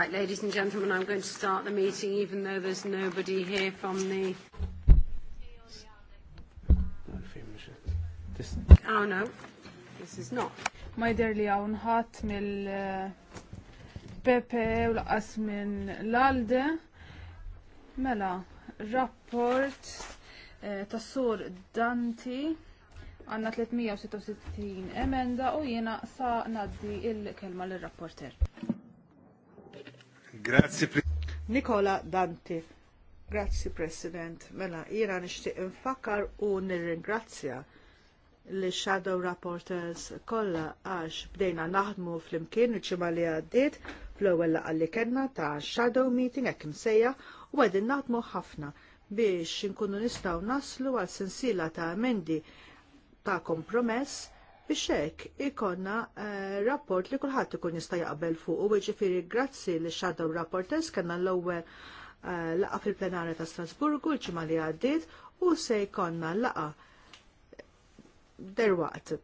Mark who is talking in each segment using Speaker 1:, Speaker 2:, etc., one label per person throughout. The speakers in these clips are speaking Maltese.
Speaker 1: Right, ladies and gentlemen, I'm going to start the meeting even though there's nobody here from the...
Speaker 2: Oh no, this is not.
Speaker 1: Ma jder li għawn ħat mill eh, Pepe u laqas minn l-Alde. Mela, rapport eh, tas sur Danti għanna 366 emenda u jena sa naddi il-kelma l-rapporter.
Speaker 3: Grazie, Nikola Danti. Grazzi President. Mela, jira nixtieq infakkar u nirringrazzja li Shadow Rapporters kollha għax bdejna naħdmu fl-imkien il li għaddiet fl-ewwel laqgħa li kellna ta' Shadow Meeting hekk imsejja u qegħdin naħdmu ħafna biex inkunu nistgħu naslu għal sensiela ta' emendi ta' kompromess biex hekk ikonna eh, rapport li kulħadd ikun jista' jaqbel fuq u jiġifieri grazzi li shadow rapporters kellna l-ewwel eh, laqa fil-plenarja ta' Strasburgu l-ġimgħa li għaddiet u se jkollna laqa derwaqt.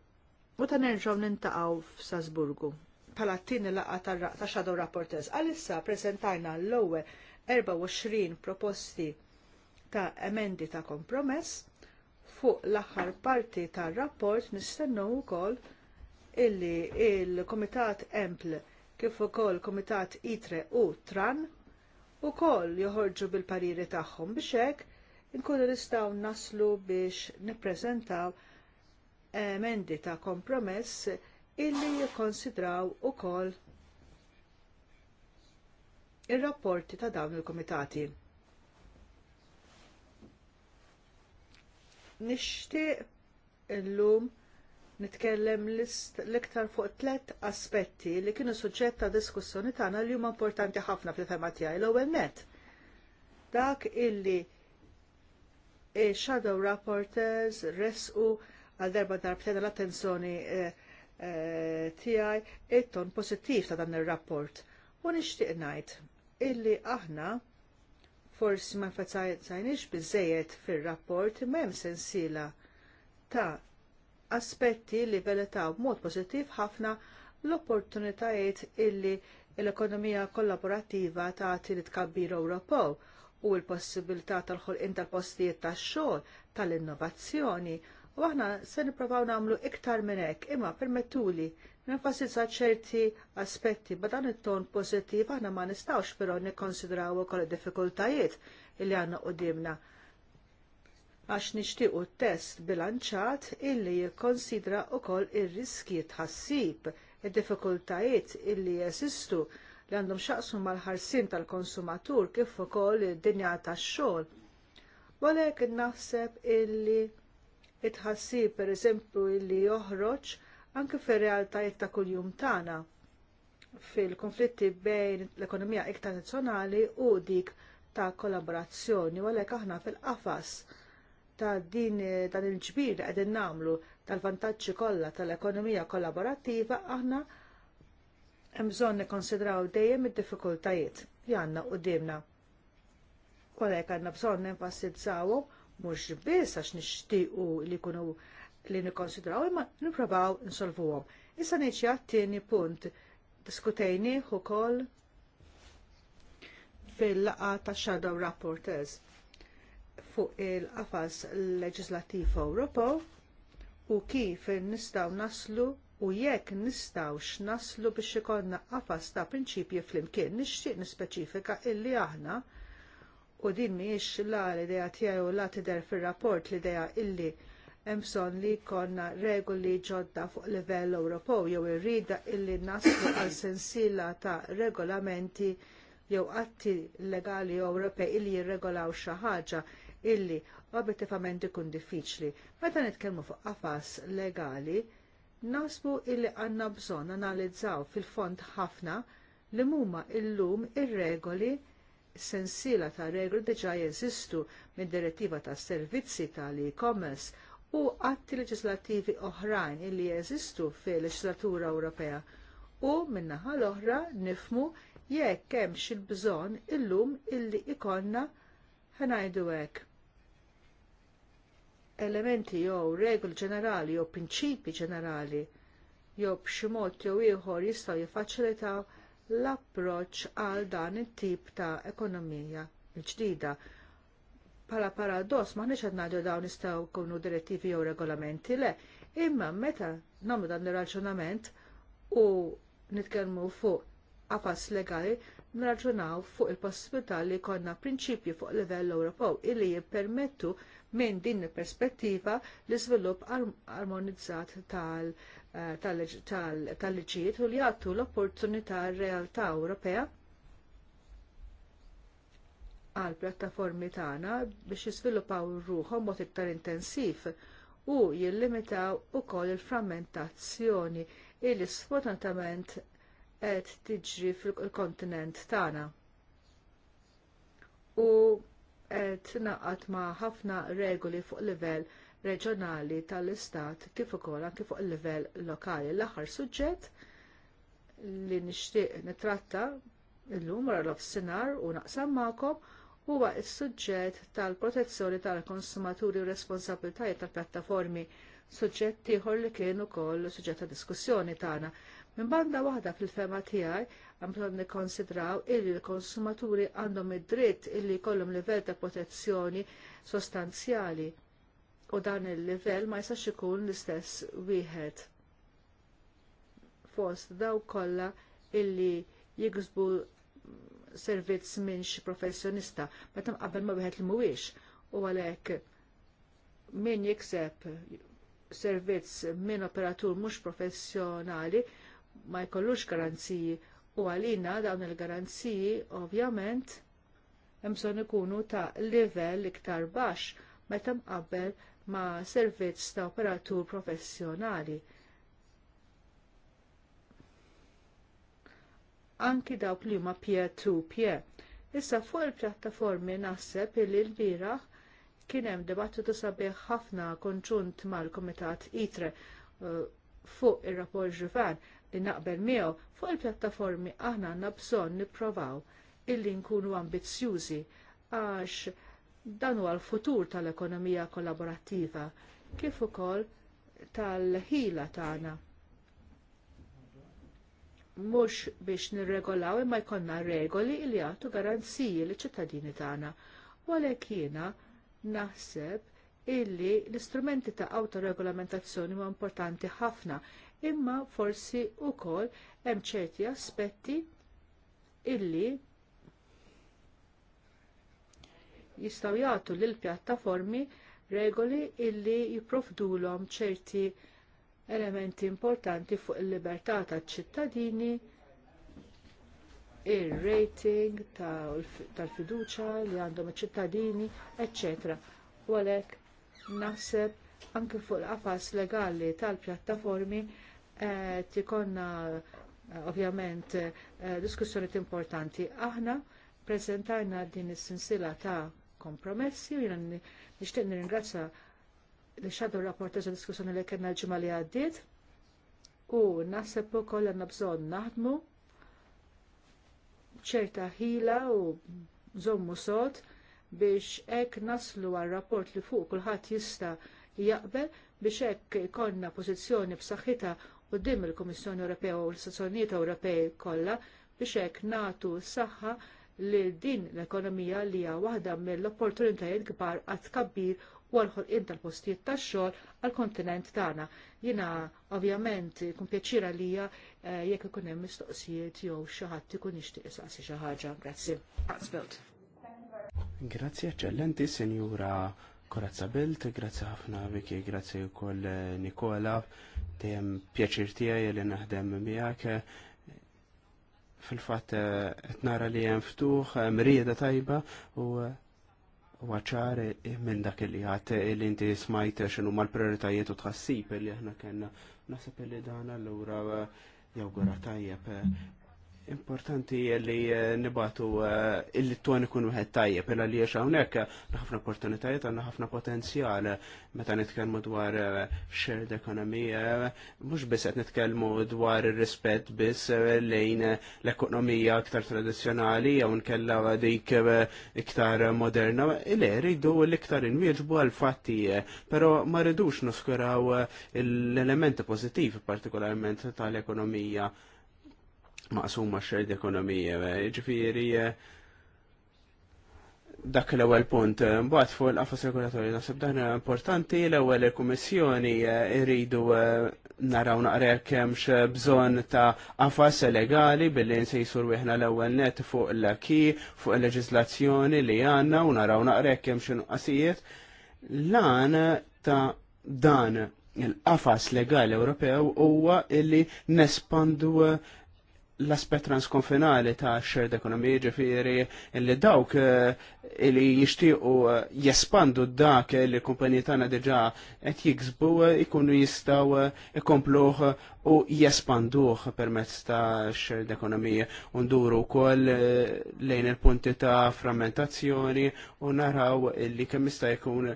Speaker 3: U ta' nerġgħu nintaqgħu f'Strasburgu bħala t laqa ta' shadow rapporters. Għalissa prezentajna l-ewwel 24 proposti ta' emendi ta' kompromess fuq l-aħħar parti tar-rapport nistennu wkoll illi il-Komitat Empl kif ukoll Komitat Itre u Tran ukoll joħorġu bil-pariri tagħhom biex hekk inkunu nistgħu naslu biex nippreżentaw emendi ta' kompromess illi jikkonsidraw ukoll ir-rapporti ta' dawn il-komitati. Nixtieq illum nitkellem l-iktar fuq tliet aspetti li kienu suġġett ta' diskussjoni tagħna li huma importanti ħafna fil tema tiegħi l-ewwel nett. Dak illi e shadow rapporters resqu għal darba darbtena l-attenzjoni e, e, tiegħi it-ton pożittiv ta' dan ir-rapport. U nixtieq ngħid illi aħna forsi ma fazzajnix bizzejet fil-rapport ma jem sensila ta' aspetti li veletaw b'mod pozittiv ħafna l-opportunitajiet illi l-ekonomija kollaborattiva tagħti li tkabbir Ewropew u l-possibilità tal-ħolqien tal-postijiet tax-xogħol tal-innovazzjoni U aħna se nippruvaw nagħmlu iktar minn hekk, imma permettuli nenfasizza ċerti aspetti b'dan it-ton pożittiv aħna ma nistgħux però nikkonsidraw ukoll id-diffikultajiet li għandna qudiemna għax nixtiequ test bilanċat illi jikkonsidra wkoll ir-riski tħassib id-diffikultajiet illi jeżistu li għandhom xaqsum mal-ħarsin tal-konsumatur kif ukoll id-dinja tax-xogħol. Walek naħseb illi it per pereżempju li joħroġ anke fir-realtajiet ta' kuljum tagħna fil-konflitti bejn l-ekonomija iktar nazzjonali u dik ta' kollaborazzjoni u għalhekk aħna fil-qafas ta' din dan il-ġbir qegħdin nagħmlu tal-vantaġġi kollha tal-ekonomija kollaborattiva aħna hemm bżonn nikkonsidraw dejjem id-diffikultajiet li għandna qudiemna. Għalhekk għandna bżonn nenfasizzawhom mhux biss għax nixtiequ li jkunu li nikkonsidraw imma nipprovaw nsolvuhom. Issa ngħid t tieni punt diskutejni ukoll fil laqgħa tax Shadow Rapporteurs fuq il-qafas leġislattiv Ewropew u kif nistgħu naslu u jekk nistgħux naslu biex ikollna qafas ta' prinċipji flimkien nixtieq nispeċifika illi aħna u din mhijiex la l-idea tiegħi u la tidher fir-rapport l-idea illi hemm bżonn li jkollna regoli ġodda fuq livell Ewropew jew irrida illi naslu għal sensiela ta' regolamenti jew atti legali Ewropej illi jirregolaw xi ħaġa illi obiettivament ikun diffiċli. Meta nitkellmu fuq qafas legali, nasbu illi għandna bżonn analizzaw fil-fond ħafna li huma llum ir-regoli il sensiela ta' regoli diġà jeżistu mid direttiva tas servizzi tal-e-commerce u atti leġislattivi oħrajn illi jeżistu fil-leġislatura Ewropea u min-naħa l-oħra nifmu jekk hemm xi bżonn illum illi ikonna ħanajdu hekk. Elementi jew regoli ġenerali jew prinċipi ġenerali jew b'xi mod jew ieħor jistgħu jiffaċilitaw l approċċ għal dan it-tip ta' ekonomija l-ġdida. Pala paradoss maħniex qed ngħidu dawn jistgħu jkunu direttivi jew regolamenti le, imma meta nagħmlu dan ir-raġunament u nitkellmu fuq qafas legali nraġunaw fuq il-possibilità li jkollna prinċipji fuq livell Ewropew illi jippermettu minn din il-perspettiva l-iżvilupp armonizzat tal tal ġiet u li jagħtu l-opportunità r-realtà Ewropea għal plattaformi tagħna biex jiżviluppaw ruħhom mod iktar intensiv u jillimitaw ukoll il-frammentazzjoni li sfortunatament qed tiġri fil-kontinent tagħna. U qed naqat ma' ħafna regoli fuq livell reġjonali tal-istat kif ukoll anke fuq il-livell lokali. L-aħħar suġġett li nixtieq nitratta illum wara l u naqsam magħkom huwa s-suġġett tal-protezzjoni tal-konsumaturi u responsabbiltajiet tal-pjattaformi suġġett ieħor li kien ukoll suġġett ta' diskussjoni tagħna. Minn banda waħda fil-fema tiegħi hemm bżonn nikkonsidraw illi l-konsumaturi għandhom id-dritt illi jkollhom livell ta' protezzjoni sostanzjali u dan il-livell ma jistax ikun l-istess wieħed fost daw kollha illi jiksbu servizz minn xi professjonista meta qabel ma wieħed li mhuwiex u għalhekk min jikseb servizz minn operatur mhux professjonali ma jkollux garanziji u għalina dawn il-garanziji ovvjament hemm bżonn ikunu ta' livell iktar baxx meta mqabbel ma' servizz ta' operatur professjonali. Anki dawk li huma peer-to-peer. Issa fuq il-pjattaformi naħseb li l-biraħ kien hemm dibattitu sabiħ ħafna konġunt mal-Kumitat ITRE uh, fuq ir-rapport Ġuvan li naqbel miegħu fuq il-pjattaformi aħna għandna bżonn nipprovaw illi nkunu ambizzjużi għax Dan huwa l-futur tal-ekonomija kollaborattiva kif ukoll tal-ħila tagħna. Mhux biex nirregolaw imma jkollna regoli li jagħtu garanziji liċ ċittadini tagħna. U għalhekk jiena naħseb illi l-istrumenti ta' autoregolamentazzjoni huma importanti ħafna, imma forsi wkoll hemm ċerti aspetti illi jistgħu jagħtu lill pjattaformi regoli illi jipprovdulhom ċerti elementi importanti fuq il-libertà taċ-ċittadini ir rating tal-fiduċja li għandhom iċ-ċittadini, eċċetera. U għalhekk naħseb anke fuq l-qafas legali tal-pjattaformi eh, tikonna eh, ovvjament eh, diskussjonijiet importanti. Aħna preżentajna din is-sinsila ta' kompromessi u jena nishtiq nirringrazza li xadu rapport ta' diskussjoni li kena l-ġimma li għaddiet u naħseb ukoll għandna bżonn naħdmu ċerta ħila u zommu sot biex hekk naslu għal rapport li fuq kulħadd jista' jaqbel biex hekk ikollna pożizzjoni b'saħħitha quddiem il-Kummissjoni Ewropea u l-Istazzjonijiet Ewropej kollha biex hekk nagħtu saħħa li din l-ekonomija li hija waħda mill-opportunitajiet kbar għat tkabbir u għal tal-postijiet tax-xogħol għall-kontinent tagħna. Jiena ovvjament kun pjaċira hija eh, jekk ikun hemm mistoqsijiet jew xi ħadd ikun jixtieq isaqsi xi ħaġa. Grazzi.
Speaker 2: Grazzi eċċellenti, Sinjura Korazza Bilt, grazzi ħafna Viki, grazzi wkoll eh, Nikola, dejjem pjaċir tiegħi li naħdem miegħek fil-fatt eh, qed nara li hemm ftuħ mrieda tajba u eh, għacħar minn dak li għat eh, li inti smajt xinu l prioritajiet u tħassib li aħna kena nasab li dan allura jawgura tajjeb Importanti li eh, nibatu eh, illi t-tuan ikun wieħed tajjeb, illa li jiex hawnhekk eh, ħafna opportunitajiet għandna ħafna potenzjal meta nitkellmu dwar shared economy, mhux biss qed nitkellmu dwar ir-rispett biss lejn l-ekonomija aktar tradizzjonali jew nkella dik iktar moderna, ille rridu l-iktar inwieġbu għal fatti, però ma rridux nuskuraw l-elementi pożittivi partikolarment tal-ekonomija maqsuma xed ekonomija, eh, ġifiri eh, dak l-ewwel punt. Eh, mbagħad fuq il-qafas regolatorju nasib dan importanti l-ewwel il-Kummissjoni jridu naraw naqra kemx bżonn ta' qafas legali billi nsejsur wieħna l-ewwel net fuq l-aki, fuq il leġizlazzjoni li għandna u naraw naqra hemmx xi Lan ta' dan il-qafas legali Ewropew huwa illi nespandu l-aspet transkonfinali ta' shared economy ġifiri li dawk eh, li jishtiqu eh, jespandu dak li kumpanji tagħna diġà qed jiksbu eh, ikunu jistgħu ikompluh u jespanduh permezz ta' shared economy u nduru wkoll lejn il-punti ta' frammentazzjoni u naraw li kemm jista' jkun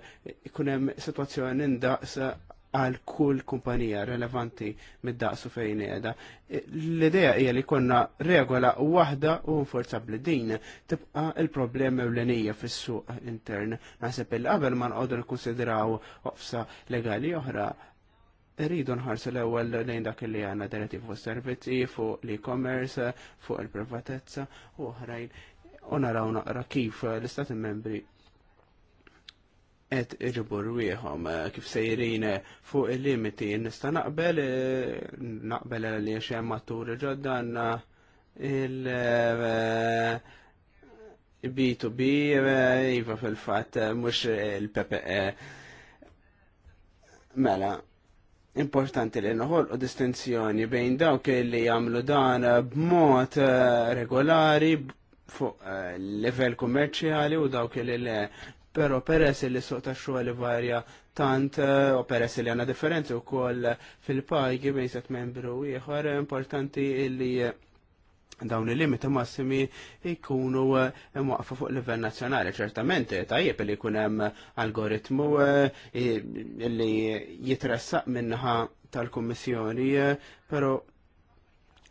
Speaker 2: ikun hemm sitwazzjoni ndaqsa għal kull kumpanija relevanti mid-daqsu fejn qiegħda. L-idea hija li konna regola waħda u nforzabbli din tibqa' il-problemi ewlenija fis-suq intern. Naħseb il qabel ma nqogħdu nikkunsidraw waqfsa legali oħra rridu nħarsu l-ewwel lejn dak li għandna direttiv fuq servizzi, fuq l-e-commerce, fuq il-privatezza u oħrajn u naraw naqra kif l-istati membri et irribur wieħom eh, kif sejrin eh, fuq il-limiti nista naqbel eh, naqbel li xem maturi ġoddan il B2B iva fil-fat mux il-PPE mela importanti li nħol u distinzjoni bejn dawk li jamlu dan b'mod regolari fuq level kummerċjali u dawk li le Pero peress li suq ta' xogħol varja tant eh, u peress li għandna differenzi wkoll fil-pajgi bejn set membru ieħor importanti li eh, dawn il-limiti massimi jkunu eh, mwaqfa fuq livell nazzjonali. Ċertament, tajjeb li jkun hemm algoritmu li jitressaq minnaħa tal-Kummissjoni, pero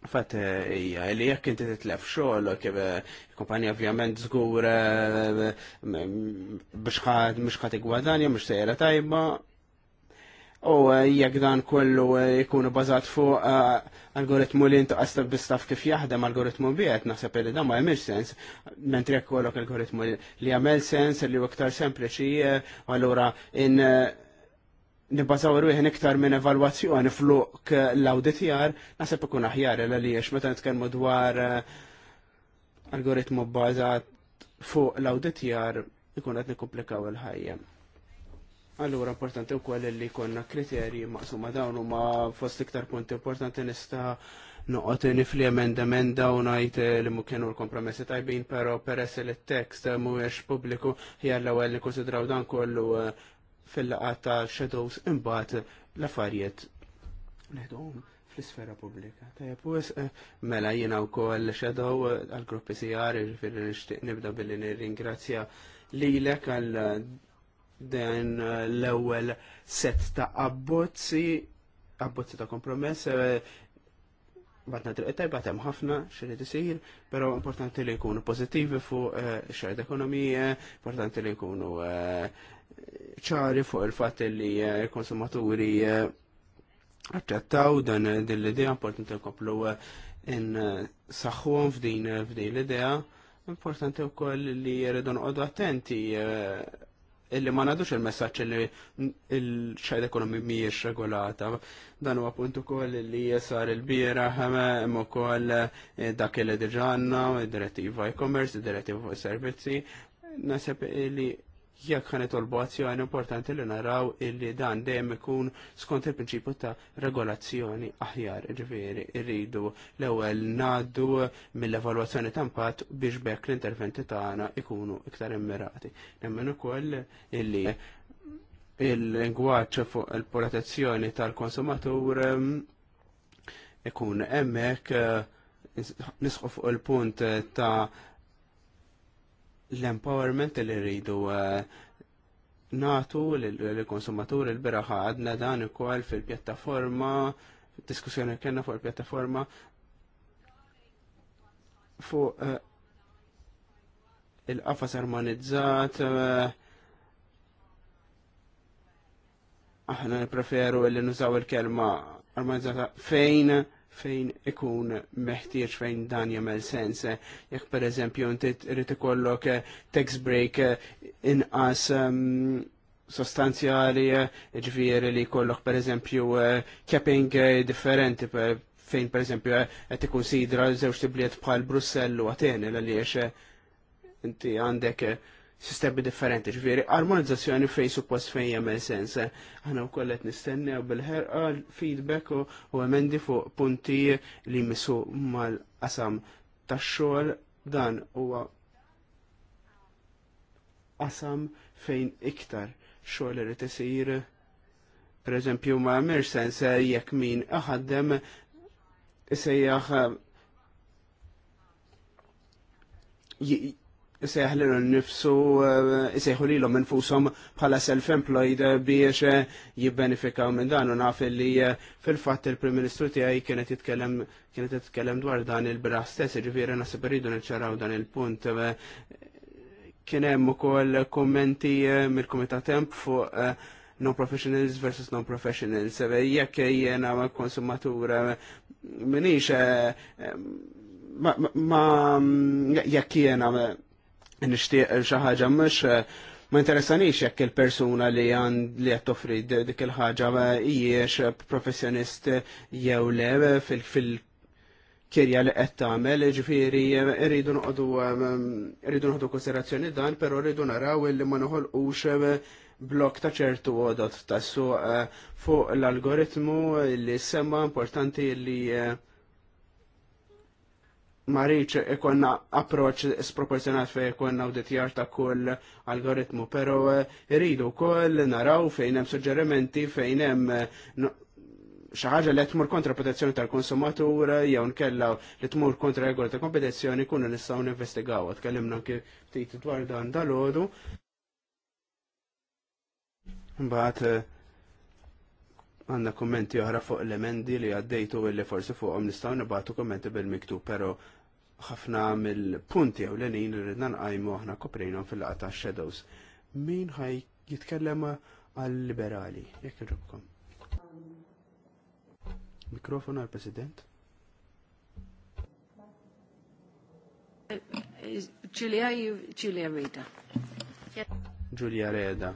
Speaker 2: Fat eh, hija li jekk inti titlef xogħolok kumpanija ovvjament żgur eh, biex ħad mhux ħad igwadanja mhux sejra tajba. U eh, jekk dan kollu jkun bażat fuq algoritmu li inti qasta bistaf kif jaħdem algoritmu biet naħseb li dan ma jagħmilx sens. Mentri jekk kollok algoritmu li jagħmel sens li hu iktar sempliċi allura in nibbażaw ruħin iktar minn evalwazzjoni fluk l-auditjar, nasib ikun aħjar l għaliex meta nitkellmu dwar eh, algoritmu bbażat fuq l-auditjar ikun qed nikkomplikaw il-ħajja. Allura importanti wkoll li jkollna kriterji maqsuma dawn huma fost iktar punti importanti nista' noqgħod nifli emenda emenda u ngħid eh, li mu kienu l-kompromessi tajbin, però peress li t-tekst mhuwiex pubbliku jgħal l-ewwel konsidraw dan kollu eh, fil-laqat ta' shadows imbagħad l-affarijiet neħduhom fl-isfera pubblika. Tajab, u mela u wkoll shadow għall-gruppi CR, fir jiġifieri nixtieq nibda billi nirringrazzja lilek għal dan l-ewwel set ta' abbozzi, abbozzi ta' kompromess, batna triq tajba hemm ħafna xirri tisir, pero importanti li jkunu pożittivi fuq xejn eh, ekonomija, eh, importanti li jkunu eh, ċari fuq il-fat li eh, konsumaturi eh, aċċettaw dan eh, din l-idea importanti koplu in saħħuhom f'din f'din l-idea importanti wkoll li jridu noqogħdu attenti illi ma nadux il-messagġ li il-xajda ekonomi miex regolata. Dan huwa punt ukoll li sar il-bira imma ukoll dak li id direttiva e-commerce, id direttiva servizzi. Nasib li jekk ħanet azzjoni importanti li naraw illi dan dejjem ikun skont il-prinċipju ta' regolazzjoni aħjar ġifieri rridu l-ewwel ngħaddu mill-evalwazzjoni ta' impatt biex bekk l-interventi tagħna ikunu iktar immirati. Nemmen ukoll illi il-lingwaġġ fuq il-protezzjoni tal-konsumatur ikun hemmhekk eh, nisħu fuq il-punt ta' l-empowerment li rridu eh, natu l-konsumatur il-beraħa għadna dan ukoll fil-pjattaforma, diskussjoni kena fuq il-pjattaforma fuq eh, il-qafas armonizzat eh, aħna nipreferu li nużaw il-kelma armonizzata fejn fejn ikun meħtieġ fejn dan jagħmel sens. Jekk pereżempju inti trid ikollok eh, tax break eh, inqas ehm, sostanzjali, eh, ġviri li kollok per eżempju capping differenti fejn per eżempju għet ikun sidra zewġ tibliet bħal Brussellu għatene l-għaliex inti għandek sistemi differenti, ġviri, armonizzazzjoni fej suppost fej jemel sens. Għana u kollet nistenni u bil-ħerqa feedback u emendi fuq punti li misu mal-qasam tax-xogħol dan huwa qasam fejn iktar xogħol irid isir. Per eżempju, ma mir sens jekk min aħaddem isejjaħ seħli nifsu eh, seħu li l-om bħala self-employed eh, biex eh, jibbenifikaw minn dan u naf li fil-fat il-Prim Ministru tiegħi kienet jitkellem kienet jitkellem dwar dan il-bira stess, ġifieri nasib irridu niċċaraw dan il-punt. Kien hemm ukoll kommenti mill komitat Temp fuq non-professionals versus non-professionals. Jekk jiena konsumatura minix ma jekk jiena nixtieq eh, xi ħaġa mhux eh, ma interessanix jekk il-persuna li għan li għat toffri dik il-ħaġa eh, jiex professjonist jew le fil-kirja li qed tagħmel, ġifieri rridu noqogħdu mm, rridu noqogħdu konsiderazzjoni dan, però rridu naraw li ma noħolqux blok ta' ċertu għodot tassu fuq l-algoritmu li semma importanti li uh, marriċ ikonna e approċ sproporzjonat fej ikonna auditjar ta' kull algoritmu, pero eh, iridu koll naraw fejn hemm suġġerimenti fejn hemm eh, xaħġa li tmur kontra protezzjoni tal-konsumatur eh, jew nkella li tmur kontra regoli ta' kompetizzjoni kunu nistgħu ninvestigaw. Tkellimna anke ftit dwar dan dalodu. Mbagħad għandna kommenti oħra fuq l-emendi li għaddejtu illi forsi fuqhom nistgħu nibagħtu kommenti bil-miktub, però ħafna mill-punti u l-enin li rridna nqajmu aħna koprejna fil-laqta shadows. Min ħaj jitkellem għal-liberali? Jekk irribkom. Mikrofon għal-President.
Speaker 3: Giulia eh, eh, Reda.
Speaker 2: Giulia Reda.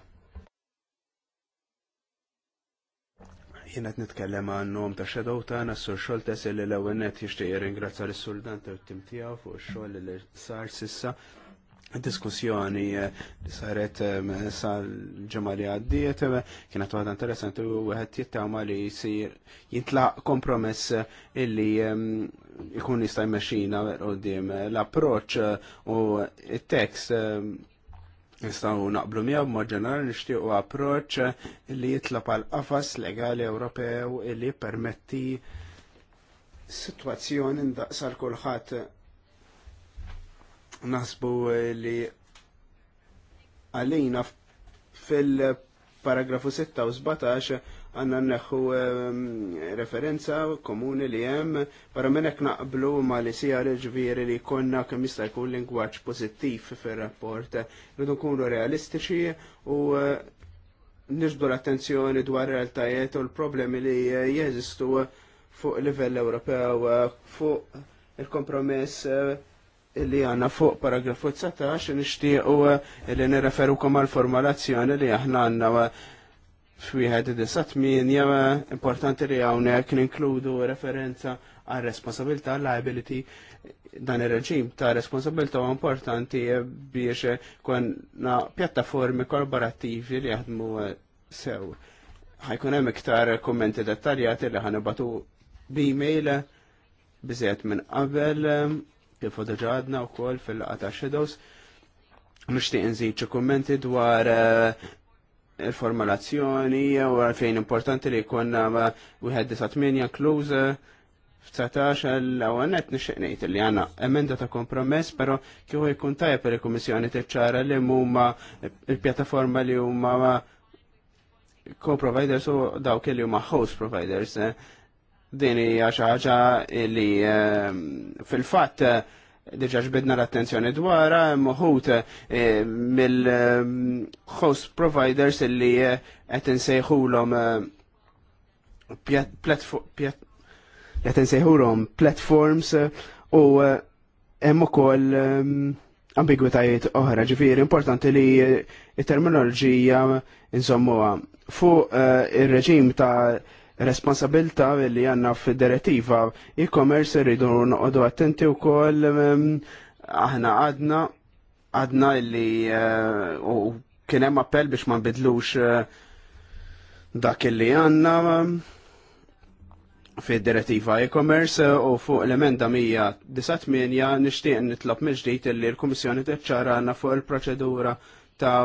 Speaker 2: t nitkellem għannom ta' xedaw ta' għana s-sur xoltes li l-ewenet jishtiq ringrazzar il-suldan ta' tim tijaw fuq xoll li sar sissa diskussjoni eh, li saret eh, sa' ġemali għaddiet eh, kienet għad interessanti u għed jittama li jisir jintla kompromess illi ikun jista' jmexxina għoddim l-approċ u il-tekst Nistaw naqblu miegħu b'mod ġenerali nixtiequ approċċ li jitlab għal qafas legali Ewropew li permetti sitwazzjoni ndaqsar kulħadd naħsbu li għalina fil-paragrafu 6 u 17 għanna neħu ehm, referenza komuni li jem, para minnek naqblu ma li sija reġviri li konna kem jista' jkun lingwaġġ pozittif fir-rapport. Rridu nkunu realistiċi u eh, nixbdu l-attenzjoni dwar realtajiet u l-problemi li eh, jeżistu fuq livell Ewropew, eh, fuq il-kompromess li għanna fuq paragrafu 19 nishtiqu li kom għal formulazzjoni li aħna għanna f'wieħed disa tminja importanti li hawnhekk ninkludu referenza għal responsabilità liability dan ir-reġim ta' responsabilità huwa importanti biex konna pjattaformi korporattivi li jaħdmu sew. Għajkun hemm iktar kummenti dettaljati li batu b-email biżejjed minn qabel kif ġadna wkoll fil-laqgħa ta' shadows. Nixtieq nżid xi kummenti dwar eh, il-formulazzjoni u għalfejn importanti li konna wieħed disa' tminja kluza f-19 l għonet nixqnejt li għanna emenda ta' kompromess, pero kieku jkun tajja per il-Komissjoni t-ċara li mumma il pjataforma li huma co-providers u dawk li huma host providers. Din hija xi ħaġa li ehm, fil-fatt diġa ġbidna l-attenzjoni dwara, moħut eh, mill-host providers li eh, qed insejħulhom eh, qed insejħulhom platforms u hemm ukoll ambigwitajiet oħra, ġifieri importanti li t terminoloġija insommuha fuq ir-reġim ta' responsabilta li għanna f-direttiva e-commerce rridu noqodu attenti u koll ehm, aħna għadna għadna li eh, u kienem appell biex ma nbidlux eh, dak li għanna ehm, fi direttiva e-commerce eh, u fuq l-emenda 198 nishtiq nitlob mill-ġdid li l-Kummissjoni tiċċara għandna fuq il-proċedura ta'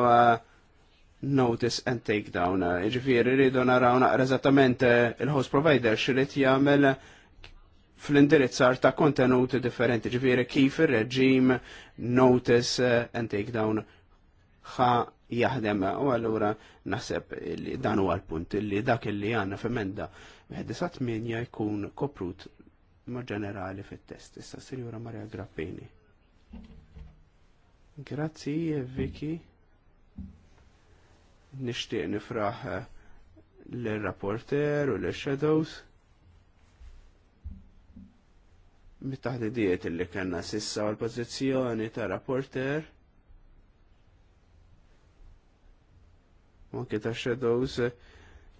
Speaker 2: notice and take down. Ġifiri, rridu naraw naqra eżattament eh, il-host provider xirrit jagħmel fl-indirizzar ta' kontenuti differenti, ġifiri kif ir-reġim notice eh, and take down ħa jaħdem. U allura naħseb li dan huwa l-punt li dak li għandna f'emenda wieħed minja jkun koprut ma' ġenerali fit-test. Issa Sirjura Maria Grappini. Grazzi, Vicky nixtieq nifraħ eh, l-rapporter u l-shadows mit-taħdidiet li kellna sissa u l-pożizzjoni ta' rapporter Monki ta' shadows eh,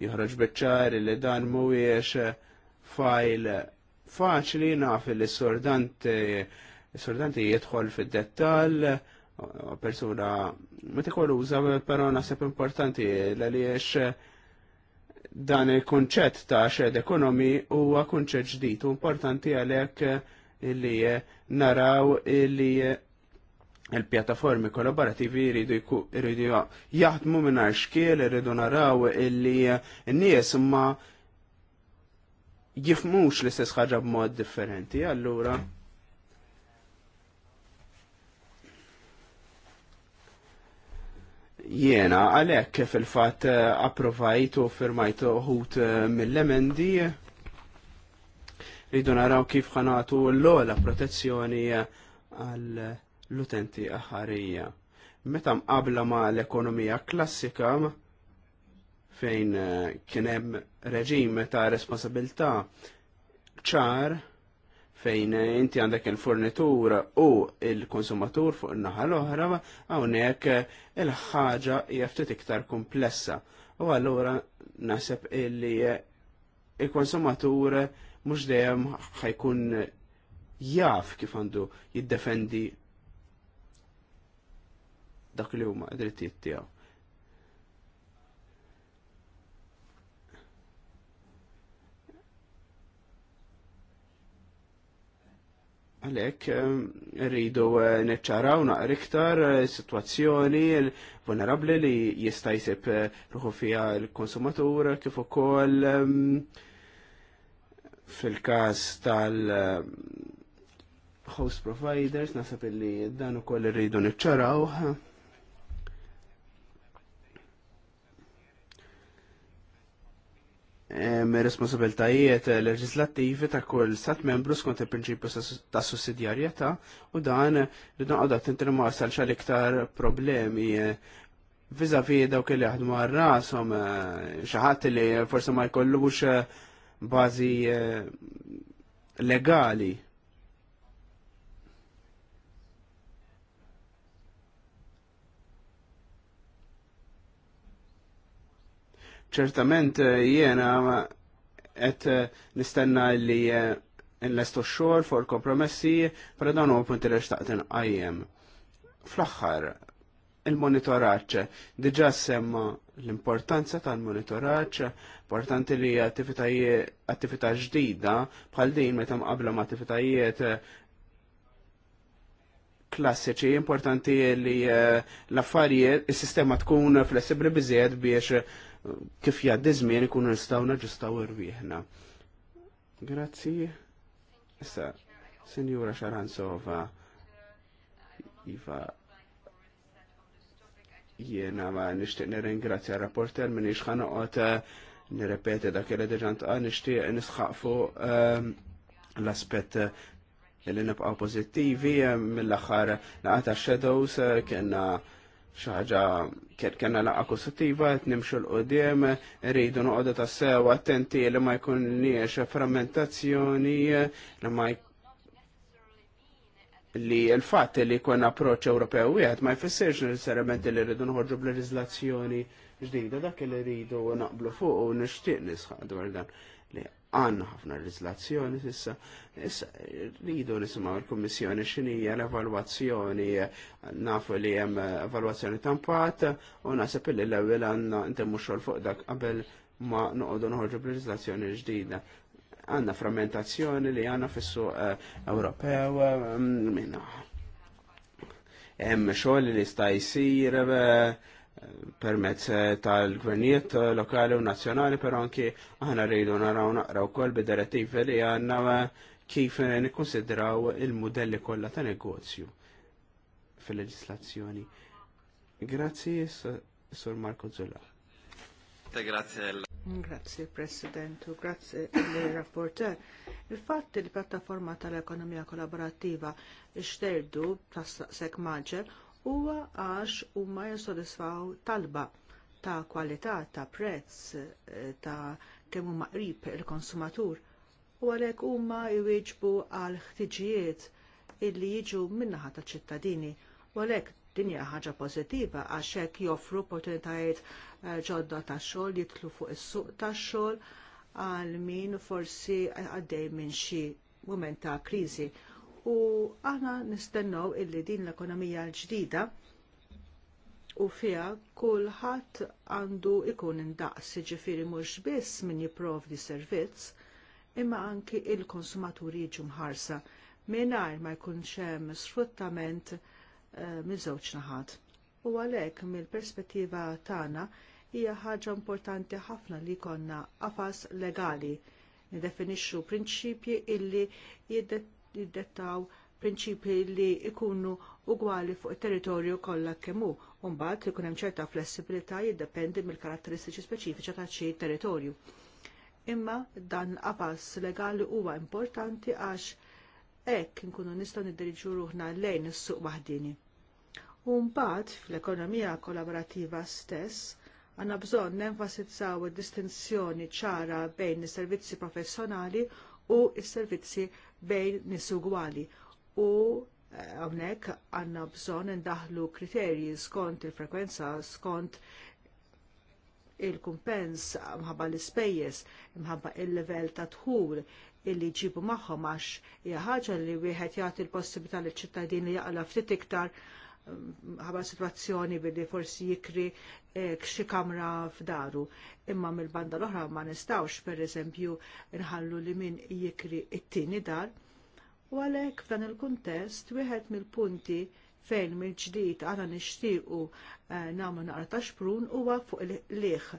Speaker 2: joħroġ beċċari li dan mhuwiex eh, fajl faċli naf li sordante sordanti jidħol fid-dettall persuna metikoluza, però nasib importanti l-għaliex dan il-konċett ta' xed ekonomi huwa konċett ġdid u importanti għalhekk li naraw li il-pjattaformi kollaborativi jridu jaħdmu mingħajr xkiel, irridu naraw illi n-nies ma jifmux l-istess ħaġa b'mod differenti. Allura Jiena għalhekk fil-fatt eh, approvajt u firmajt uħut eh, mill-emendi rridu naraw kif ħanatu l-ola protezzjoni eh, għall utenti aħarija. Meta mqabla ma l-ekonomija klassika fejn kienem reġim ta' responsabilità ċar fejn inti għandek il-fornitur u il-konsumatur fuq in-naħa l-oħra, hawnhekk il-ħaġa hija iktar komplessa. U allura naħseb illi il-konsumatur mhux dejjem ħajkun jaf kif għandu jiddefendi dak li huma drittijiet tiegħu. Għalek, eh, rridu eh, neċċaraw naqra iktar eh, situazzjoni vulnerabli li jista' jsib ruħu fiha l-konsumatur kif ukoll fil-każ tal host providers nasab illi dan ukoll irridu niċċaraw. responsabiltajiet leġislattivi ta' kull stat membru skont il-prinċipju ta' sussidjarjetà u dan li noqgħod attentir ma xal iktar problemi eh, viżavi dawk li jaħdmu għar-rashom eh, xi ħadd li forsi ma jkollux eh, bażi legali ċertament eh, jiena qed eh, nistenna li eh, nlestu x-xogħol fuq kompromessi, però dawn huwa punti li xtaqt inqajjem. Fl-aħħar, il-monitoraċ. Diġa semma l-importanza tal-monitoraċ, importanti li attività ġdida bħal din meta mqabla ma' attivitajiet klassiċi, importanti li l-affarijiet, il-sistema tkun flessibli biżjed biex kif jgħaddi żmien ikunu nistgħu naġġustaw irwieħna. Grazzi. Issa, Sinjura Xaranzova, Iva, jiena ma nixtieq nirringrazzja r-rapporter minn ixħan noqgħod eh, nirrepeti dak li diġà ntqa' ah, nixtieq nisħaq fuq eh, l aspet eh, li nibqgħu pozittivi mill axar laqgħa tax-shadows kienna xaħġa kena laqqa kostruttiva, nimxu l-qodiem, rridu noqodu ta' sew attenti li ma jkunniex frammentazzjoni, li ma li l-fatt li jkun approċ Ewropew wieħed ma jfissirx necessarjament li rridu noħorġu bl-leġiżlazzjoni ġdida dak li rridu naqblu fuq u nixtieq nisħaq dwar dan għanna ħafna legislazzjoni sissa, issa rridu nisimaw il-Kommissjoni xinija l-evalwazzjoni, nafu li jem evaluazzjoni tampat, u nasib li l-ewel għanna intemmu xol fuq dak qabel ma noqodu nħorġu b'legislazzjoni ġdida. Għanna frammentazzjoni li għanna fissu eh, Ewropew eh, minna. Hemm xogħol li sta jsir eh, permezz tal-gvernijiet lokali u nazzjonali, però anki aħna rridu naraw naqraw kol bid-direttivi li għanna eh, kif nikkonsidraw il-modelli kollha ta' negozju fil-leġislazzjoni. Grazzi, Sur Marco Zulla. Grazie.
Speaker 3: Grazie u grazie il-rapporter. Il-fatt il-plattaforma tal-ekonomija kollaborativa ixterdu tas-sek maġġel huwa għax huma jissodisfaw talba ta' kwalità, ta' prezz, eh, ta' kemm huma qrib il-konsumatur u għalhekk huma jwieġbu għal ħtiġijiet illi jiġu min-naħa taċ ċittadini u għalhekk din hija ħaġa pożittiva għax hekk joffru opportunitajiet eh, ġodda tax xogħol jidħlu fuq is-suq tax-xogħol għal min forsi għaddej minn xi mument ta' kriżi u aħna nistennew illi din l-ekonomija l-ġdida u fiha kulħadd għandu ikun indaqs ġifiri mhux biss min jipprovdi servizz imma anki l konsumaturi jiġu mħarsa mingħajr ma jkunx hemm sfruttament eh, minn miż-żewġ naħat. U għalhekk mill-perspettiva tagħna hija ħaġa importanti ħafna li jkollna qafas legali nidefinixxu prinċipji illi jiddet jiddettaw prinċipji li jkunu ugwali fuq it territorju kollha kemm hu. u mbagħad ikun hemm ċerta flessibilità jiddependi mill-karatteristiċi speċifiċi ta' xi territorju. Imma dan qafas legali huwa importanti għax hekk inkunu nistgħu niddiriġu ruħna lejn is-suq waħdini. U mbagħad fl-ekonomija kollaborattiva stess għandna bżonn nenfasizzaw id-distinzjoni ċara bejn is-servizzi professjonali u s-servizzi bejn nisugwali. ugwali. U eh, hawnhekk għandna bżonn ndaħlu kriterji skont il-frekwenza, skont il-kumpens mħabba l-ispejjeż, mħabba il-level ta' dħul illi jġibu magħhom għax hija ħaġa li wieħed jagħti l-possibilità liċ ċittadini jaqla ftit iktar ħabar situazzjoni billi forsi jikri kxi eh, kamra f'daru. Imma mill-banda l-oħra ma nistawx, per eżempju, nħallu li min jikri it-tini dar. U għalek f'dan il-kuntest, wieħed mill-punti fejn mill-ġdid għana nixtiequ eh, namlu naqra ta' xprun huwa fuq il-liħ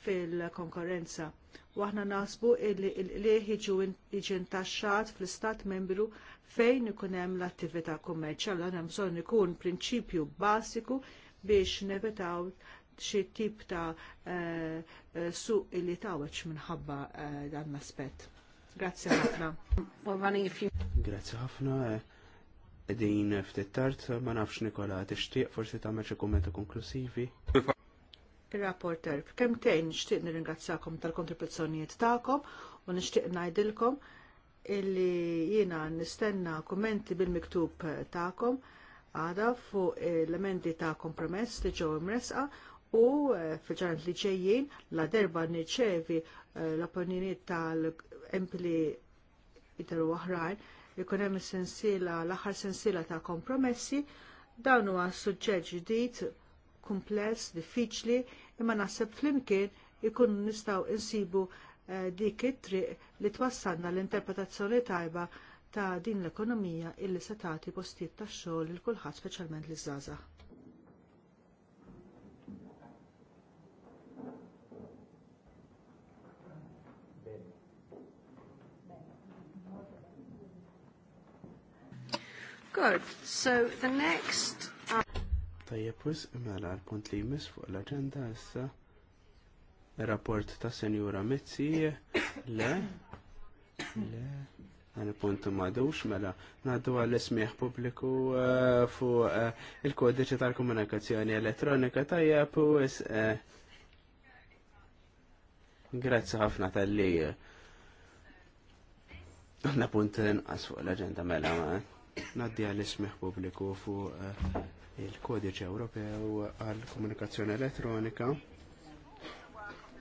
Speaker 3: fil-konkurrenza u aħna nasbu illi il-qlieħ jiġi intaxxat fl-istat membru fejn ikun hemm l-attività kummerċjali għandna bżonn ikun prinċipju bażiku biex nevitaw xi tip ta' eh, eh, suq illi taweċ minħabba eh, dan l-aspett. Grazzi ħafna. Grazzi
Speaker 2: ħafna. Din ftit tard ma nafx Nikola tixtieq forsi tagħmel xi kummenti konklusivi
Speaker 3: il-rapporter. Kem tejn nixtieq nirringrazzakom tal-kontribuzzjonijiet tagħkom u nixtieq ngħidilkom illi jiena nistenna kommenti bil-miktub tagħkom għada fuq l-emendi ta' kompromess li ġew imresqa u eh, fil-ġarant li ġejjin la derba nirċevi eh, l-opinjoniet tal-empli iteru oħrajn ikun hemm sensiela l-aħħar sensiela ta' kompromessi dan huwa suġġeġ ġdid kumpless, diffiċli, imma naħseb flimkien ikun nistgħu insibu eh, dik it-triq li twassalna l-interpretazzjoni tajba ta' din l-ekonomija illi se tagħti postijiet tax xogħol lil kulħadd speċjalment liż żgħażagħ. Good. So the next
Speaker 2: Tajjeb wis mela l-punt li jmiss fuq l-aġenda issa rapport ta' Senjura Mizzi le le dan il-punt madux mela ngħaddu għall ismieħ pubbliku eh, fuq eh, il-kodiċi tal-komunikazzjoni elettronika tajjeb u eh, Grazzi ħafna tal-li Għanna punt nqas fuq l-agenda mela ma' naddi għal-ismiħ publiku fuq il-kodiċi Ewropew għal komunikazzjoni elettronika.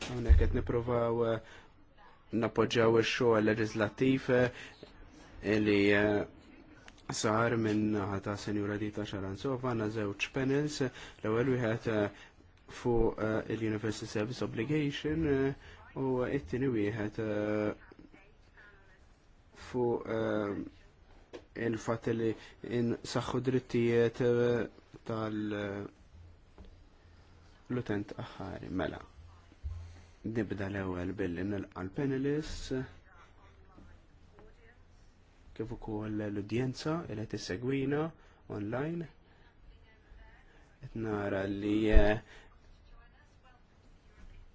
Speaker 2: Hawnhekk qed nippruvaw eh, nappoġġjaw ix-xogħol leġislattiv eh, li eh, sar minn ta' Senjura Dita Xaranzova għandna żewġ panels l-ewwel wieħed fuq il-University Service Obligation u it-tieni wieħed fuq il-fatt li in saħħu drittijiet tal l-utent aħħari mela. Nibda l-ewwel billi nilqa' l-panelists kif ukoll l-udjenza li qed tissegwina online. Qed nara li eh,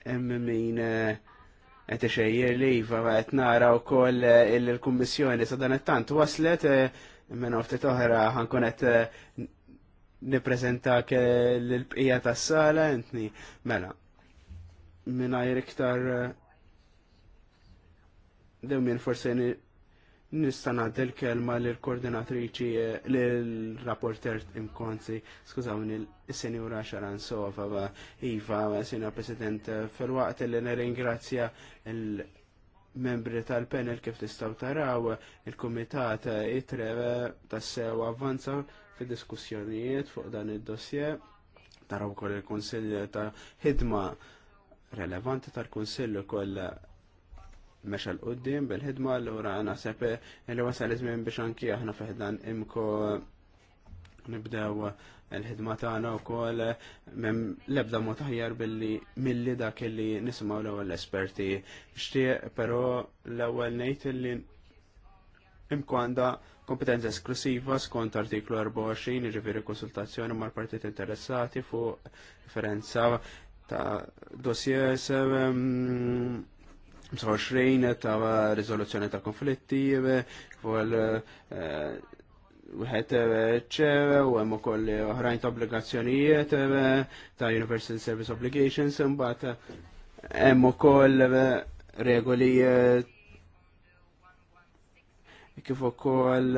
Speaker 2: hemm min eh, qed ixejjer li iva, qed nara wkoll eh, il-Kummissjoni sa dan it-tant waslet minn oftit oħra ħankun qed ke l-bqija tas sala entni mela minajr iktar eh, dewmien forse nista' nagħti kelma l koordinatriċi eh, l-rapporter imkonzi skużawni il-senjura Xaran sofa, ba Iva sena President eh, fil-waqt li nirringrazzja il membri tal-panel kif tistaw taraw il-komitat tas sew avvanza diskussjonijiet fuq dan id-dossier. taraw ukoll il-Kunsill ta' ħidma relevanti tal-Kunsill ukoll meċa l-qoddim bil-ħidma l-ura naħseb li wasal iż-żmien biex anki aħna fiħdan imko nibdew l-ħidma tagħna wkoll l-ebda ma taħjar billi milli dak li nisimgħu l-ewwel esperti. Xtieq pero l-ewwel ngħid illi imko għanda kompetenza esklusiva skont artiklu 24 ġifiri konsultazzjoni mal partit interessati fuq referenza ta' dossier 27 ehm, ta' rizoluzzjoni ta' konflitti fuq eh, wieħed ċeve eh, u hemm ukoll oħrajn ta' obbligazzjonijiet eh, ta' Universal Service Obligations imbagħad hemm ukoll regoli kif ukoll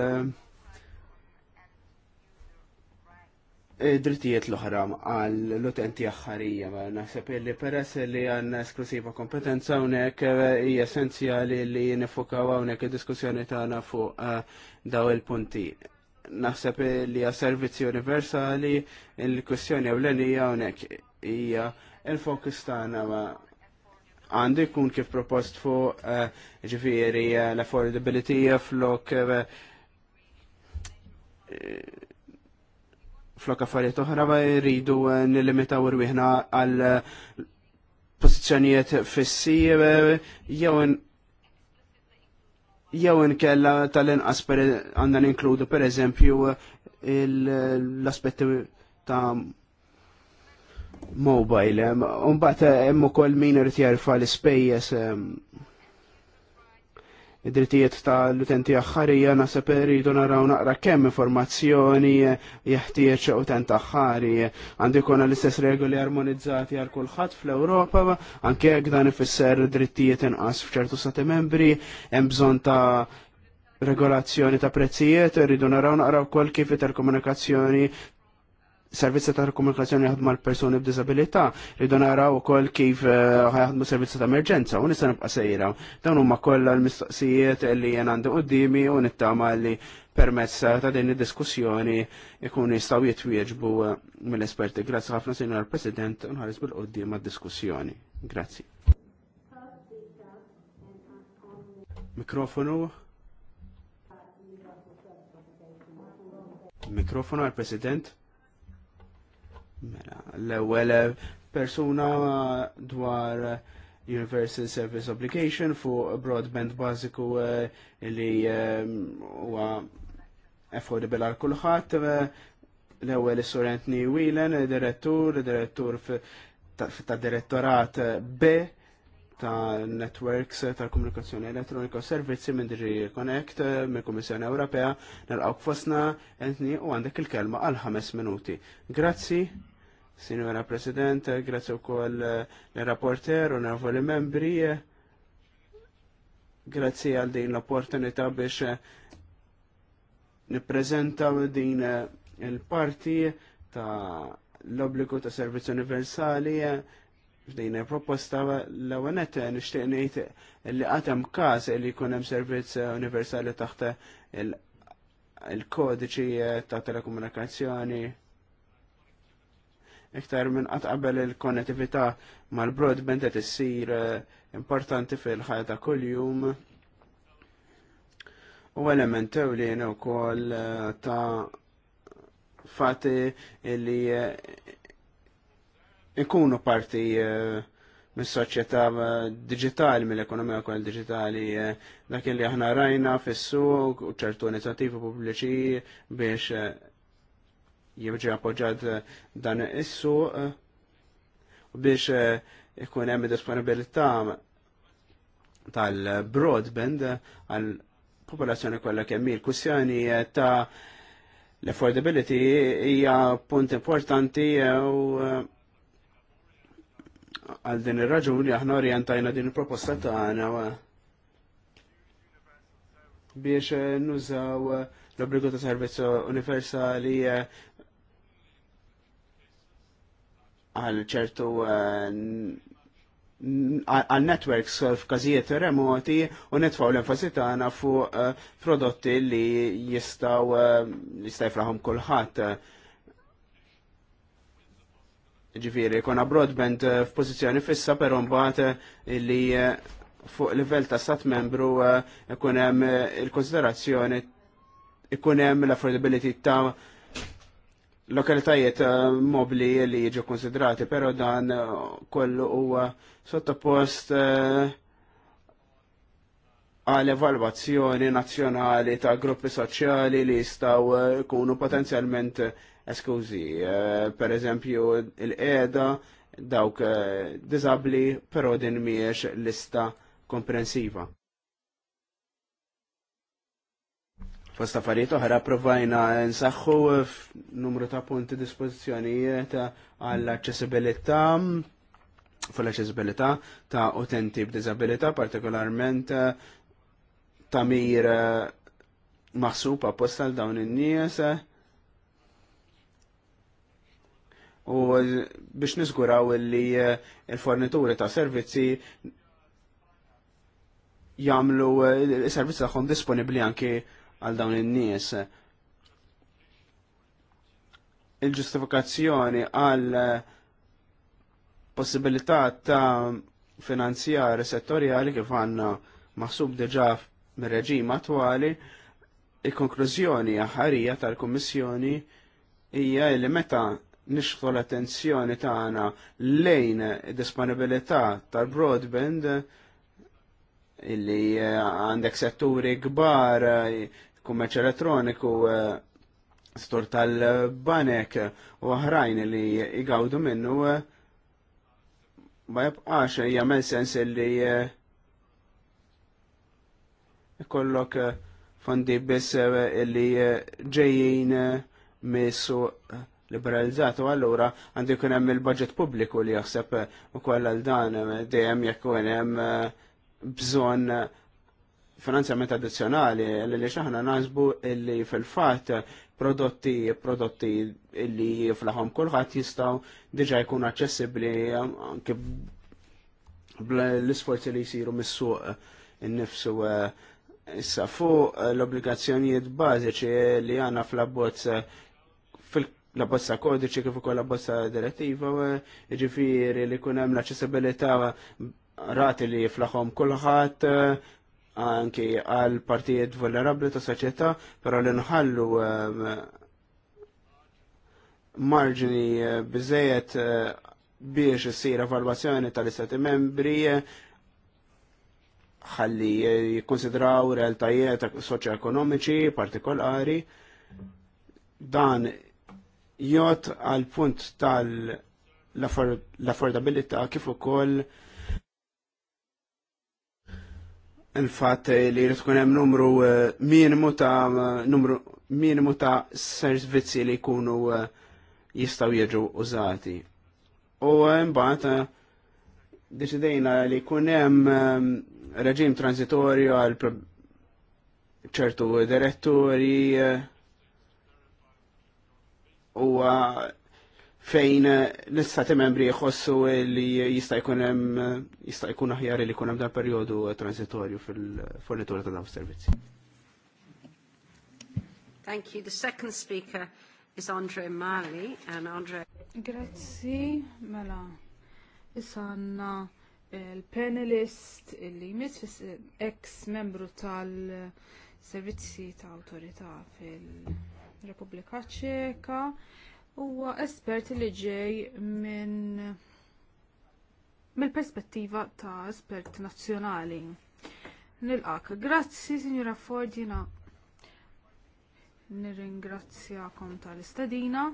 Speaker 2: eh, drittijiet l-oħra għall l-utenti aħħarija. Naħseb li peress li għanna esklusiva kompetenza hawnhekk eh, hija essenzjali li nifukaw hawnhekk id-diskussjoni tagħna fuq eh, daw il-punti. Naħseb li hija servizzi universali, il-kwestjoni ewlenija hawnhekk hija il-fokus tagħna Għandi jkun kif propost fu eh, ġifiri eh, l-affordability eh, flok flok affarijiet oħra ma jridu nilimitaw irwieħna għal pożizzjonijiet fissi jew jew inkella tal-inqas inkludu per pereżempju l-aspetti ta' mobile. Umbat hemm ukoll min irid jerfa' l-ispejjeż id-drittijiet tal-utenti aħħarija naħseb rridu naraw naqra kemm informazzjoni eh, jeħtieġ utent aħħari. Għandu jkun l-istess regoli armonizzati għal kulħadd fl-Ewropa, anke jekk dan ifisser drittijiet inqas f'ċertu stati membri, hemm bżonn ta' regolazzjoni ta' prezzijiet, rridu naraw naqraw kol kif it-telkomunikazzjoni servizzi ta' komunikazzjoni jaħdmu mal persuni b'disabilità, rridu naraw ukoll kif eh, jaħdmu servizzi ta' emerġenza u nista' nibqa' sejra. Dawn huma kollha l-mistoqsijiet li jien għandi qudiemi u nittama li permezz ta' din id-diskussjoni jkun jistgħu jitwieġbu eh, mill-esperti. Grazzi ħafna Sinjor President u nħares bil-qudiem għad-diskussjoni. Grazzi. Mikrofonu. Mikrofonu għal-President. Mela, l-ewwel eh, persuna dwar eh, Universal Service Obligation fuq broadband bażiku eh, li huwa affordable għal kulħadd. L-ewwel is-Sorrent Wilen, direttur, direttur ta' direttorat B ta' networks ta' komunikazzjoni elettronika u servizzi minn Digi Connect minn Kummissjoni Ewropea nilqgħu fosna entni u għandek il-kelma għal ħames minuti. Grazzi, Signora President, grazzi wkoll l-rapporter u nervu membri. Grazzi għal din l-opportunità biex nippreżentaw din il-parti ta' l-obbligu ta' servizzi universali Fdejna proposta l-għanet nishtiq ngħid li għatem każ li jkun hemm servizz universali taħt il-kodiċi ta' telekomunikazzjoni iktar minn qatt qabel il-konnettività mal-broadband qed issir importanti fil-ħajja kuljum. U element ewlien ukoll ta' fatti li ikunu parti eh, mis soċjetà eh, digitali, mill-ekonomija kol digitali, eh, dak li aħna rajna fis u ċertu inizjattivi pubbliċi biex jibġi appoġġat dan is-suq u biex ikun hemm disponibilità tal-broadband għal popolazzjoni kollha kemm il kussjoni ta' l-affordability hija punt importanti u uh, Għal din ir-raġuni aħna orjentajna din il-proposta tagħna biex eh, nużaw eh, l-obbligu ta' servizzu universali eh, għal ċertu għal networks f'każijiet remoti u netfaw l-enfasi tagħna fuq prodotti li jistgħu jista' jifrahom kulħadd ġifiri, kona broadband eh, f'pozizjoni fissa, pero mbagħad eh, li eh, fuq livell ta' stat membru ikun hemm il-konsiderazzjoni ikun hemm l-affordability ta' lokalitajiet mobli li jiġu konsidrati, pero dan kollu huwa sottopost għal evalwazzjoni nazzjonali ta' gruppi soċjali li jistgħu jkunu potenzjalment eskużi, eh, per eżempju il eda dawk eh, disabli, pero din miex lista komprensiva. Fosta affarijiet oħra provajna nsaħħu f'numru ta' punti dispożizzjonijiet għall-aċċessibilità fl-aċċessibilità ta' utenti b'diżabilità, partikolarment eh, ta' mir maħsub apposta l dawn in-nies u biex niżguraw li eh, il-fornituri ta' servizzi jagħmlu eh, il servizzi tagħhom disponibbli anki għal dawn in-nies. Il-ġustifikazzjoni għal eh, possibilità ta' finanzjar settorjali kif għandna maħsub deġa mir-reġim attuali, il-konklużjoni ħarija tal-Kummissjoni hija li meta nixħu l-attenzjoni tagħna lejn disponibilità tal-broadband illi eh, għandek setturi kbar eh, kummerċ elettroniku eh, stor tal-banek u oħrajn li jgawdu minnu ma jibqax jagħmel sens li ikollok fondi biss illi ġejjin missu liberalizzat u allura għandu jkun hemm il-budget pubbliku li jaħseb ukoll għal dan dejjem jekk ikun hemm eh, bżonn eh, finanzjament addizzjonali li xaħna nasbu li fil-fatt prodotti prodotti li fl kulħadd jistgħu diġà jkun aċċessibbli anke l-isforzi li jsiru mis-suq innifsu eh, issa fuq l-obbligazzjonijiet bażiċi li għandna fl-abbozz la bossa kodiċi kif ukoll la bossa direttiva, e ġifiri li kun hemm l-aċċessibilità rati li jiflaħom kulħadd e, anki għal partijiet vulnerabli ta' soċjetà, però li nħallu e, marġini biżejjed biex issir evalwazzjoni tal-istati membri ħalli jikkonsidraw realtajiet soċjoekonomiċi partikolari dan jgħod għal punt tal-affordabilità kif ukoll il-fatt li jrid tkun hemm numru eh, minimu ta' numru minimu ta' servizzi li jkunu eh, jistgħu jiġu użati. U eh, mbagħad deċidejna li jkun hemm reġim transitorju għal ċertu direttori u fejn l-istati membri jħossu li jista' jkun hemm jista' jkun aħjar li jkun hemm dan perjodu transitorju fil-fornitura ta' dawn servizzi.
Speaker 3: Thank you. The second speaker is Andre Mali and Andre
Speaker 1: Grazzi, mela. Isanna il-panelist illi jmiss ex membru tal-servizzi ta' autorità fil- Repubblika Ċeka, huwa espert li ġej minn mill-perspettiva ta' espert nazzjonali. Nilqak. Grazzi, Signora Fordina. Nirringrazzjakom tal-istadina.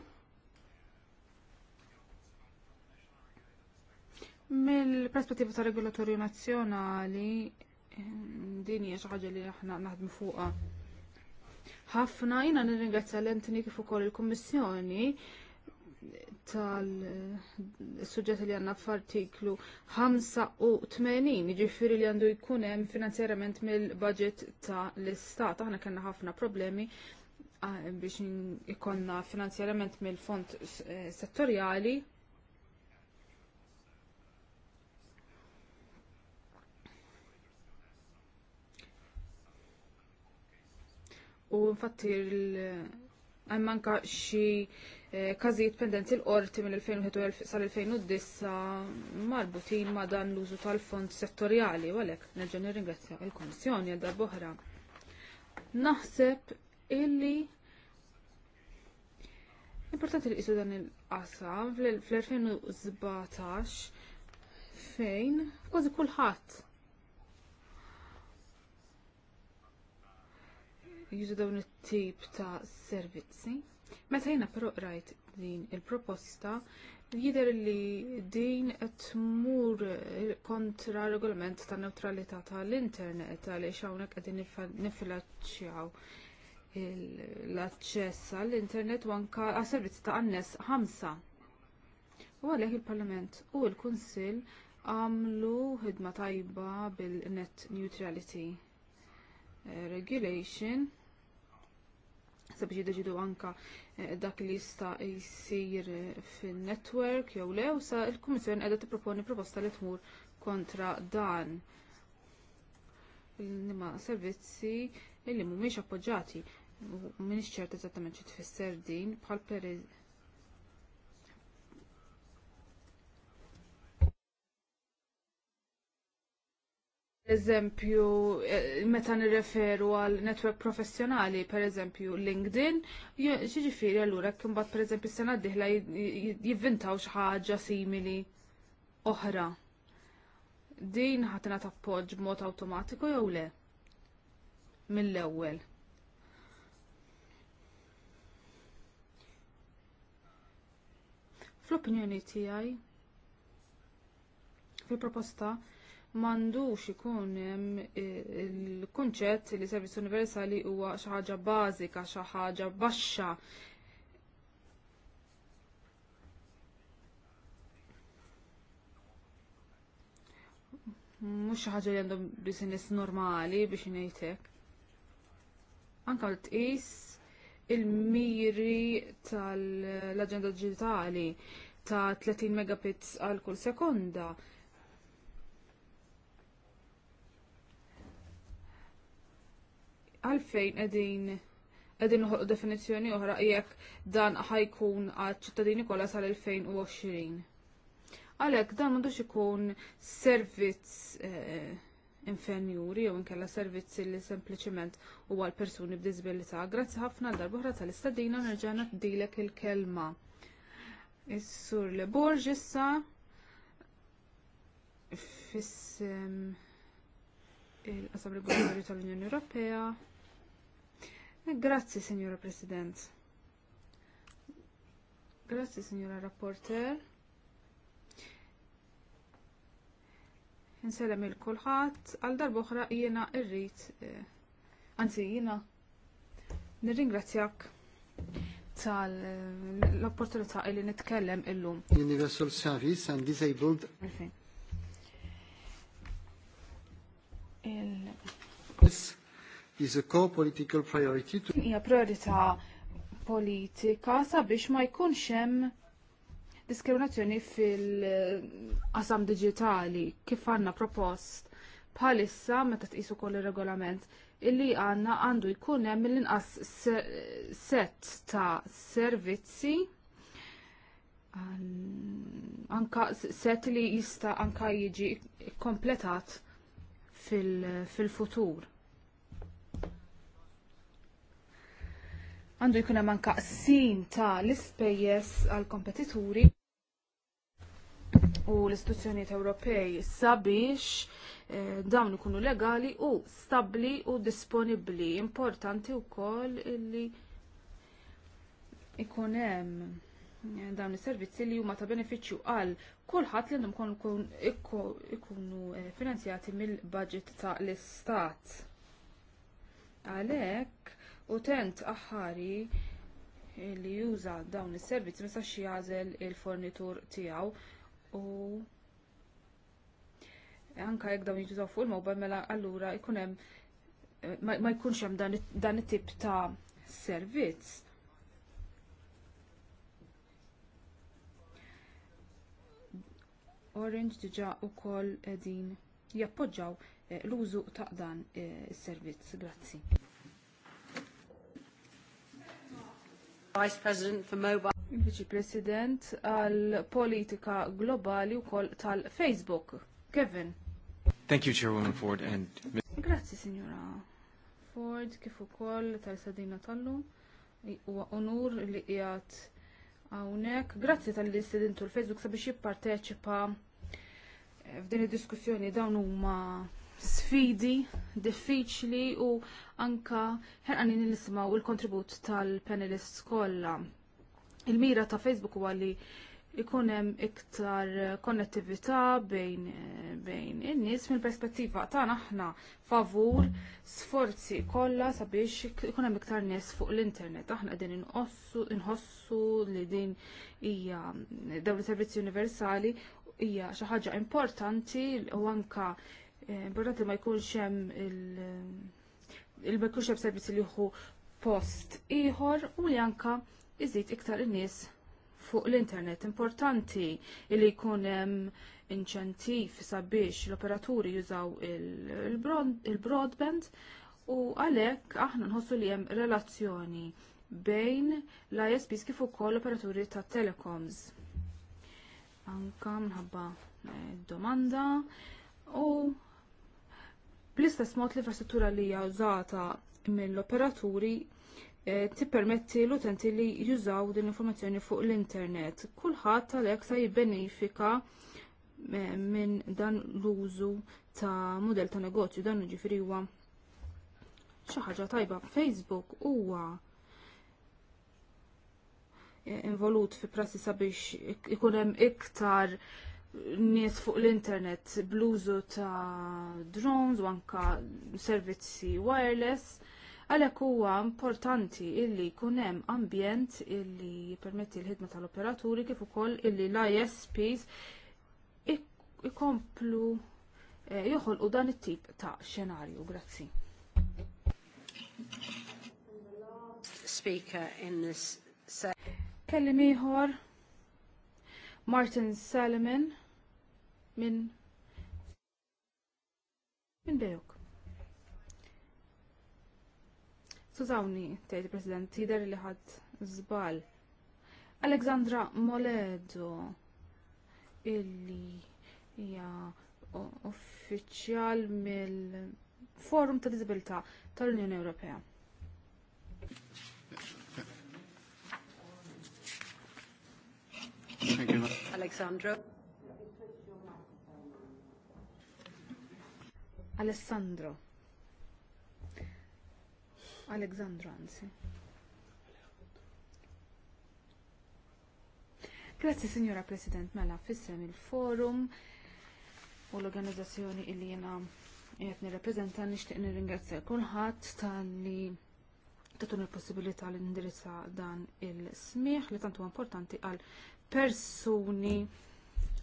Speaker 1: Mill-perspettiva ta' regolatorju nazzjonali, din hija xi ħaġa li aħna naħdmu fuqha ħafna jina nirringrazzja l-entini kif ukoll il-Kummissjoni tal-sujġet li għanna f'artiklu 85 ġifiri li għandu jkun hemm finanzjerament mill-budget ta' l-istat. Aħna kellna ħafna problemi biex ikonna finanzjerament mill-fond eh, settorjali u infatti hemm manka xi eh, każijiet jitpendenti l-qorti mill-2001 sal-2009 marbutin ma' dan l-użu tal-fond settorjali u għalhekk nerġa' nirringrazzja l-Kummissjoni għal darb'oħra. Naħseb illi Importanti li qisu dan il-qasam fl-2017 fejn kważi kulħadd jużu dawn it-tip ta' servizzi. Meta jiena però rajt din il-proposta, jidher li din qed tmur kontra regolament ta' neutralità tal-internet għaliex hawnhekk qegħdin nifilaċċjaw l-aċċess għall-internet u anke għas servizzi ta' annes ħamsa. U għalhekk il-Parlament u l-Kunsill għamlu ħidma tajba bil-net neutrality eh, regulation sabiex jiddeċidu anka eh, dak li jista' jsir eh, fin-network jew u sa il-Kummissjoni qiegħda tipproponi proposta li tmur kontra dan nima servizzi li mhumiex appoġġati. m'iniex ċerta eżattament xi tfisser din bħal per eżempju, eh, meta nirreferu għal netwerk professjonali, per eżempju, LinkedIn, ġiġifiri għallura, bat per eżempju, sena diħla jivvintaw xaħġa simili oħra. Din ħatina tappoġ mod automatiku jew le? Mill-ewwel. Fl-opinjoni tiegħi fil-proposta m'għandux ikun hemm eh, il-kunċett li servizz universali huwa xi ħaġa bażika, xi ħaġa baxxa. Mhux xi ħaġa li għandhom business normali biex ngħid hekk. Anke tqis il-miri tal-aġenda digitali ta' 30 megabits għal kull sekonda għalfejn qegħdin qegħdin uħu definizzjoni oħra jekk dan ħajkun għad ċittadini kollha sal-2020. Għalhekk dan m'għandux ikun servizz eh, infenjuri jew inkella servizzi li sempliċement huwa għal persuni b'diżabilità. Grazzi ħafna għal darbohra tal-istadina nerġa' dilek il-kelma. Is-sur li borġissa issa fis il-qasam regolatorju tal-Unjoni Ewropea. Eh, grazzi, Signora President. Grazzi, Signora Rapporter. Nsellem il-kulħat, għal darboħra jiena irrit, eh, anzi jiena nirringrazzjak tal eh, l-opportunità li nitkellem illum.
Speaker 2: Universal Service and Disabled. Il is a core political priority to hija
Speaker 1: priorità politika sabiex ma jkunx hemm diskriminazzjoni fil-qasam digitali kif għandna propost bħalissa meta tqisu koll ir-regolament illi għandna għandu jkun hemm mill-inqas set ta' servizzi anka set li jista' anka jiġi kompletat fil-futur. Fil għandu jkun hemm anke qsim ta' l-ispejjeż għal kompetituri u l-istituzzjonijiet Ewropej sabiex eh, dawn ikunu legali u stabbli u disponibbli. Importanti wkoll li ikun hemm eh, dawn is-servizzi li huma ta' benefiċċju għal kulħadd li għandhom ikunu eh, finanzjati mill-budget ta' l-istat. Għalhekk utent aħħari li juża dawn is-servizzi ma sax jagħżel il-fornitur tiegħu u anke jekk dawn jiġu fuq il mowba mela allura jkun hemm ma jkunx hemm dan it-tip ta' servizz. Orange diġa u koll edin jappoġġaw eh, l-użu ta' dan eh, is-servizz. Grazzi.
Speaker 3: Vice President for Mobile.
Speaker 1: Vice President għal politika globali u kol tal-Facebook. Kevin.
Speaker 2: Thank you, Chairwoman Ford. and.
Speaker 1: Grazie, signora Ford, kif ukoll tal-sadina tal-lum. Huwa onur li qiegħed hawnhekk. Grazzi tal sedintu l-Facebook sabiex jipparteċipa f'din id-diskussjoni dawn huma sfidi diffiċli u anka ħerqanin nisimaw il-kontribut tal-panelists kollha. Il-mira ta' Facebook huwa li ikun hemm iktar konnettività bejn bejn in-nies mill-perspettiva tagħna aħna favur sforzi kollha sabiex ikun hemm iktar nies fuq l-internet. Aħna qegħdin inqossu inħossu li din hija dawn il servizzi universali hija xi ħaġa importanti u anka Importanti ma jkunx hemm il ma jkunx hemm servizz li jieħu post ieħor u li anka iżid iktar in-nies fuq l-internet. Importanti li jkun hemm inċentiv sabiex l-operaturi jużaw il-broadband u għalhekk aħna nħossu li hemm relazzjoni bejn l-ISPs kif ukoll l operaturi ta' telecoms. Anka minħabba eh, domanda u Bl-istess mod l-infrastruttura li hija użata mill-operaturi eh, tippermetti l-utenti li jużaw din l-informazzjoni fuq l-internet. Kulħadd għalhekk se jibbenefika eh, minn dan l-użu ta' mudell ta' negozju dan ġifieri huwa xi ħaġa tajba. Facebook huwa eh, involut fi prassi sabiex ikun hemm iktar nies fuq l-internet bluzu ta' drones u anka servizzi wireless, għalhekk huwa importanti illi jkun hemm ambjent illi jippermetti l-ħidma tal-operaturi kif ukoll illi l-ISPs ikomplu eh, joħolqu dan it-tip ta' xenarju. Grazzi. Speaker in this Kellim Martin Salomon minn minn bejok. Sużawni, tgħid President, tidher li ħadd żbal. Alexandra Moledo illi hija uffiċjal mill-Forum ta' Disabilità tal-Unjoni Ewropea. Alexandra. Alessandro. Alexandro, anzi. Grazzi, Signora President, mela fissem il-forum u l-organizzazzjoni illi jena jgħet reprezentan nishtiq nirringrazzja kulħadd tal-li tatun il-possibilità li indirizza dan il-smiħ li tantu importanti għal persuni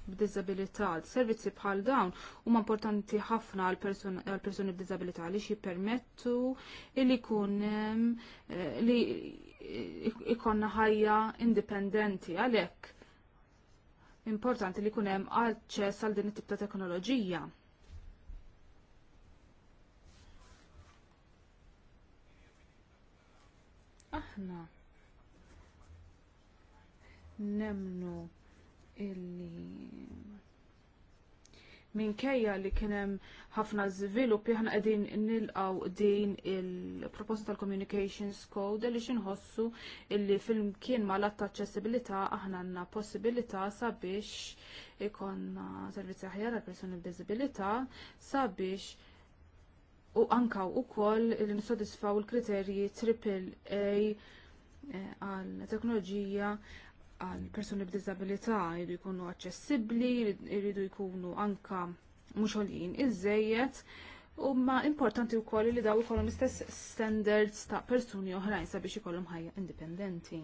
Speaker 1: b'diżabilità. Servizzi bħal dawn huma importanti ħafna għal persuni b'diżabilità li jippermettu li jkun eh, li ikonna ħajja indipendenti għalhekk. Importanti li jkun hemm aċċess għal din it-tip ta' teknoloġija. Aħna nemnu illi minkejja li kienem ħafna żvilupp aħna qegħdin nilqaw din il-proposta tal-Communications Code li xinħossu illi fil-mkien ma latta accessibilità aħna għandna possibilità sabiex ikonna servizja aħjar għal persuni b'diżibilità sabiex u anka wkoll li nissodisfaw il-kriterji triple A eh, għal teknoloġija għal persuni b'dizabilità jridu jkunu aċċessibbli, jridu jkunu anka mhux għoljin iżejjed. U ma importanti wkoll li daw ikollhom istess standards ta' persuni oħrajn sabiex ikollhom ħajja indipendenti.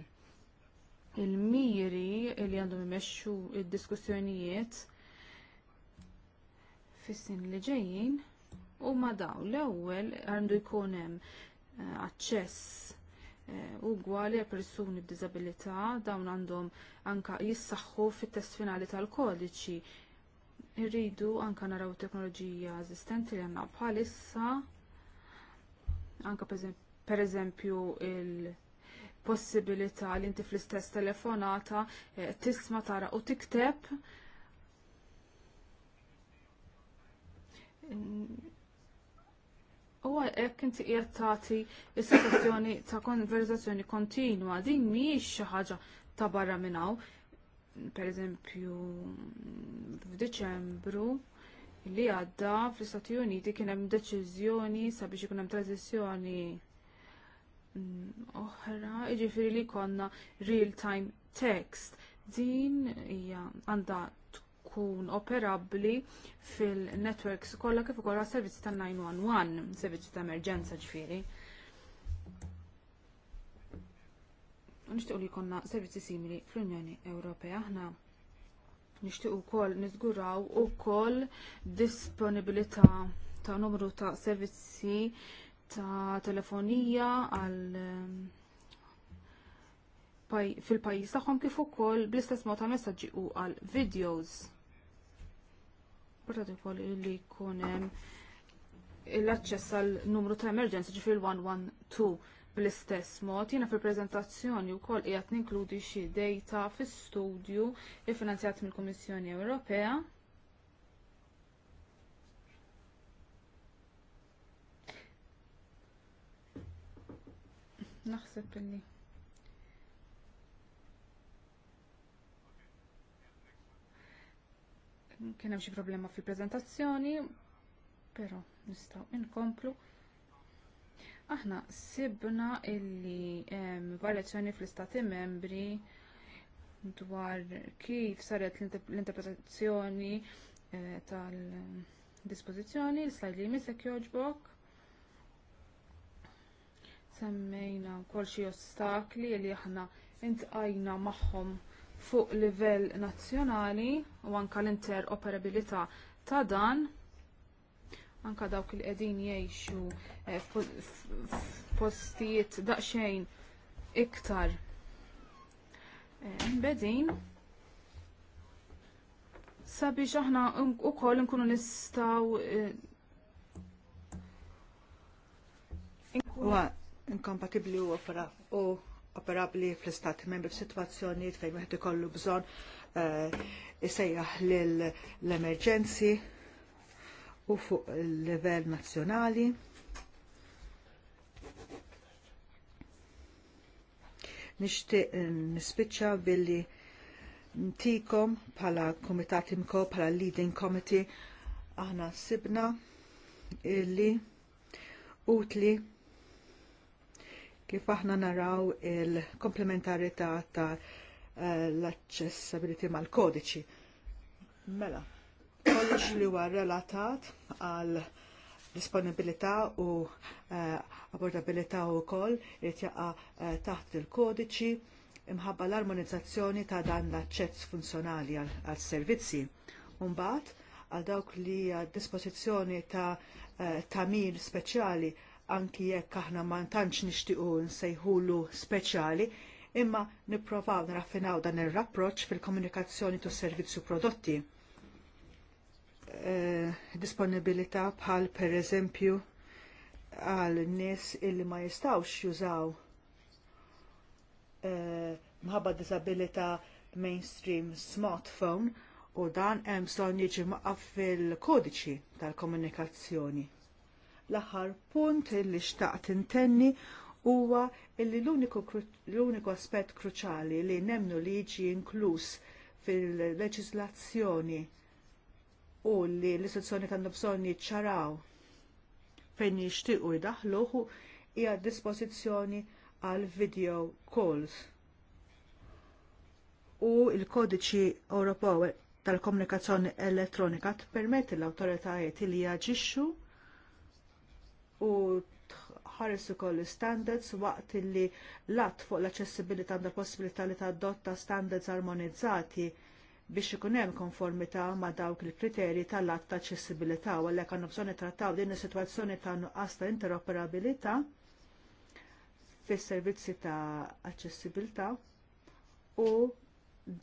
Speaker 1: Il-miri li għandhom imexxu id-diskussjonijiet fis-sin li ġejjin u ma daw l-ewwel għandu jkun hemm eh, aċċess Eh, u għal persuni b'diżabilità dawn għandhom anka jissaħħu fit-test finali tal-kodiċi. Irridu anka naraw teknoloġija eżistenti li għandna bħalissa anka per eżempju il- possibilità li inti fl-istess telefonata eh, tisma tara u tikteb U hekk inti qiegħed tagħti is-sitwazzjoni ta' konverzazzjoni kontinwa din mhijiex xi ħaġa ta' barra minn hawn. Pereżempju f'Diċembru li għadda fl-Istati Uniti kien hemm deċiżjoni sabiex ikun hemm tranzizzjoni mm, oħra, jiġifieri li jkollna real-time text. Din hija għandha ikun operabbli fil-networks kollha kif ukoll għas-servizzi tan-911, servizzi ta' emerġenza ġifieri. Nixtiequ li jkollna servizzi simili fl-Unjoni Ewropea aħna nixtiequ wkoll niżguraw ukoll disponibilità ta' numru ta' servizzi ta' telefonija għal um, fil-pajjiż tagħhom kif ukoll bl-istess mod ta' messaġġi u għal videos importanti wkoll li jkun hemm l-aċċess għal numru ta' emerġenza ġifir 112 bl-istess mod. Jiena fil-preżentazzjoni wkoll qiegħed ninkludi xi data fi studju iffinanzjat mill-Kummissjoni Ewropea naħseb li. kien hemm xi problema fil-preżentazzjoni, però nistgħu inkomplu. Aħna sibna illi varjazzjoni fl-istati membri dwar kif saret l-interpretazzjoni eh, tal-dispożizzjoni, l-slajd li jmissek joġbok. Semmejna wkoll xi ostakli li aħna intqajna magħhom fuq livell nazzjonali u anka l-interoperabilità ta' dan anka dawk li qegħdin jgħixu eh, f'postijiet daqsxejn iktar eh, bedin sabiex aħna wkoll nkunu nistgħu
Speaker 3: eh, inkompatibbli u ofra u operabbli fl-istat membri f'sitwazzjonijiet fejn wieħed ikollu bżonn eh, isejjaħ l-emerġenzi u fuq il-livell nazzjonali. Nixtieq eh, nispiċċa billi ntikom bħala kumitat imko bħala leading committee aħna sibna illi utli kif aħna naraw il-komplementarità ta' eh, l-accessibility mal-kodiċi. Mela, kollox li huwa relatat għal disponibilità u eh, abordabilità u koll irid jaqa' eh, taħt il-kodiċi imħabba l-armonizzazzjoni ta' dan l-aċċess funzjonali għal servizzi. Mbagħad għal dawk li għad dispożizzjoni ta' tamir speċjali anki jekk aħna ma tantx nixtiequ nsejħulu speċjali, imma nipprovaw naraffinaw dan ir-rapproċ fil-komunikazzjoni tas-servizzi servizzu prodotti. Eh, disponibilità bħal per eżempju għal nies illi ma jistawx jużaw eh, mħabba disabilità mainstream smartphone u dan hemm bżonn jiġi maqaf fil-kodiċi tal-komunikazzjoni L-aħħar punt li xtaqt intenni huwa li l-uniku aspett kruċali li nemnu li jiġi inkluż fil-leġislazzjoni u li l-istituzzjoni tagħna bżonn jiċċaraw fejn jixtiequ jdaħluħu hija dispożizzjoni għal video calls. U l kodiċi Ewropew tal-komunikazzjoni elettronika tpermetti l-awtoritajiet li jaġixxu u tħares ukoll standards waqt li lat fuq l-aċċessibilità għandha possibilità li tadotta standards armonizzati biex ikun hemm konformità ma' dawk il-kriterji tal-att ta' aċċessibilità u għalhekk għandna bżonn trattaw din is-sitwazzjoni ta' nuqqas ta' interoperabilità fis-servizzi ta' aċċessibilità u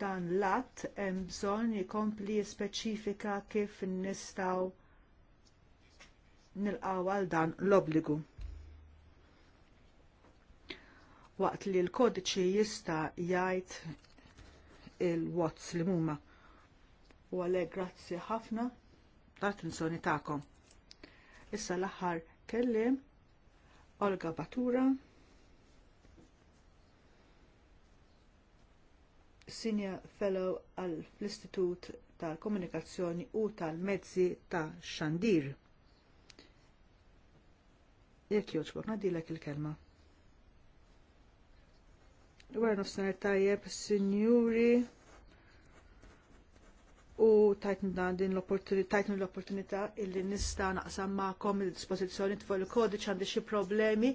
Speaker 3: dan l-att hemm bżonn jkompli speċifika kif nistgħu nilqaw għal dan l-obligu. Waqt li l-kodiċi jista jgħid il-wots li muma. U għalhekk grazzi ħafna tal-attenzjoni tagħkom. Issa l-aħħar kellim Olga Batura, Senior Fellow għall istitut tal-Komunikazzjoni u tal-Mezzi ta' Xandir. Jekk joġbok, nadilek il-kelma. Għar nofsenar tajjeb, sinjuri, u tajtna din l-opportunità illi nista naqsam ma'kom il-dispozizjoni tfuq il-kodiċ għandi xi problemi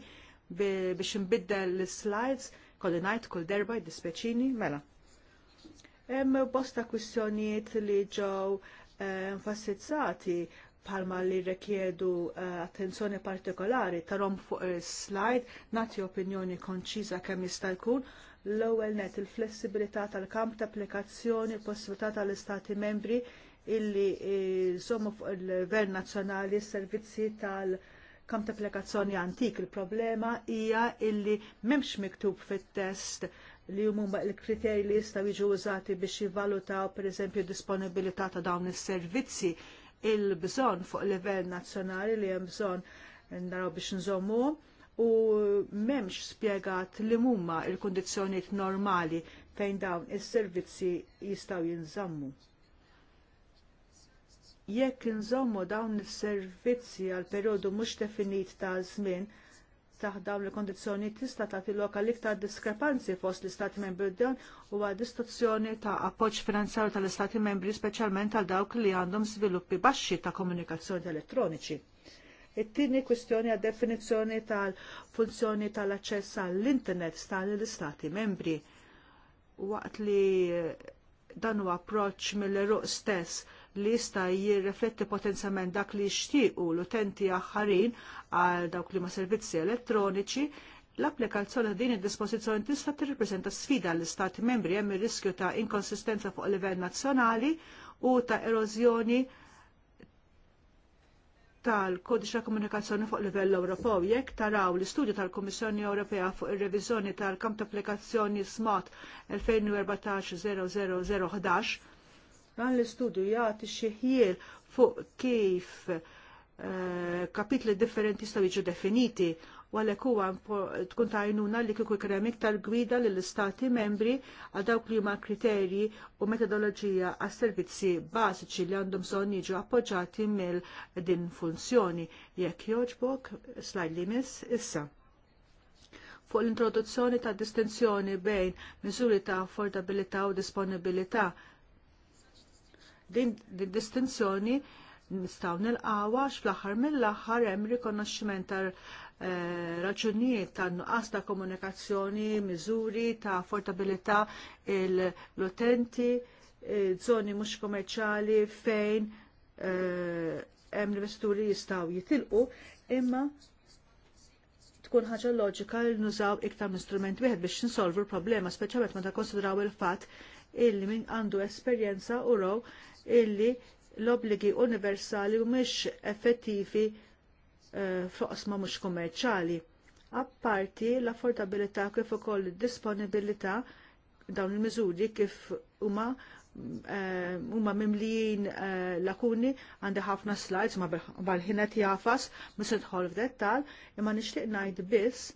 Speaker 3: biex nbiddel l-slides, kolli najt kull derba id-dispeċini, mela. Hemm bosta kwistjonijiet li ġew enfasizzati eh, palma li rekjedu eh, attenzjoni partikolari tarom fuq il-slide nati opinjoni konċiza kemm jista' jkun l-ewwel net il-flessibilità tal-kamp ta' applikazzjoni possibilità tal-istati membri illi eh, jżommu fuq il gvern nazzjonali s-servizzi tal- kam ta' applikazzjoni antik il-problema hija illi m'hemmx miktub fit-test li huma il-kriterji li jistgħu jiġu użati biex jivvalutaw pereżempju disponibilità ta' dawn is-servizzi il-bżonn fuq livell nazzjonali li hemm bżonn naraw biex nżommu u m'hemmx spjegat li mumma l-kundizzjonijiet normali fejn dawn is-servizzi jistgħu jinżammu. Jekk nżommu dawn is-servizzi għal perjodu mhux definit ta' żmien, dawn li kondizjoni tista' tagħti lokal iktar diskrepanzi fost l-Istati Membri dan huwa distruzzjoni ta' appoġġ finanzjarju tal-Istati Membri speċjalment għal dawk li għandhom sviluppi baxxi ta' komunikazzjoni elettroniċi. It-tieni kwistjoni għad definizzjoni tal-funzjoni tal-aċċess għall-internet tal-Istati membri. Waqt li dan huwa approċċ mill-eruq stess li jista jirrefletti potenzjament dak li jixtiequ l-utenti aħħarin għal dawk li ma' servizzi elettroniċi, l-applikazzjoni din id-dispożizzjoni tista' tirrappreżenta sfida għall istati membri hemm ir-riskju ta' inkonsistenza fuq livell nazzjonali u ta' erożjoni tal-kodiċ ta' komunikazzjoni fuq livell Ewropew. Jekk taraw l-istudju tal-Kummissjoni Ewropea fuq ir-reviżjoni tal-kamp ta' applikazzjoni Smart 2014-0011 Dan l-istudju jagħti xi fuq kif uh, kapitli differenti jistgħu jiġu definiti u għalek huwa tkun tajnuna li kieku ikrem iktar gwida lill istati membri għal dawk li huma kriterji u metodoloġija għas servizzi bażiċi li għandhom bżonn jiġu appoġġjati mill din funzjoni jekk jogħġbok slajd li miss issa fuq l-introduzzjoni ta' distinzjoni bejn miżuri ta' affordabilità u disponibilità Din distinzjoni nistaw nil-qawa fl-aħħar mill-aħħar hemm rikonoxximent ta' eh, raġunijiet ta' nuqqas ta' komunikazzjoni, miżuri ta' affordabilità l-utenti, eh, zoni mhux kummerċjali fejn eh, hemm investituri investuri jistgħu jitilqu, imma tkun ħaġa loġika li nużaw iktar instrument wieħed biex insolvu l-problema, speċjalment meta konsidraw il-fatt illi min għandu esperjenza u row illi l obbligi universali mhumiex effettivi uh, f'oqsma mhux kummerċjali. Apparti l-affordabilità kif ukoll id disponibilità dawn il-miżuri kif huma eh, huma uh, mimlijin uh, lakuni għandi ħafna slides ma bħal-ħinet jafas mis idħol f'dettal imma nixtieq ngħid biss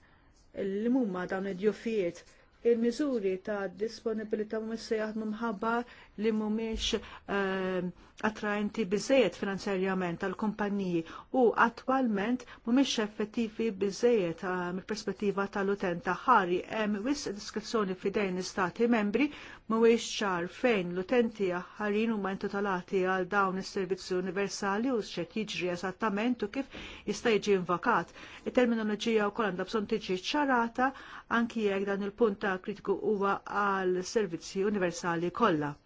Speaker 3: li huma dawn id-djufijiet il-miżuri ta' disponibilità mhumiex se jaħdmu mħabba li mhumiex uh, attraenti biżejjed finanzjarjament għal kumpanniji u attwalment mhumiex effettivi biżejjed ehm, mill-perspettiva tal-utent ħari hemm wis diskrezzjoni fidejn l-istati membri mhuwiex ċar fejn l-utenti ħarin huma intitolati għal dawn is-servizzi universali u x'qed jiġri eżattament u kif jista' jiġi invakat. It-terminoloġija wkoll għandha bżonn tiġi ċarata anki jekk dan il-punt ta' kritiku huwa għal servizzi universali kollha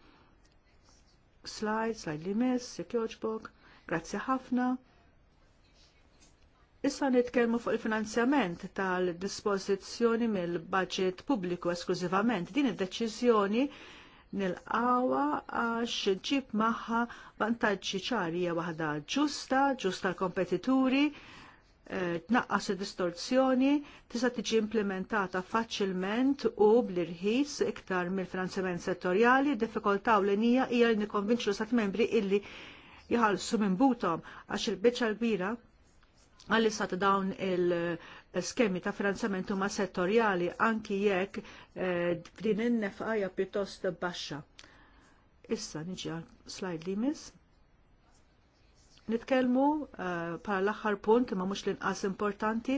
Speaker 3: slide, slide li miss, jek joġbok, grazzi ħafna. Issa nitkellmu fuq il-finanzjament tal-dispożizzjoni mill-budget pubbliku esklużivament. Din id-deċiżjoni nil-qawa għax ġib maħħa vantaġġi ċarija waħda ġusta, ġusta l-kompetituri, Eh, tnaqqas id-distorzjoni tista' tiġi implementata faċilment u bl-irħis iktar mill-finanzjament settorjali, diffikoltà u l-inija hija li nikonvinċu l-istat membri illi jħallsu minn butom għax il-biċċa kbira għalli sa dawn il-skemi ta' finanzjament huma settorjali anki jekk eh, din in-nefqajja pjuttost baxxa. Issa niġi għal slide li miss. Nitkellmu bħala eh, l-aħħar punt ma mhux l-inqas importanti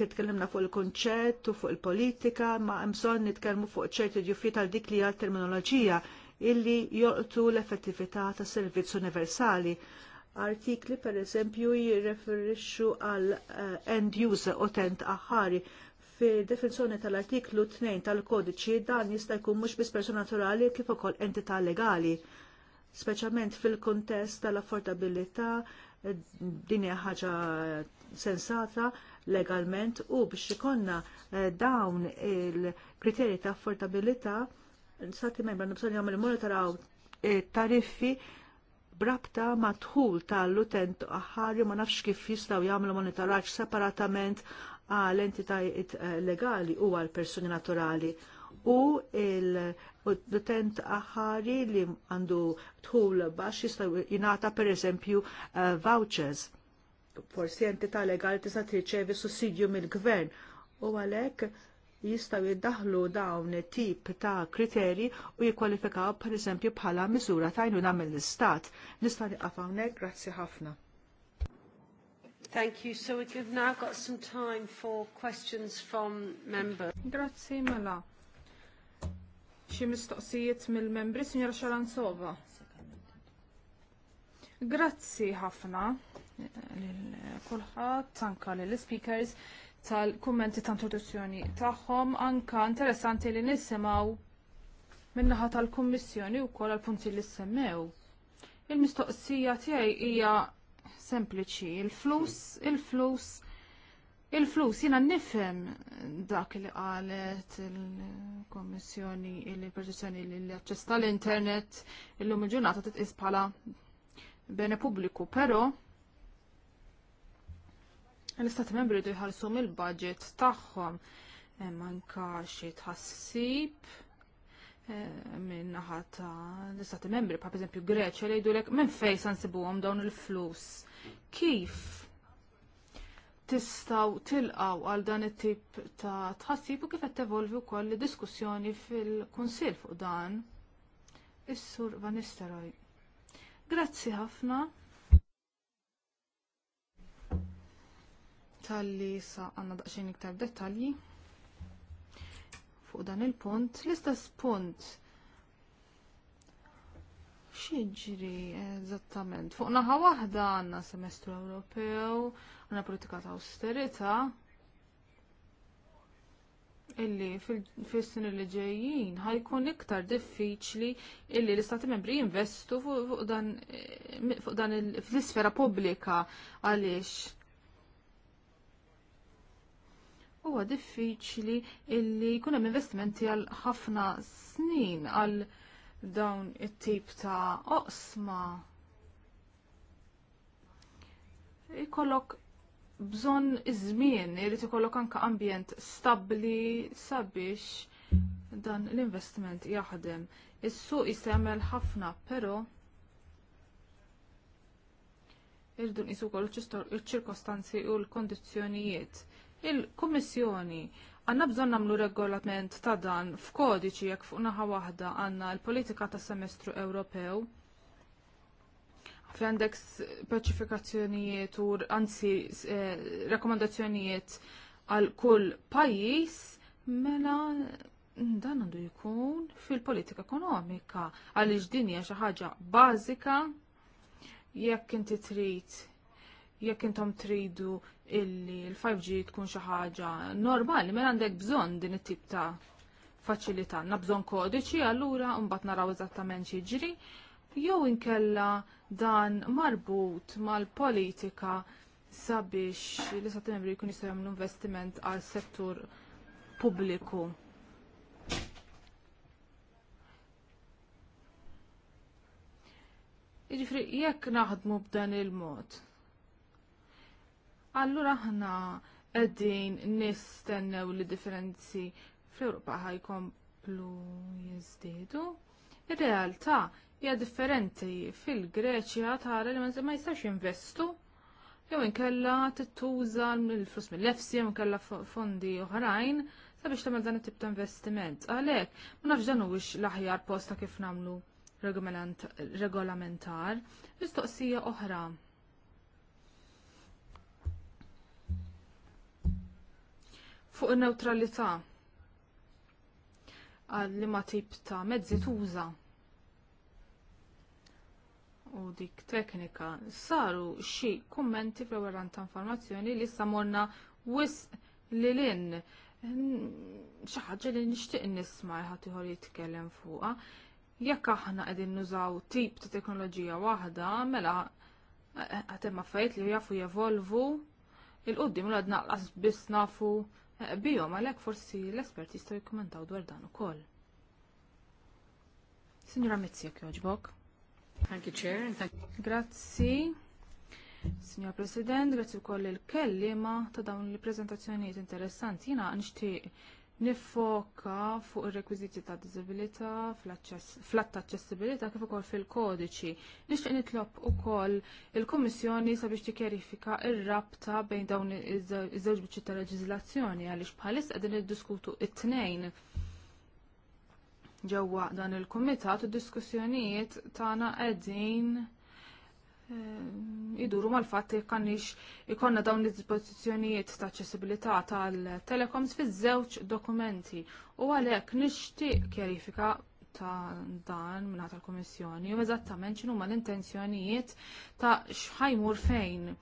Speaker 3: kitkellimna fuq il-konċett u fuq il-politika, ma bżonn nitkellmu fuq ċerti ġuffi tal dik li terminoloġija illi joqtu l-effettività tas servizz universali. Artikli pereżempju jirreferixxu għal eh, end user utent aħari. Fi definizjoni tal-artiklu 2 tal-kodiċi dan jista' jkun mhux biss persuna naturali kif ukoll entità legali speċjalment fil-kontest tal-affordabilità eh, din hija ħaġa sensata legalment u biex ikonna eh, dawn il-kriterji ta' affordabilità sati membra bżonn jagħmel monitoraw eh, tariffi brabta ma' dħul tal-utent aħħari ma' nafx kif jistgħu jagħmlu monitoraġġ separatament għal entitajiet legali u għal persuni naturali u il utent aħari li għandu tħul baxx jistgħu jingħata pereżempju eh, vouchers. Forsi entità legali tista' tirċevi sussidju mill-gvern u għalhekk jistaw jiddaħlu dawn tip ta' kriterji u jikkwalifikaw pereżempju bħala miżura ta' jnuna mill-istat. Nista' niqaf hawnhekk, grazzi ħafna. Thank you. So we've now got some time for questions from
Speaker 1: members. Grazie, mela xi mistoqsijiet mill-membri, Sinjora Xaranzova. Grazzi ħafna eh, kulħadd anka lill speakers tal-kummenti ta' introduzzjoni tagħhom, anka interessanti li nisimgħu min-naħa tal-Kummissjoni wkoll għall-punti li semmew. Il-mistoqsija tiegħi hija sempliċi, il-flus, il-flus Il-flus jina nifem dak li qalet il komissjoni il li l-Aċċess tal-Internet illum il-ġurnata titqis bħala bene pubbliku, però l-Istati Membri jdu jħallsu mill-budget tagħhom manka xie xi tħassib eh, minn naħata l-Istati Membri, pa' esempio Greċja li jgħidulek minn fejn għom dawn il-flus. Kif tistaw tilqaw għal dan it-tip ta' tħassib u kif qed tevolvi wkoll diskussjoni fil-Kunsill fuq dan. Is-Sur Van Nistelrooy. Grazzi ħafna tal-li sa għanna daqsxejn iktar dettalji fuq dan il-punt. L-istess punt xieġri eżattament. Fuq naħa waħda għandna semestru Ewropew għandna politika ta' austerita illi fil-sin li ġejjin ħajkun iktar diffiċli illi l-istati membri jinvestu fuq dan eh, fl-isfera pubblika għaliex. Huwa diffiċli illi jkun hemm investimenti għal ħafna snin għal dawn it-tip ta' oqsma. Ikollok bżonn iż-żmien, irid ikollok anke ambjent stabbli sabiex dan l-investiment jaħdem. Is-suq jista' jagħmel ħafna, però irdu nqisu wkoll iċ-ċirkostanzi u l-kondizzjonijiet. Il-Kummissjoni għandna bżonn nagħmlu regolament ta' dan f'kodiċi jekk fuq naħa waħda għandna l-politika tas semestru Ewropew F'għandek għandek speċifikazzjonijiet u anzi eh, rakkomandazzjonijiet għal kull pajjiż, mela dan għandu jkun fil-politika ekonomika għaliex din hija xi ħaġa bażika jekk inti trid jekk intom tridu illi l-5G tkun xi ħaġa normali mela għandek bżonn din it-tip ta' faċilità. Na bżonn kodiċi allura mbagħad naraw eżattament xi jiġri jew inkella dan marbut mal-politika sabiex li sa' membri jkun jistgħu jagħmlu investiment għal settur pubbliku. Jiġifieri jekk naħdmu b'dan il-mod. Allura aħna qegħdin nistennew li differenzi fl-Ewropa ħajkomplu jiżdiedu. Ir-realtà hija differenti. Fil-Greċja tara li ma jistax investu jew inkella tittuża l-flus mill-lefsi jew inkella fondi oħrajn sabiex tagħmel dan it-tip ta' investiment. Għalhekk ma nafx dan huwiex l-aħjar posta kif nagħmlu regolamentar, mistoqsija oħra. Fuq in-newtralità għal li ma tip ta' mezzi tuża u dik teknika saru xi kummenti fl-ewwel ta' informazzjoni li issa morna wisq lil in xi ħaġa li nixtieq nisma' ħadd ieħor jitkellem fuqha. Jekk aħna qegħdin nużaw tip ta' teknoloġija waħda, mela qed hemm affarijiet li jafu jevolvu il-qudiem l naqlas biss nafu eh, bihom għalhekk forsi l-esperti jistgħu jikkumentaw dwar dan ukoll. Signora Mizzi, jogħġbok. Thank you, Chair. Grazzi, Signor President, grazzi u koll il-kellima ta' dawn li prezentazzjonijiet interessanti. Jina nishtiq nifoka fuq ir-rekwiżiti ta' disabilita, flat ta' aċċessibilità kif ukoll fil-kodiċi. Nixtieq nitlob ukoll il-Kummissjoni sabiex tikkjarifika il rabta bejn dawn iż-żewġ biċċi ta' leġiżlazzjoni għaliex bħalis qegħdin iddiskutu it-tnejn ġewwa dan il-kumitat u diskussjonijiet tagħna qegħdin eh, iduru mal-fatt li kanniex ikonna dawn id-dispożizzjonijiet ta' aċċessibilità tal-telecoms fiż-żewġ dokumenti u għalhekk nixtieq kjerifika ta' dan minna tal-Kummissjoni u eżattament x'inhu ma l-intenzjonijiet ta' x'ħajmur fejn.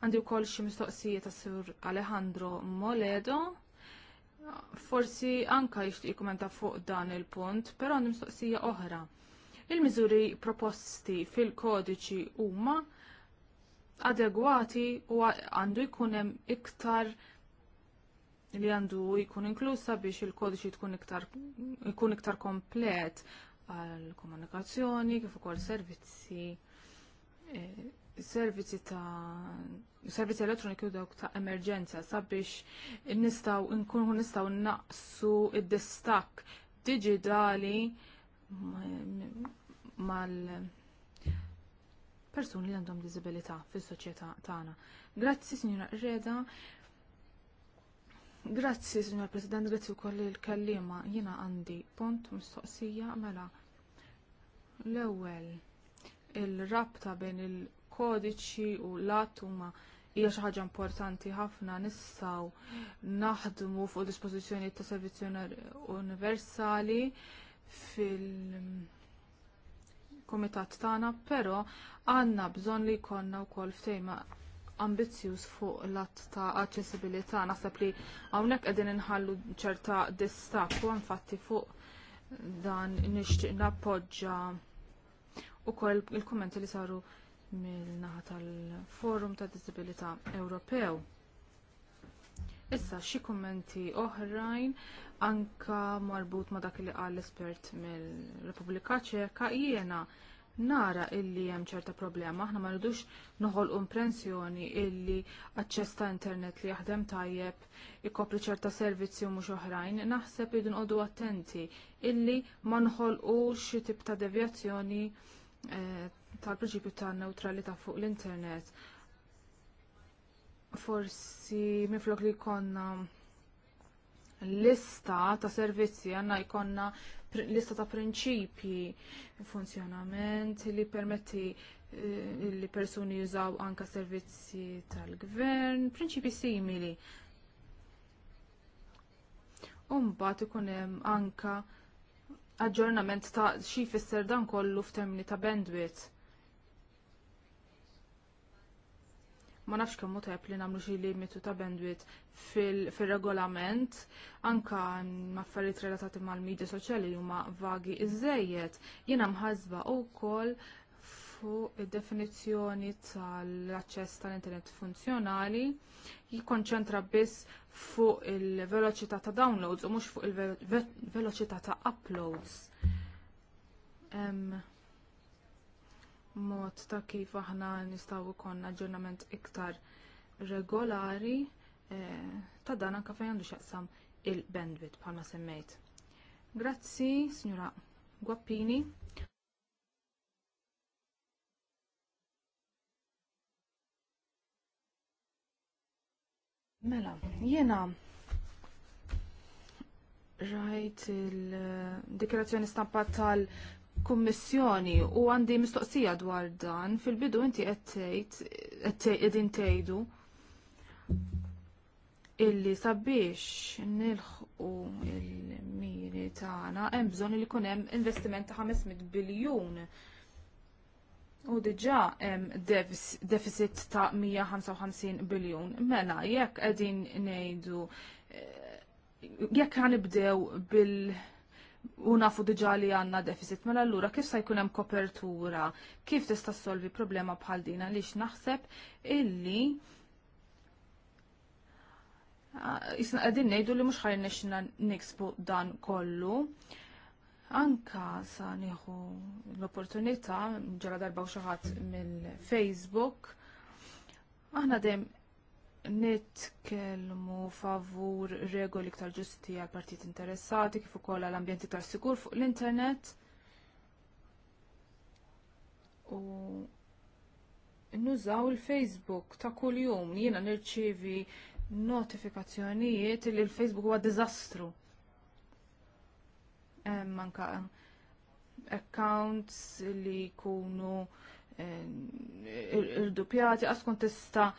Speaker 1: Għandi wkoll xi mistoqsijiet ta' Sur Alejandro Moledo forsi anka jixtieq jikkumenta fuq dan il-punt, però mistoqsija oħra. Il-miżuri proposti fil-kodiċi huma adegwati u għandu jkun hemm iktar li għandu jkun inklusa biex il-kodiċi tkun iktar, jkun iktar komplet għal komunikazzjoni, kif ukoll servizzi eh, servizi ta' servizzi elettroniki u dawk ta' emerġenza sabiex nistaw nkunu nistaw naqsu id-distak digitali mal persuni li għandhom disabilità fis-soċjetà tagħna. Grazzi signora Reda. Grazzi signor President, grazzi wkoll il-kallima. Jiena għandi punt mistoqsija mela l-ewwel il-rabta bejn il- kodiċi u l-att huma hija xi ħaġa importanti ħafna nistgħu naħdmu fuq dispożizzjonijiet ta' servizzi universali fil- komitat tagħna, però għandna bżonn li jkollna wkoll ftejma ambizzjuż fuq l-att ta' aċċessibilità. Naħseb li hawnhekk qegħdin inħallu ċerta distak u infatti fuq dan nixtieq nappoġġa ukoll il-kummenti li saru mill-naħa tal-Forum ta' Disabilità Ewropew. Issa xi kummenti oħrajn anka marbut ma' dak li qal l-espert mill-Repubblika Ċeka jiena nara illi hemm ċerta problema, aħna ma rridux noħolqu impressjoni illi aċċess ta' internet li jaħdem tajjeb ikopri ċerta servizzi u mhux oħrajn, naħseb idu nqogħdu attenti illi ma noħolqux xi tip ta' devjazzjoni eh, tal-prinċipju ta' neutralità fuq l-internet. Forsi minflok li jkollna lista ta' servizzi għandna jkollna lista ta' prinċipji funzjonament li permetti eh, li persuni jużaw anka servizzi tal-gvern, prinċipji simili. Umbat ikun hemm anka aġġornament ta' xi jfisser dan kollu f'termini ta' bandwidth. ma nafx kemm tajb li nagħmlu xi limitu ta' bandwidth fil-regolament anka affarijiet relatati mal-medja soċjali huma vagi iżejjed jiena mħazba wkoll fuq id-definizzjoni tal-aċċess tal-internet funzjonali jikkonċentra biss fuq il-veloċità ta' downloads u mhux fuq il-veloċità ta' uploads. Um, mod ta' kif aħna nistgħu jkollna aġġornament iktar regolari eh, ta' dan anke fejn għandu il-bandwidth bħalma semmejt. Grazzi, signora Guappini. Mela, jiena rajt il-dikrazzjoni eh, stampa tal kummissjoni u għandi mistoqsija dwar dan fil-bidu inti qed qegħdin tgħidu illi sabiex nilħqu il-miri tagħna hemm bżonn li jkun hemm investiment ta' 500 biljun. U diġà hemm deficit ta' 155 biljun. Mela jekk qegħdin ngħidu eh, jekk ħanibdew bil- u nafu diġa li għanna deficit. Mela allura kif sa jkun hemm kopertura, kif tista' solvi problema bħal din għaliex naħseb illi Isna għedin nejdu li mux ħajn nexna niksbu dan kollu. Anka sa nieħu l-opportunità ġara darba u xaħat mill-Facebook. Aħna dem nitkellmu favur regoli iktar ġusti għal partit interessati kif ukoll għal ambjenti tar sigur fuq l-internet u nużaw il-Facebook ta' kuljum jiena nirċievi notifikazzjonijiet li l-Facebook huwa diżastru. Manka accounts li jkunu irdupjati għas tista'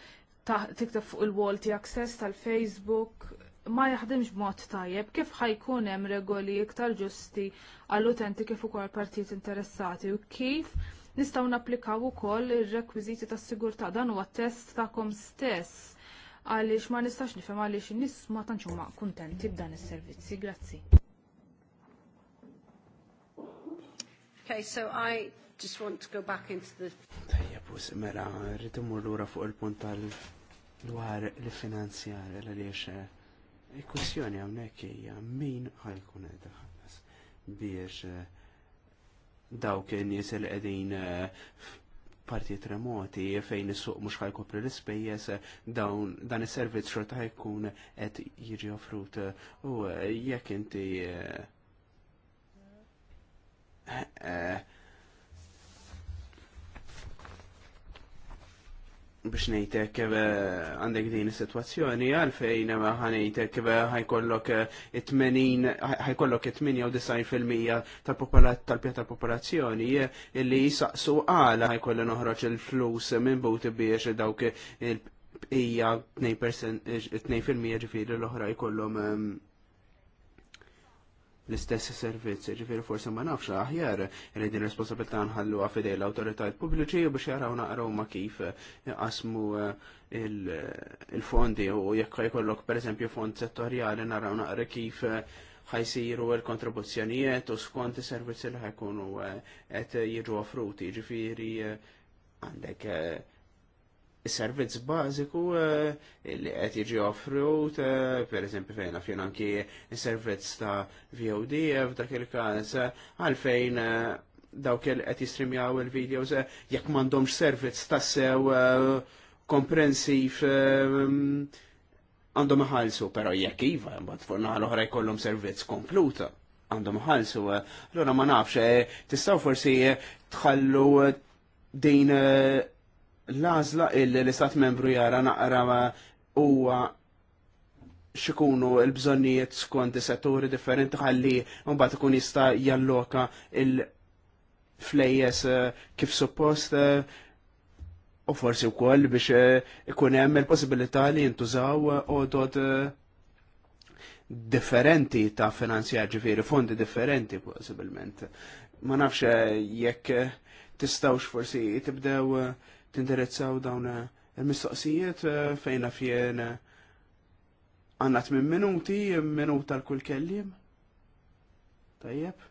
Speaker 1: tiktab fuq il-wall tiegħek sess tal-Facebook ma jaħdimx b'mod tajjeb kif ħajkun hemm regoli iktar ġusti għall-utenti kif ukoll partit interessati u kif nistgħu napplikaw ukoll ir-rekwiżiti tas-sigurtà dan huwa test tagħkom stess għaliex ma nistax nifhem għaliex in-nies ma tantx huma kuntenti b'dan is-servizzi. Grazzi.
Speaker 3: Okay, so I just want to go back into the
Speaker 2: Tajja, pus, mela, rrit imur l-ura fuq il-punt tal-dwar li finanzjar l-għaliex eh, il-kwestjoni għamnek hija min ħajkun daħlas biex eh, dawk in-nies li qegħdin eh, partijiet remoti fejn suq mhux ħajkopri l-ispejjeż dawn dan is-servizz xorta ħajkun qed jirġi offrut u jekk inti biex nejtek eh, għandek din is-sitwazzjoni għalfejn eh, ħanejtek eh, ħajkollok 80 ħajkollok 98% tal popolazzjoni tal pjata tal-popolazzjoni illi jisaqsu għala ħajkollu noħroġ il-flus minn buti biex dawk il-bqija 2% ġifiri l-oħra jkollhom l-istess servizz, ġifiri forse ma nafx aħjar, li din responsabilità nħallu għafidej l-autoritajt pubbliċi u biex jaraw naqraw ma kif jaqasmu eh, il-fondi u jekk jkollok per eżempju fond settorjali naraw naqra kif eh, ħajsiru l-kontribuzzjonijiet u skont is-servizzi li ħajkunu eh, qed jiġu offruti, ġifiri għandek servizz bażiku eh, li qed jiġi per eh, pereżempju fejn fejn anki servizz ta' VOD eh, f'dak il-każ għalfejn dawk il qed jistrimjaw il-videos jekk m'għandhomx servizz tassew komprensiv għandhom iħallsu, però jekk iva, mbagħad fuq l-oħra jkollhom servizz kompluta għandhom iħallsu, allura ma nafx, tistgħu forsi tħallu din l-għażla illi l-istat membru jara naqra huwa xikunu l-bżonnijiet skont setturi differenti ħalli mbagħad ikun jista' jalloka il-flejjes eh, kif suppost eh, u forsi wkoll biex eh, ikun hemm il-possibilità li jintużaw odod differenti ta' finanzjar ġifieri, fondi differenti possibilment. Ma nafx jekk tistawx forsi tibdew tindirizzaw dawn eh, il-mistoqsijiet eh, fejna fjen eh, għannat minn minuti, minuta l-kull kellim. Tajjeb.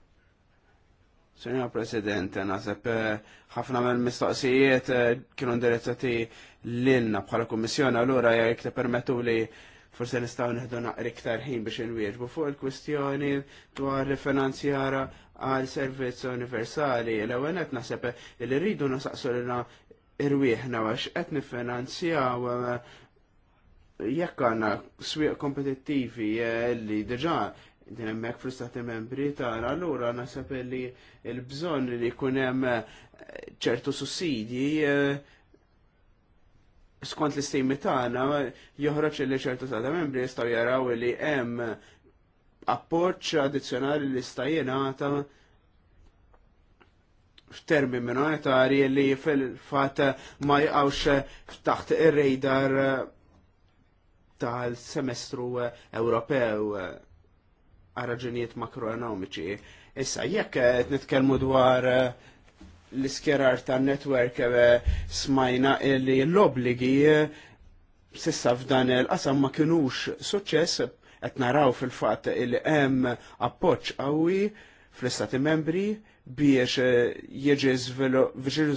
Speaker 2: Senjor President, nasab ħafna mill mistoqsijiet kienu indirizzati l-inna bħala kommissjoni, allura jek te permettu li forse nistaw neħdu naqri ktar ħin biex nwieġbu fuq il-kwistjoni dwar finanzjara għal servizz universali. L-ewwel qed li rridu nasaqsu l-inna irwieħna għax qed nifinanzjaw eh, jekk għandna swieq kompetittivi eh, li diġà din hemmhekk fl-istati membri tagħna allura naħseb li l-bżonn li jkun hemm eh, ċertu sussidji skont l-istimi tagħna joħroġ li ċertu stati membri jistgħu jaraw li hemm appoġġ addizzjonali li jista' jingħata f'termi minoritarji li fil-fat ma jqawx taħt ir-radar tal-semestru Ewropew għarraġunijiet makroenomiċi. Issa, jekk qed nitkellmu dwar l-iskerar ta' netwerk smajna li l-obligi sissa f'dan il-qasam ma kienux suċċess qed naraw fil-fatt il hemm appoġġ qawwi fl-istati membri biex eh, jieġi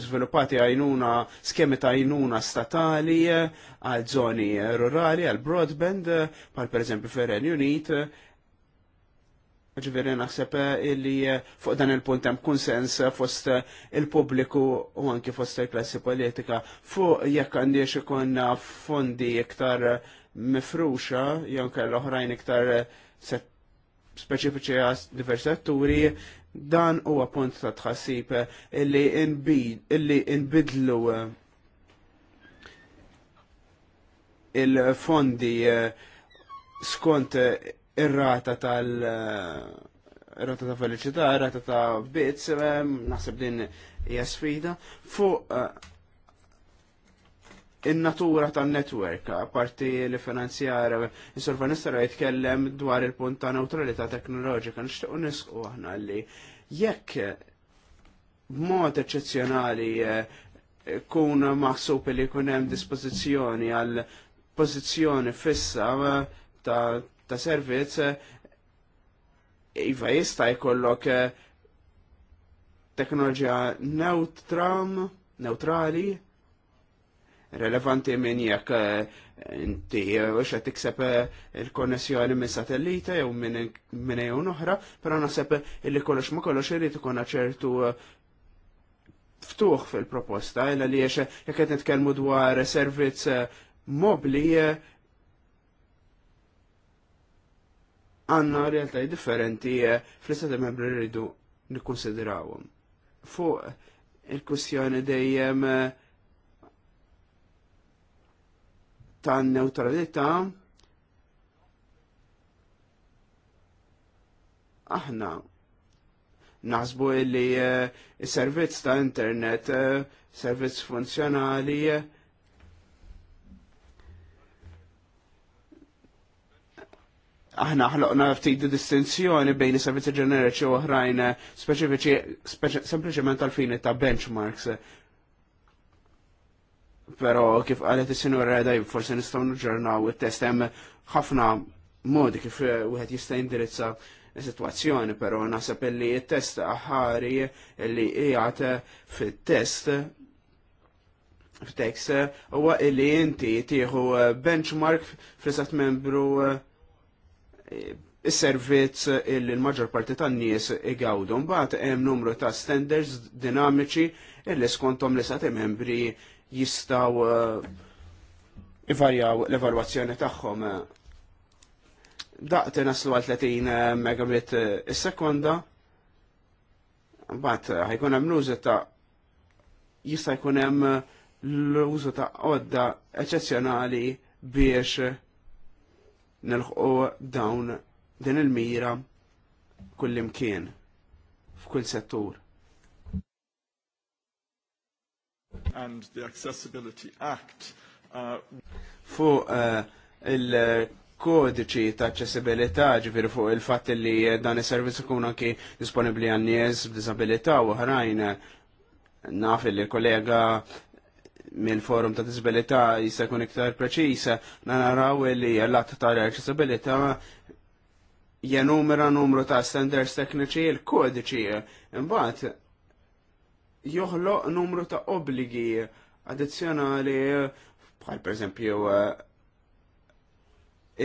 Speaker 2: sviluppati għajnuna, skemi ta' għajnuna statali eh, għal zoni rurali, għal broadband, eh, pal per eżempju Ferren Unit. Ġveri naħseb illi fuq dan il-punt hemm konsens fost il-pubbliku u anki fost il-klassi politika fuq jekk għandix ikonna fondi iktar mifruxa, jew l oħrajn iktar speċifiċi għas diversi atturi, Dan huwa punt ta' tħassib eh, illi inbidlu eh, il-fondi eh, skont ir-rata tal rata ta' felicità, rata ta' bits, naħseb din hija sfida. Fuq in-natura tan-netwerk, parti li finanzjara, is-Surva Nistara jitkellem dwar il-punt ta' neutralità teknoloġika, nixtieq nisqu aħna li jekk b'mod eċċezzjonali eh, kun maħsub li kun hemm dispożizzjoni għal pożizzjoni fissa eh, ta', ta servizz eh, iva jista' jkollok teknoloġija neutram, neutrali, relevanti minn jekk eh, inti eh, xa tikseb eh, il-konnessjoni minn satellita jew minn jew oħra, però naħseb illi kollox ma kollox irid ikun ċertu ftuħ fil-proposta, illa li jiex jekk qed nitkellmu dwar servizz mobli għanna realtà differenti fl-istati membri rridu nikkonsidrawhom. Fuq il-kwistjoni dejjem uh, ta' neutralita aħna naħsbu li s-servizz eh, ta' internet, eh, servizz funzjonali, eh, aħna ħloqna ftit distinzjoni bejn is-servizzi ġenerici u oħrajn speċifiċi speċi sempliċement għal fini ta' benchmarks Pero kif għalet il-sinur għedaj, forse nistaw nġurnaw il-test hemm ħafna modi kif eh, wieħed jista' jindirizza situazzjoni, pero nasab li il-test ħari li jgħat fit-test f'tekst huwa li inti tieħu benchmark fl-istat membru eh, is-servizz il l-maġġor parti tan-nies igawdu. Mbagħad hemm numru ta' standards dinamiċi illi skontom li sati membri jistaw eh, ivarjaw l-evalwazzjoni tagħhom. Daqt naslu għal 30 eh, megabit eh, is-sekonda, bat ħajkun hemm l-użu ta' jista' jkun hemm l-użu ta' għodda eċezzjonali biex nilħqu dawn din il-mira kullimkien f'kull settur.
Speaker 3: and the Accessibility Act. Uh,
Speaker 2: fuq uh, il-kodiċi ta' accessibilità ġifiri fuq il-fat li dan is-servizz ikun anki disponibbli għan nies b'disabilità u oħrajn naf li kollega mill-forum ta' disabilità jista' jkun iktar preċisa, naraw li l-att ta' accessibilità jenumera numru ta' standards tekniċi l-kodiċi. Imbagħad joħloq numru ta' obligi addizzjonali bħal pereżempju eh,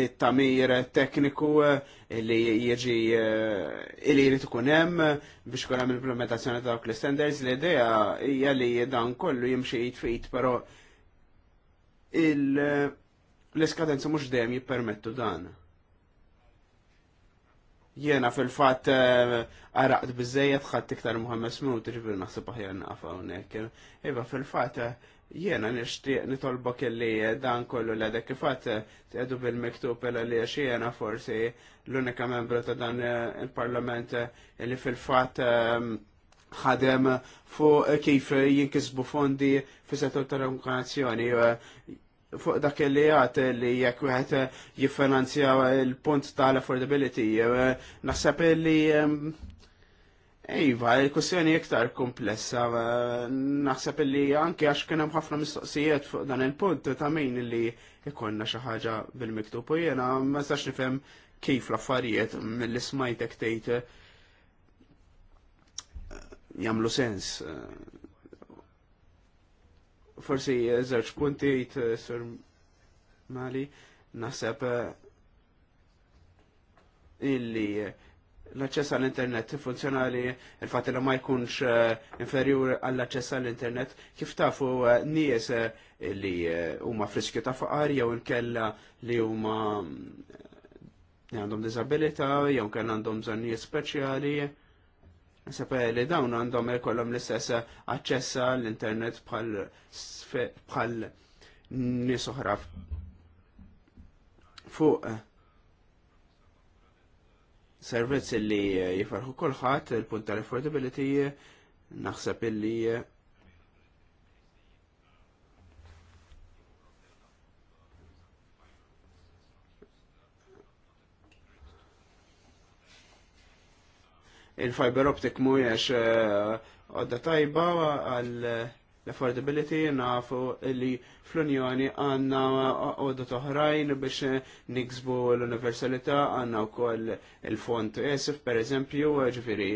Speaker 2: it-tamir tekniku eh, li jiġi eh, li jrid ikun hemm biex ikun hemm implementazzjoni ta' dawk l-standards l-idea hija li dan kollu jimxi jitfit però l-iskadenza mhux dejjem jippermettu dan. Jena fil-fat għaraqt eh, bizzejet ħadd iktar Muhammed Smut ġibir naħseb aħjar nafa hawnhekk. Iva fil-fat eh, jena nixtieq nitolbok illi eh, dan kollu l dek fatt tgħidu bil-miktub illa li jena forsi l-unika membru ta' dan il-Parlament li fil-fat ħadem fuq kif jinkisbu fondi fi setur tal-edukazzjoni fuq dak li għat li jekk wieħed jiffinanzja il-punt tal-affordability, eh, naħseb li eh, Iva, il-kussjoni iktar komplessa, eh, naħseb li anke għax kien hemm ħafna mistoqsijiet fuq dan il-punt ta' min li ikonna xi ħaġa bil-miktub u jiena ma sax nifhem kif l-affarijiet mill smajtek tgħid jagħmlu sens forsi zerċ eh, punti eh, sur mali naħseb eh, illi l-aċċess għall-internet funzjonali il fat li ma jkunx inferjur għall-aċċess għall-internet kif tafu nies li huma friskju ta' faqar jew inkella li huma għandhom disabilita jew kell għandhom bżonnijiet speċjali Sepp eh, li dawn għandhom ikollhom l istessa eh, aċċessa l-internet bħal nisuħra fuq eh, servizz li jifarħu kulħadd il-punt tal-affordability naħseb illi il-fiber optic mhuwiex eh, għodda tajba għal l-affordability nafu li fl-Unjoni għanna għodda toħrajn biex niksbu l-universalità għanna u koll il-font ESF per eżempju ġifiri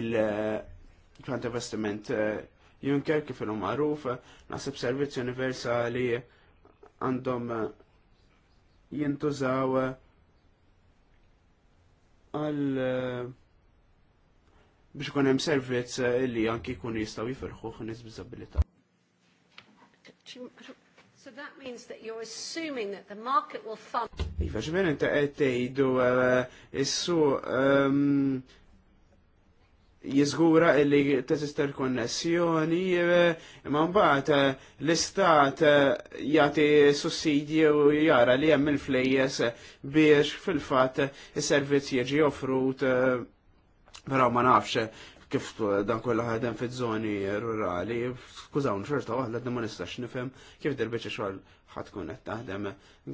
Speaker 2: il-Grant Investment eh, Juncker kif il magħruf nasib servizzi universali għandhom jintużaw għal uh, biex kun hemm servizz eh, li anki jkun jistgħu jifirħu nies b'iżabilità. So that means that you're assuming that the market will fund. Iva, ġbir inta qed tgħidu eh, issu ehm, jizgura illi teżister konnessjoni, eh, imma mbagħad l-istat jagħti sussidji u jara li hemm il-flejjes biex fil-fatt is-servizz jiġi offrut uh, Però ma nafx kif dan kollha ħadem fiż-żoni rurali, skużaw xorta waħda ma nistax nifhem kif dirbiċi xogħol ħadd tkun qed taħdem.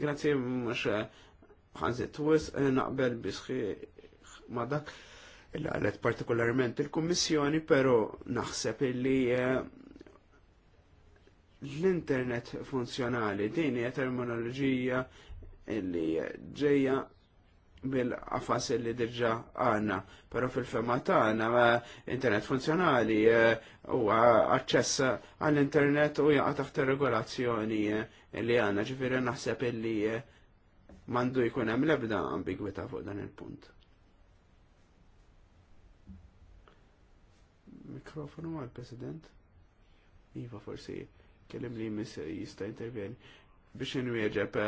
Speaker 2: Grazzi mhux ħanżit twis eh, naqbel bisħi ma dak illi qalet partikolarment il-Kummissjoni, però naħseb illi eh, l-internet funzjonali din hija terminoloġija illi ġejja bil-qafas li dirġa għana, pero fil-fema tagħna eh, internet funzjonali eh, u aċċess għall-internet u jgħat taħt regolazzjoni eh, li għandna ġifiri naħseb illi mandu jkun hemm l-ebda ambigwità fuq dan il-punt. Mikrofonu għal-President? Iva forsi kellim li jmiss jista' intervjeni biex inwieġeb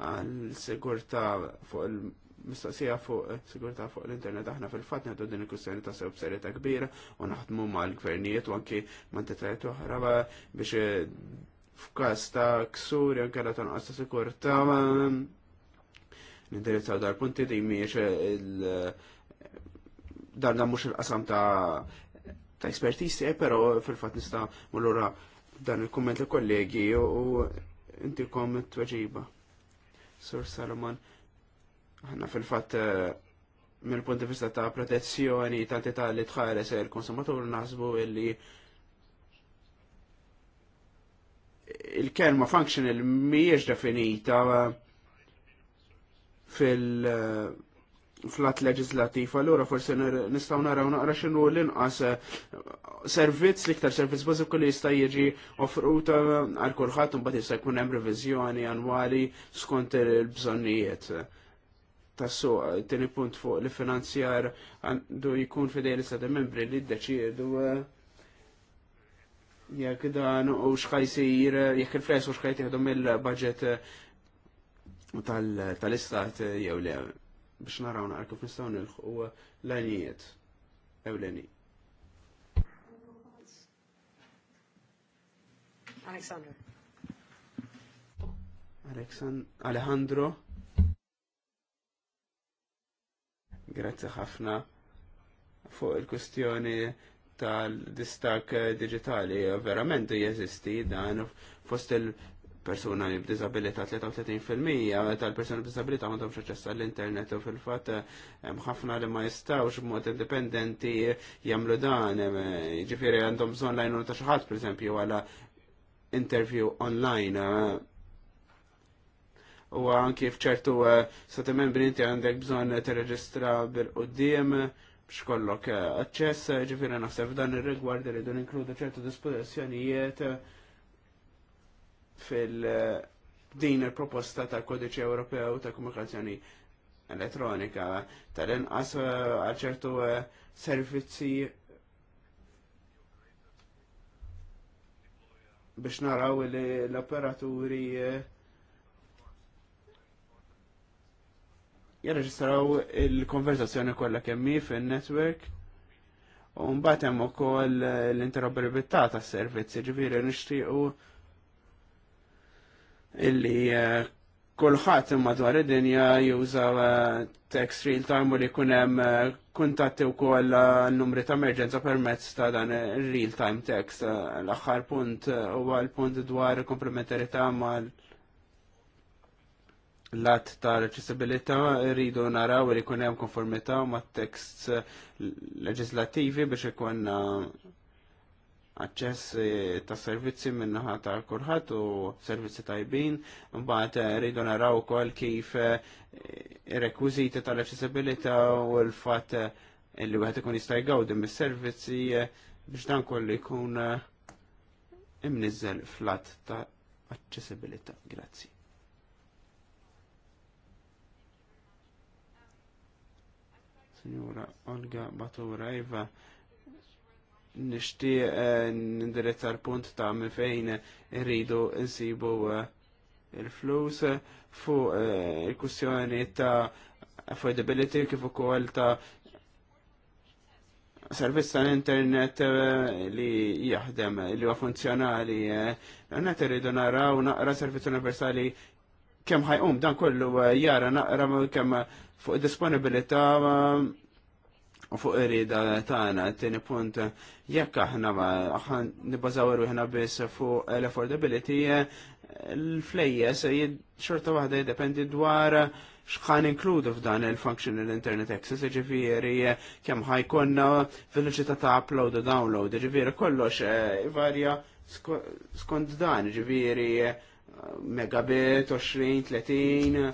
Speaker 2: għal-sigurtà fuq il- mistoqsija fuq eh, sigurtà fuq l-internet aħna fil-fatt ngħidu din il-kwistjoni ta' sew b'serjetà kbira u naħdmu mal-gvernijiet u anki mantitajiet oħra biex eh, f'każ ta' ksur anke la tanqas ta' sigurtà nindirizzaw dar punti di miex eh, il dan dan mhux il-qasam ta' ta' ekspertisti, però fil-fatt nista' mullura dan il-kumment il-kollegi u intikom t-tweġiba. Sur Salomon. Aħna fil-fatt eh, mill-punt di vista ta' protezzjoni tal ta' li tħares il-konsumatur nasbu illi il-kelma functional mhijiex definita eh, fil- eh, flat leġislativ, allura forse nistaw naraw naqra xinu l-inqas servizz, liktar servizz bazzu kulli jista' jiġi offruta għal kulħadd imbagħad jista' jkun hemm revizjoni annwali skont il-bżonnijiet tassu suq punt fuq li finanzjar għandu jkun fidej sa membri li ddeċiedu eh, jek dan u x'ħajsir jekk il fles u x'ħajt jieħdu mill-budget eh, tal-istat eh, jew le biex naraw naqra kif nistgħu nilħu l-għanijiet ewleni. Alexandro. Alexandro. Grazzi ħafna fuq il-kustjoni tal-distak digitali. Verament jeżisti dan fost il-persuna li b'dizabilità 33% tal-persuna b'dizabilità għandhom xaċċess għall-internet u fil-fatt ħafna li ma jistawx mod indipendenti jagħmlu dan. Ġifieri għandhom bżonn lajnu ta' xi ħadd pereżempju għala interview online u anki fċertu eh, stati membri inti għandek bżon t-reġistra bil-qoddim biex kollok eh, aċċess, ġifiri naħseb dan ir-rigward li dun inkludu ċertu dispożizzjonijiet fil- eh, din il-proposta ta' kodiċi Ewropew ta' komunikazzjoni elettronika tal-inqas għal ċertu servizzi biex naraw li l-operaturi jirreġistraw il-konversazzjoni kollha kemmi fin-network u mbagħad hemm ukoll l-interoperabilità tas-servizzi, ġifieri nixtiequ illi eh, kolħat madwar id-dinja juża eh, text real time u li kunem eh, kuntatti u koll numri ta' emerġenza permezz ta' dan real time text. l aħħar punt u għal punt dwar komplementarità mal lat tal-accessibilità rridu naraw li jkun hemm konformità mat tekst leġislativi biex ikun uh, aċċess eh, ta' servizzi min-naħa ta' kurħat u servizzi tajbin, mbagħad eh, rridu naraw ukoll kif eh, ir-rekwiżiti tal-accessibilità u l-fatt li wieħed ikun jista' jgawdi mis-servizzi biex dan kollu jkun imniżżel flat ta' accessibilità. Grazzi. Signora Olga Baturajva, nishti eh, nindirizza l-punt ta' me fejn irridu nsibu eh, il-flus fu eh, il-kussjoni ta' affordability kif ukoll ta' servizz tal-internet li jaħdem li huwa funzjonali. Għannet rridu naraw naqra servizz universali kemm ħajqum dan kollu jara naqra kemm fuq disponibilità u fuq irrida tagħna tieni punt jekk aħna aħna nibbażaw ruħna biss fuq l-affordability l-flejjes xorta waħda jiddependi dwar xħan inkludu f'dan il-functional internet access, ġifiri kemm ħajkonna veloċità ta' upload u download, ġifiri kollox eh, varja skont dan, ġifiri megabit, 20, 30,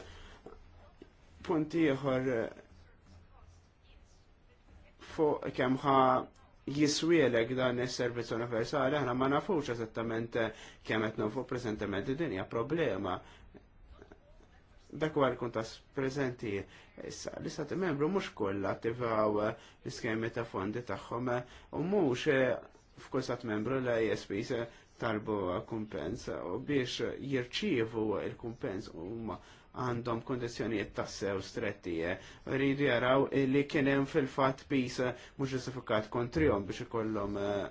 Speaker 2: punti ieħor fuq kemm ħa jiswielek dan is-servizz universali aħna ma nafux eżattament kemm qed nafu prezentament din hija problema. Dak huwa l-kuntas prezenti issa li stati membru mhux kollha tivaw l-iskemi ta' fondi tagħhom u mhux f'kull stat membru la ISPs talbu kumpens u biex jirċievu il-kumpens huma għandhom kondizjonijiet tassew strettije. Eh. Rridu jaraw li kien hemm fil-fatt pisa eh, mhux ġustifikat kontrijom biex ikollhom eh,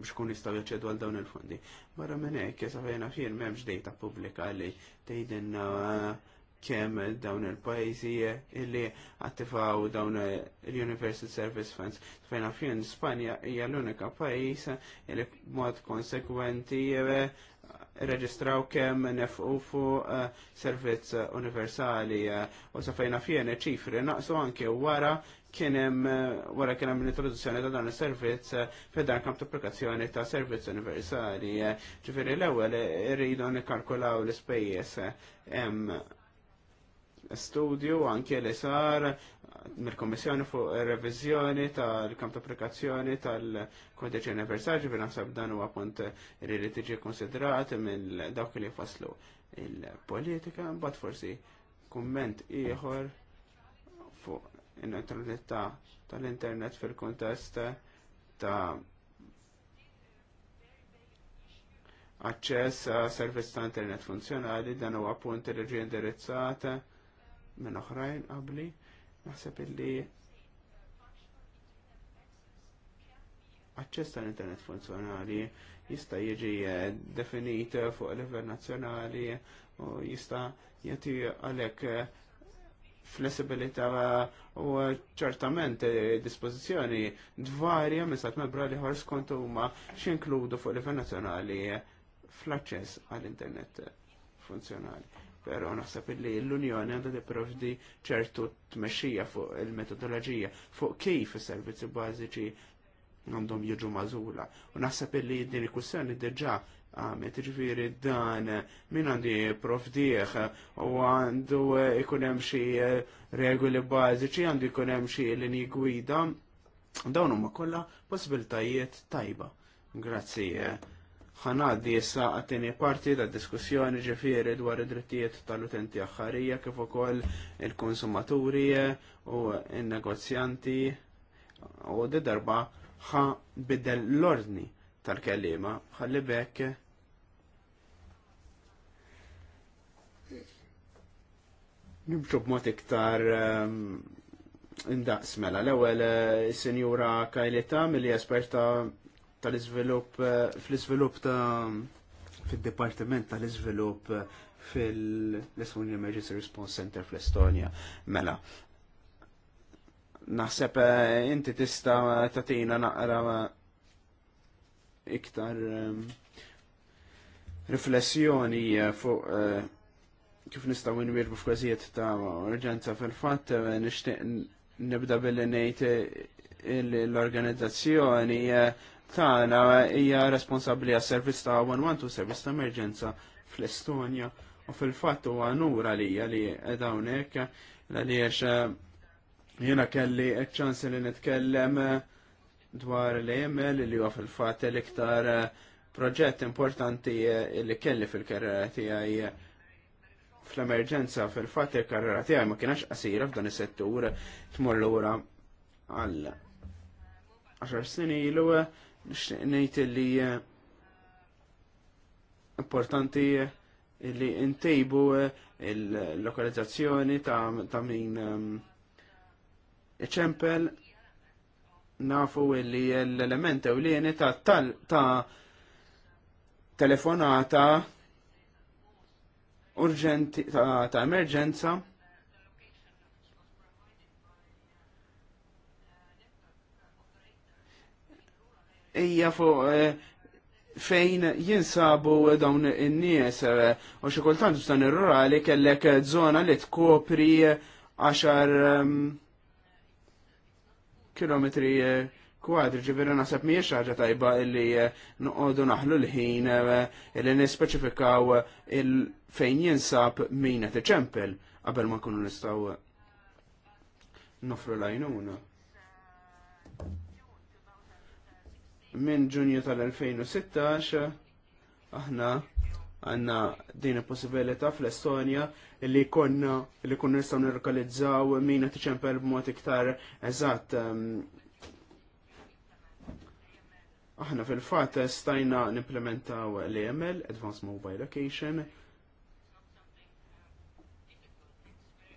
Speaker 2: biex kun jistaw jċedu għal dawn il-fondi. Barra minn hekk, sa fejna m'hemmx dejta pubblika li tgħidilna kemm dawn il-pajjiżi illi attivaw dawn il-Universal Service Funds. Fejna fjen Spanja hija l-unika pajjiż illi mod konsekwenti eh, reġistraw kemm nefqu fuq eh, servizz universali eh. u sa fejna fien ċifri naqsu anke wara kien hemm wara kien hemm l-introduzzjoni ta' dan il servizz fedan kamp applikazzjoni ta' servizz universali. Ġifieri l ewel irridu nikalkulaw l-ispejjeż studju anke li sar mill komissjoni fuq revizjoni tal-kamp applikazzjoni tal-Kodiċi Universali ġifier naħseb dan huwa punt li tiġi konsiderat minn dawk li faslu il-politika, mbagħad forsi komment ieħor fuq in-neutralità tal-internet fil-kontest ta' aċċess a servizz ta' internet funzjonali dan huwa punt li ġie indirizzata minn oħrajn qabli. Naħseb illi aċċess tal-internet funzjonali jista' jiġi eh, definit eh, fuq livell nazzjonali u jista' jagħti għalhekk eh, flessibilità u ċertament dispożizzjoni dvarja minn sat mebra li ħars kontu huma x'inkludu fuq livell nazzjonali fl-aċċess għall-internet funzjonali. Pero naħseb li l-Unjoni għandha tipprovdi ċertu tmexxija fuq il-metodoloġija fuq kif is-servizzi bażiċi għandhom jiġu mażula. U naħseb li din il-kussjoni diġà għamet ġviri dan min għandi profdieħ u għandu ikunem xie regoli bażiċi għandu ikunem xie linji gwida dawn huma kollha possibiltajiet tajba. Grazzi ħanaddi issa għattini parti ta' diskussjoni ġifiri dwar id-drittijiet tal-utenti aħħarija kif ukoll il-konsumaturi u il-negozjanti u d darba ħa bidel l-ordni tal-kelima ħalli bekk nimxu b'mod iktar ehm, indaqs mela l-ewwel is-sinjura eh, Kajlita mill-esperta tal-izvilup eh, fl-izvilup ta' fil-Departiment tal-izvilup eh, fil-Estonian Emergency Response Center fl-Estonja. Mela, naħseb eh, inti tista tatina naqra iktar riflessjoni fuq kif nistaw nmirbu f'każijiet ta' urġenza fil-fatt nishtiq nibda billi ngħid l-organizzazzjoni Tana hija responsabbli għas servizz ta' 112 servizz ta' emerġenza fl-Estonja u fil-fatt huwa nura lija li qed hawnhekk għaliex eh, jiena kelli ċans li nitkellem eh, dwar l-EML li huwa fil-fatt l-iktar eh, proġett importanti li kelli fil-karriera tiegħi fl-emerġenza fil-fatt il-karriera tiegħi ma kienax qasira f'dan is-settur tmur lura għal 10 snin ilu nixtieq ngħid li eh, importanti eh, li intejbu eh, il-lokalizzazzjoni ta' min iċempel nafu li l-element ewlieni ta' tal ta' telefonata ta' emerġenza ija fuq eh, fejn jinsabu dawn in-nies eh, u xi kultant stan ir-rurali kellek żona eh, li tkopri 10 ehm, kilometri kwadri ġiviri nasab miex ħaġa tajba illi noqodu naħlu l-ħin illi nispeċifikaw il-fejn jinsab minna t-ċempel qabel ma kunu nistaw nofru lajnuna. minn ġunju tal-2016 aħna għanna din possibilità fl-Estonja li konna li konna nistaw t mina b b'mod iktar eżatt. Ehm, aħna fil-fatt stajna nimplementaw l-EML, Advanced Mobile Location.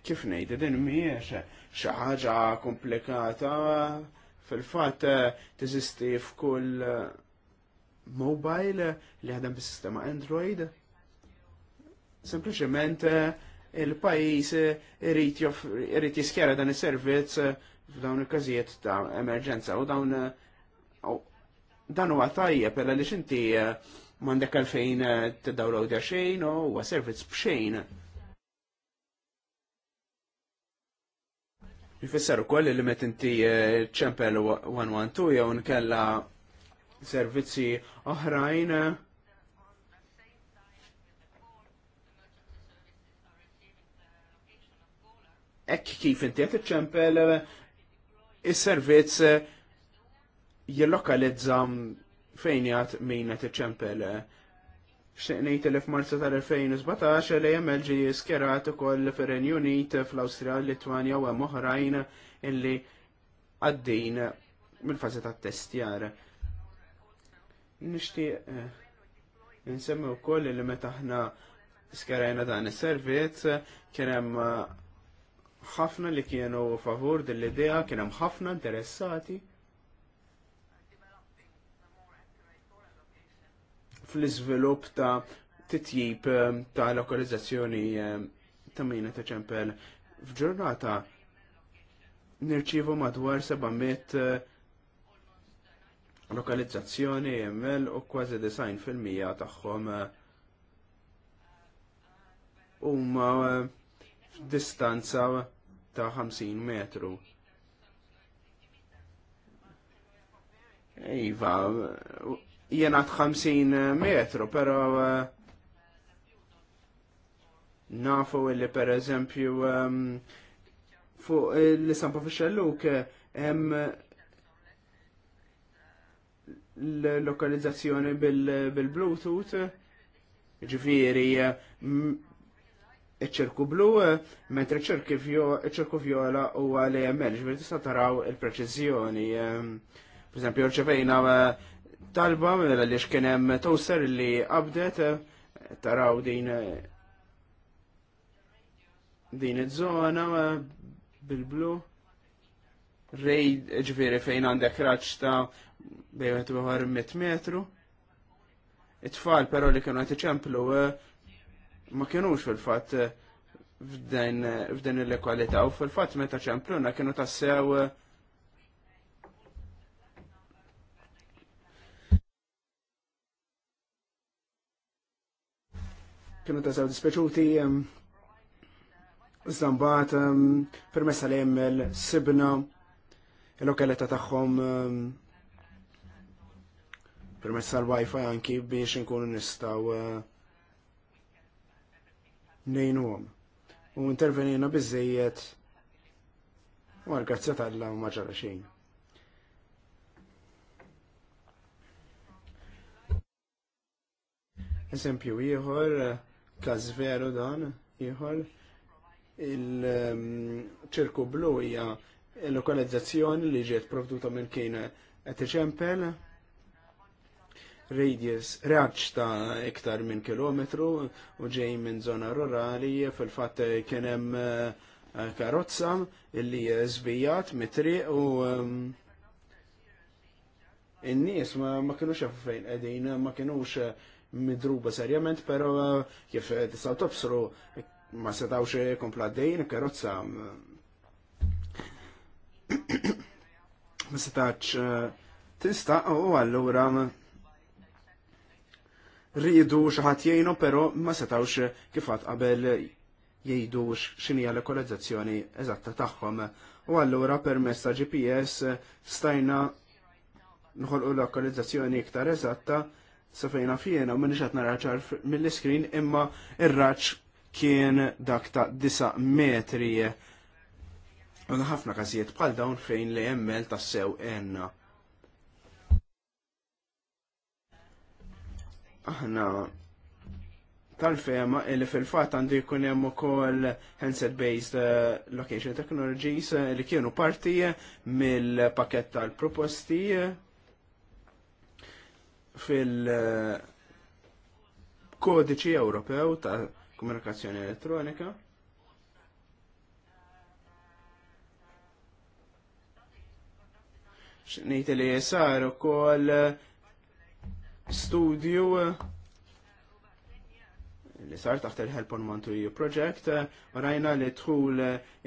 Speaker 2: Kif ngħid din mhijiex xaħġa ħaġa komplikata fil-fatt tiżisti f'kull eh, mobile li ħadem bis-sistema Android. Sempliċement eh, il-pajis eh, irrit jiskjera dan is-servizz f'dawn il-każijiet ta' emerġenza u dawn dan huwa għatajja pella li xinti m'għandek għalfejn t da xejn u huwa b'xejn u ukoll li met inti eh, ċempel 112 jew nkella servizzi oħrajn eh, ekk kif inti għet ċempel eh, is-servizz jillokalizza fejn jgħat min ċempel xeqnejt li f'Marzu tal-2017 li jemmel ġi skjerat ukoll fir-Renju Unit fl-Awstrija, Litwanja u hemm oħrajn illi għaddin mill-fażi tat-testjar. Nixtieq insemmi eh, wkoll li meta aħna skerajna dan is-servizz kien hemm eh, ħafna li kienu favur din l idea kien hemm ħafna interessati. fl-iżvilupp ta' titjib ehm, ta' lokalizzazzjoni ehm, ta' mina ta' ċempel. F'ġurnata nirċivu madwar 700 eh, lokalizzazzjoni jemmel u kważi design fil-mija tagħhom eh, ma eh, distanza ta' 50 metru. Iva, jena 50 eh, metru, pero eh, nafu illi per eżempju ehm, fuq eh, l sampa fi xelluk hemm l-lokalizzazzjoni bil-Bluetooth, ġifiri iċ-ċirku blu, mentre iċċerku viola u għal-EML, ġviri tista' taraw il-preċizjoni. Ehm, per esempio, rċevejna talba mela li kien hemm towser li qabdet taraw din din iż-żona bil-blu rejd ġviri fejn għandek raċ ta' bejmet bħar mit metru. It-tfal però li kienu għati ma kienux fil-fat f'den il ekwalita u fil-fat meta ċempluna kienu tassew kienu ta' sew dispeċuti zambat permessa li jemmel sibna il-lokaletta tagħhom permessa tal wi anki biex nkunu nistaw għom. Eh, u intervenina bizzejiet u għal-grazzja tal-la u maġġara xejn. Eżempju ieħor każ veru dan ieħor il-ċirku blu hija lokalizzazzjoni li ġiet provduta minn kien qed iċempel radius raġġ ta' iktar minn kilometru u ġej minn zona rurali fil-fatt kien hemm eh, karozza illi żbijat mitriq u ehm, in-nies ma, ma kienux fejn qegħdin, ma kienux midruba serjament, pero eh, kif eh, tistaw tobsru eh, ma setawx kompla d-dejn, karozza ma setax tista u għallura rridu xaħat jgħinu, pero ma setawx kifat qabel jgħidu x'inija l-ekolizzazzjoni eżatta tagħhom. U allura permess ta' GPS stajna nħolqu l-ekolizzazzjoni iktar eżatta safejna fjena, u minniġat naraċar mill-iskrin, imma ir-raċ kien dak ta' 9 metri. Għanna ħafna kazijiet bħal dawn fejn li jemmel ta' sew enna. Aħna tal-fema li fil-fat għandu jkun hemm ukoll handset-based eh, location technologies eh, li kienu parti mill-pakett tal-proposti eh, fil-kodiċi Ewropew ta' komunikazzjoni elettronika. Nejt li sar u kol studju li sar taħt il-Help on Montu e EU Project, rajna li tħul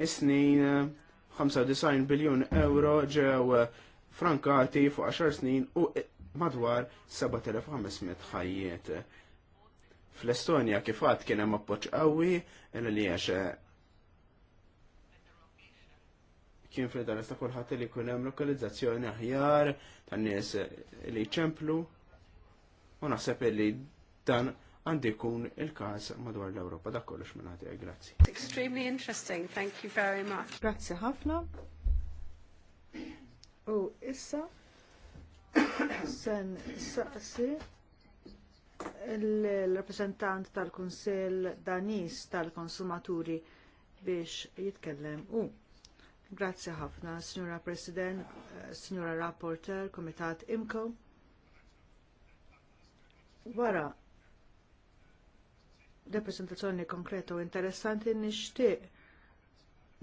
Speaker 2: snin 95 biljon euro ġew frankati fuq 10 snin u madwar 7500 ħajjiet. Fl-Estonja kif kifat kien hemm appoġġ qawwi li għax eh, kien fl-interess ta' kulħadd li jkun hemm lokalizzazzjoni aħjar tan-nies li jċemplu u naħseb li dan għandi jkun il-każ madwar l-Ewropa. Dak kollox minn ħati grazzi.
Speaker 3: Extremely interesting, thank you very much. Grazzi ħafna. U issa Sen saqsi l rappresentant tal kunsell Danis tal-Konsumaturi biex jitkellem u. Grazzi ħafna, Signora President, eh, Signora Rapporter, Komitat Imko. Wara, rappresentazzjoni konkreta u interessanti nixtieq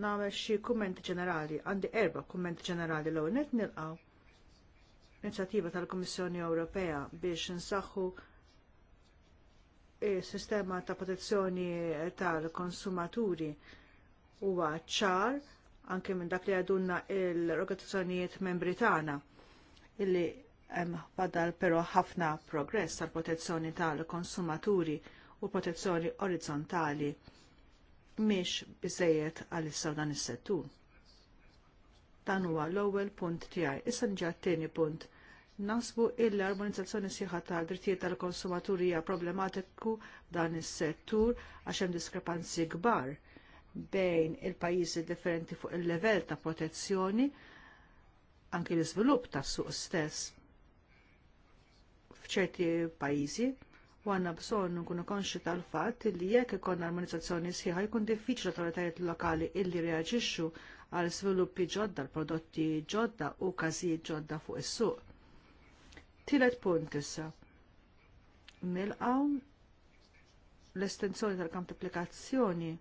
Speaker 3: nagħmel xi kummenti ġenerali, għandi erba' kummenti ġenerali l-ewwel nilqgħu inizjattiva tal-Kummissjoni Ewropea biex insaħħu s sistema ta' protezzjoni tal-konsumaturi huwa ċar anke minn dak li għadunna l-organizzazzjonijiet membri tagħna illi hemm badal però ħafna progress tal-protezzjoni tal-konsumaturi u protezzjoni orizzontali mhix biżejjed għal issa dan is-settur. Dan huwa l-ewwel punt tiegħi. Issa nġi għat-tieni punt Nasbu il-armonizzazzjoni sħiħa tal drittijiet tal-konsumaturi hija problematiku dan is-settur għax hemm diskrepanzi kbar bejn il-pajjiżi differenti fuq il-level ta' protezzjoni anki l-iżvilupp tas-suq stess f'ċerti pajjiżi u għanna bżonn nkunu konxi tal-fatt li jekk ikon armonizzazzjoni sħiħa jkun diffiċli l autoritajiet lokali illi reaġixxu għal sviluppi ġodda l-prodotti ġodda u każijiet ġodda fuq is-suq. Tielet punt issa. Nilqaw l-estensjoni tal-kamp applikazzjoni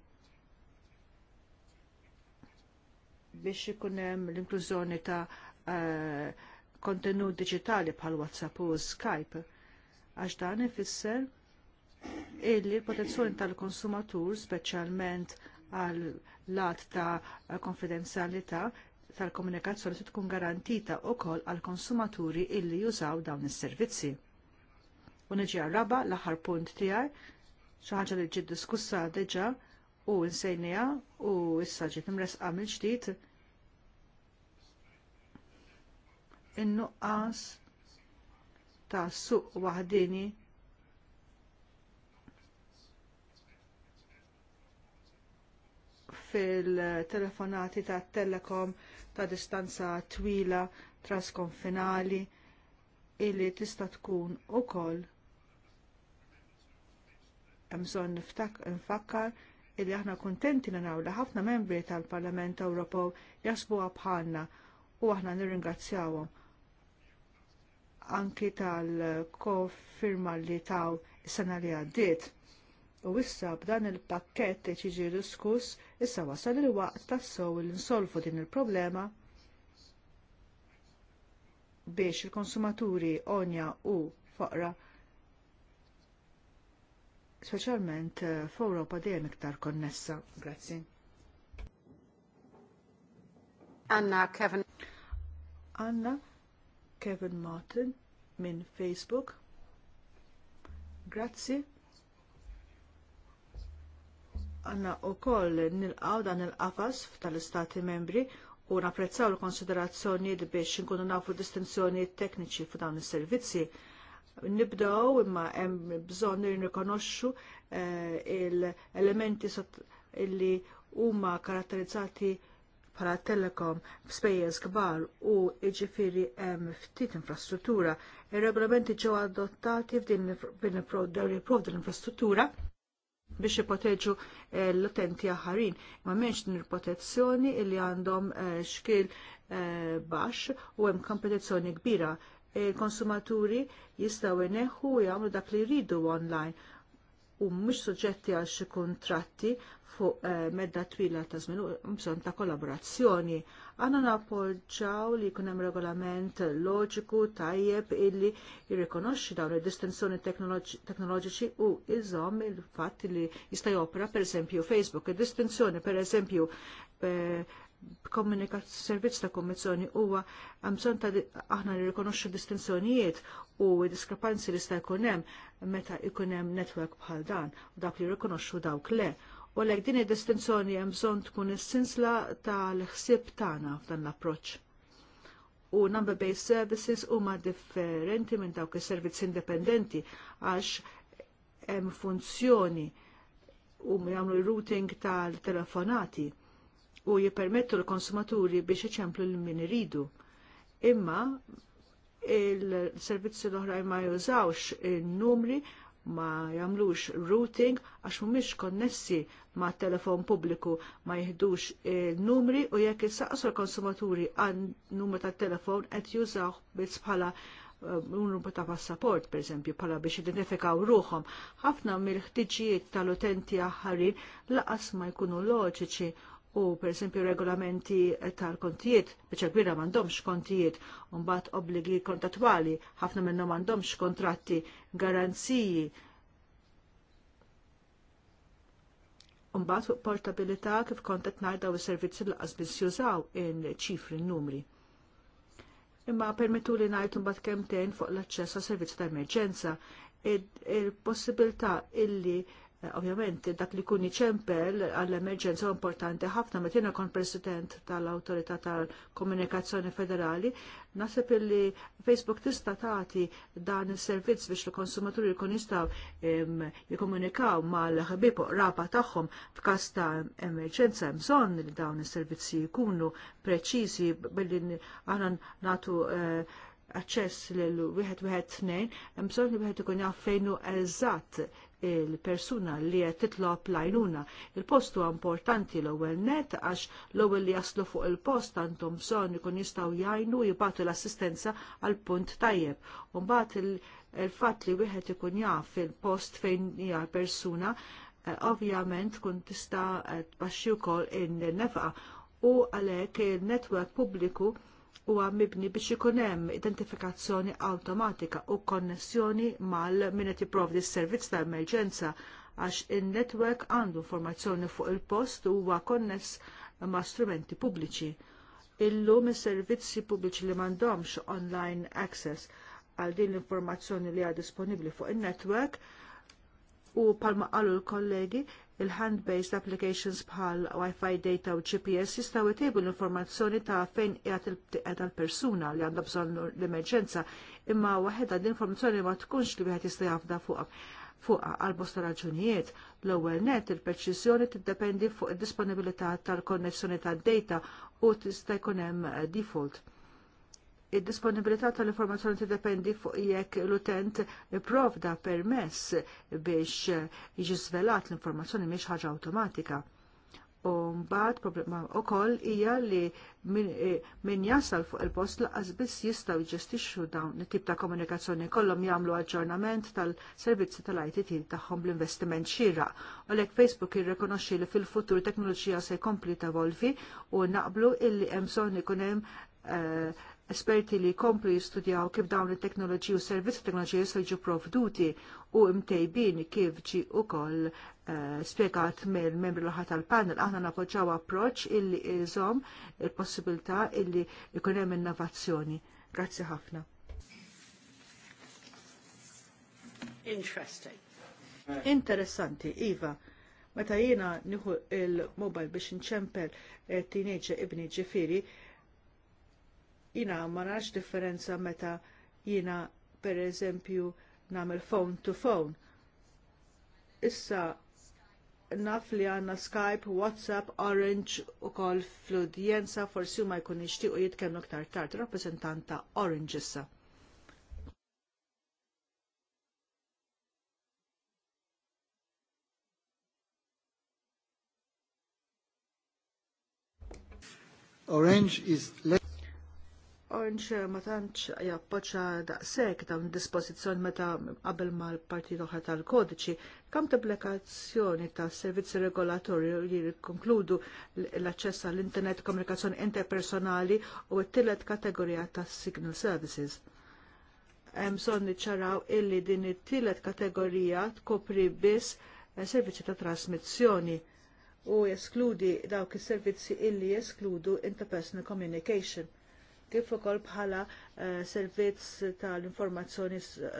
Speaker 3: biex ikun hemm l-inklużjoni ta' uh, kontenut diġitali bħal WhatsApp u Skype għax dan ifisser illi l-protezzjoni tal-konsumatur speċjalment għal lat ta' konfidenzjalità tal-komunikazzjoni se tkun garantita wkoll għall konsumaturi illi jużaw dawn is-servizzi. U niġi raba l-aħħar punt tiegħi xi ħaġa li ġiet diskussa diġà u nsejnija u issa ġiet imresqa mill-ġdid in-nuqqas ta' suq waħdini fil-telefonati ta' telekom ta' distanza twila transkonfinali illi tista' tkun ukoll hemm bżonn nfakkar illi aħna kuntenti naraw li ħafna membri tal-Parlament Ewropew jaħsbuha bħalna u aħna nirringrazzjawhom anki tal kofirma li taw is-sena li għaddiet. U issa b'dan il-pakket li ġiġi diskuss, issa wasal il-waqt tassow li nsolvu din il-problema biex il-konsumaturi onja u foqra speċjalment eh, f'Ewropa dejjem iktar konnessa. Grazzi. Anna Kevin. Anna Kevin Martin minn Facebook. Grazzi għanna u koll nilqaw dan il-qafas tal-istati membri u napprezzaw l-konsiderazzjonijiet biex nkunu nafu distinzjoni tekniċi dawn is-servizzi. Nibdew imma hemm bżonn nirrikonoxxu eh, l-elementi li huma karatterizzati bħala telekom f'spejjeż kbar u jiġifieri hemm ftit infrastruttura. Ir-regolamenti ġew adottati f'din l-infrastruttura biex ipoteġu eh, l-utenti aħarin. Ma menx din il-protezzjoni li għandhom eh, xkil eh, baxx u hemm kompetizzjoni kbira. Il-konsumaturi jistgħu ineħħu u jagħmlu dak li jridu online u mux suġġetti għal xi kuntratti fuq eh, medda twila ta' żmien bżonn ta' kollaborazzjoni. Għandna napoġġaw li jkun hemm regolament loġiku tajjeb illi jirrikonoxxi dawn id-distinzjoni teknoloġiċi u iżomm il-fatt li jista' jopra pereżempju Facebook, id-distinzjoni pereżempju eh, servizz ta' kommissjoni huwa hemm bżonn ta' aħna nirrikonoxxu distinzjonijiet u diskrepanzi li sta' jkun hemm meta jkun hemm netwerk bħal dan u dak li jirrikonoxxu dawk le. U għalhekk din id-distinzjoni hemm bżonn tkun is-sinsla tal-ħsieb tagħna f'dan l-approċċ. U number-based services huma differenti minn dawk is-servizzi indipendenti għax hemm funzjoni u jagħmlu routing tal-telefonati u jippermettu l-konsumaturi biex iċemplu l min iridu. Imma il-servizzi l-oħrajn ma jużawx il-numri ma jamlux routing għax mhumiex konnessi ma' telefon pubbliku ma jihdux il-numri u jekk isaqsu l-konsumaturi għan numru tat telefon qed jużaw biss bħala eh, numru ta' passaport, per bħala biex identifikaw ruhom. Ħafna mill-ħtiġijiet tal-utenti aħħarin laqas ma jkunu loġiċi u per esempio regolamenti tal-kontijiet, bieċa kbira mandomx kontijiet, bat obligi kontatwali, ħafna minnom mandomx kontratti, garanziji, un fuq portabilità kif kontet najda u servizzi l qasbis jużaw in ċifri numri. Imma permettu li najt bat kemten fuq l-aċċess għas servizzi ta' emerġenza, il-possibilità illi Eh, ovvjament, dak li kuni ċempel għall-emerġenza importanti ħafna meta tina kon president tal-Awtorità tal-Komunikazzjoni Federali, naħseb li Facebook tista' tagħti dan is-servizz biex il-konsumaturi jkun jistgħu jikkomunikaw mal-ħbieb raba tagħhom f'każ ta' emerġenza hemm bżonn li dawn is-servizzi jkunu preċiżi billi aħna nagħtu eh, aċċess lil wieħed wieħed tnejn, hemm bżonn li wieħed ikun jaf fejn eżatt il-persuna li qed titlob lajnuna. Il-post huwa importanti l-ewwel net għax l-ewwel li jaslu fuq il-post għandhom bżonn ikun jistgħu jgħinu jibgħatu l-assistenza għal punt tajjeb. U mbagħad il-fatt li wieħed ikun jaf il-post fejn hija persuna eh, ovvjament kun tista' eh, tbaxxi wkoll in-nefqa u għalhekk il-netwerk pubbliku huwa mibni biex ikun hemm identifikazzjoni awtomatika u konnessjoni mal-minet jipprovdi s-servizz ta' emerġenza għax in netwerk għandu informazzjoni fuq il-post u huwa konness ma' strumenti pubbliċi. Illum is-servizzi pubbliċi li m'għandhomx online access għal din l-informazzjoni li hija disponibbli fuq in netwerk u palma qalu l-kollegi il-hand-based applications bħal Wi-Fi data u GPS jistgħu jtejbu l-informazzjoni ta' fejn qiegħed tal-persuna li għandha bżonn l-emerġenza imma waħedha l-informazzjoni ma tkunx li wieħed jista' jafda fuqha fuqha għal bosta raġunijiet. L-ewwel net il-preċiżjoni tiddependi fuq id-disponibilità tal-konnessjoni tad-data u tista' jkun hemm default id-disponibilità tal-informazzjoni tiddependi fuq jekk l-utent provda permess biex jiġi svelat l-informazzjoni miex ħaġa automatika. U mbagħad problema wkoll hija li eh, min jasal fuq il-post laqas biss jistgħu jġestixxu dawn it-tip ta' komunikazzjoni kollhom jagħmlu aġġornament tal-servizzi tal-ITT tagħhom bl-investiment xieraq. U lek Facebook jirrekonoxxi li fil-futur teknoloġija se jkompli tevolvi u naqblu illi hemm bżonn ikun hemm eh, esperti li jkomplu jistudjaw kif dawn it teknoloġi u servizzi teknoloġi jistgħu jiġu provduti u mtejbin kif ġi ukoll uh, spjegat mill membri l tal-panel aħna napoġġaw approċċ illi iżom il-possibilità illi jkun hemm innovazzjoni. Grazzi ħafna. Interesting. Interessanti, Iva. Meta jiena nieħu il-mobile biex nċempel eh, teenager ibni ġifieri, Jina ma narax differenza meta jina per eżempju namel phone to phone. Issa naf li għanna Skype, WhatsApp, Orange u kol fl forsi ma jkun ixtiequ jitkellmu ktar tard rappreżentanta Orange issa.
Speaker 1: Orange is less
Speaker 3: Orange ma tantx jappoċċa daqshekk dawn dispożizzjoni meta qabel mal-partit oħra tal-kodiċi kemm applikazzjoni ta' servizzi regolatorju li jikkonkludu l-aċċess għall-internet komunikazzjoni interpersonali u t-tielet kategorija ta' signal services. Hemm bżonn niċċaraw illi din it-tielet kategorija tkopri biss eh, servizzi ta' trasmissjoni u jeskludi dawk is-servizzi illi jeskludu interpersonal communication kif ukoll bħala eh, servizz tal-informazzjoni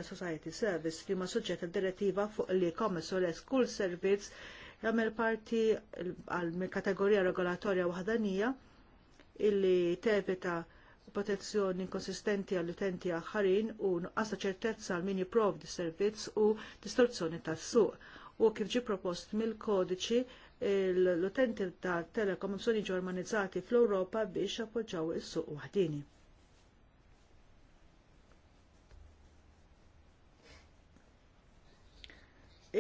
Speaker 3: society service li ma suġġett id-direttiva fuq li commerce u les kull servizz jagħmel parti għal kategorija regolatorja waħdanija illi tevita protezzjoni konsistenti għall-utenti aħħarin u nuqqas ċertezza għal min jipprovdi servizz u distorzjoni tas-suq u kif ġie propost mill-kodiċi l-utenti ta' telekom bżonn jiġu fl-Ewropa biex appoġġaw is-suq waħdini.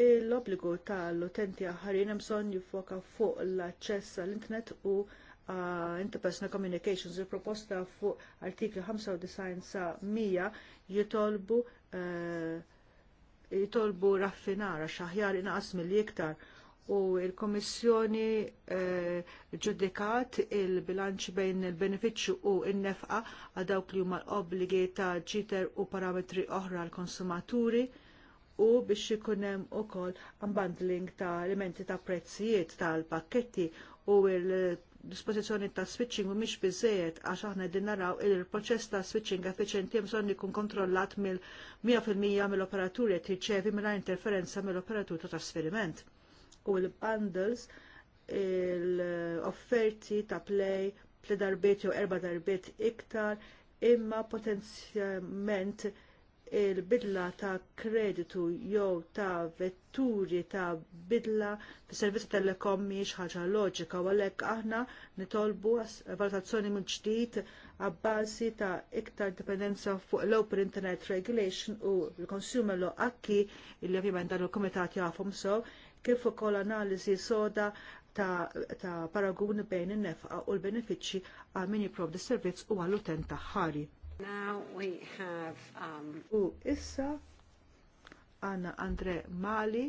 Speaker 3: L-obbligu tal-utenti aħħarin hemm bżonn jiffoka fuq l-aċċess għall-internet u uh, interpersonal communications, il-proposta fuq artikli 95 sa 100 jitolbu uh, jitolbu raffinara xaħjar inqas mill-iktar u l-Komissjoni eh, ġudikat il-bilanċ bejn il-benefiċċju u n-nefqa għal dawk li huma l-obbligi ta' ġiter u parametri oħra għall konsumaturi u biex ikun hemm ukoll unbundling ta' elementi ta' prezzijiet tal-pakketti u l dispożizzjoni ta' switching mhumiex biżejjed għax aħna din naraw il-proċess ta' switching effiċjenti bżonn ikun kontrollat mill-100% mill-operaturi qed jirċevi mingħajr interferenza mill-operatur ta' trasferiment u l-bundles l-offerti ta' play tle darbiet jew erba' darbiet iktar imma potenzjalment il-bidla ta' kreditu jew ta' vetturi ta' bidla fis servizz telekom miex ħaġa loġika u għalhekk aħna nitolbu valutazzjoni mill ġdid għabbażi ta' iktar dipendenza fuq l-Open Internet Regulation u l-Consumer Law Acki illi ovvjament dan il-Kumitat jafhom sew kif ukoll analiżi soda ta', ta paragun bejn in-nefqa u l-benefiċċji għal min jipprovdi servizz u għall utent taħħari. Um... U issa għanna Andre Mali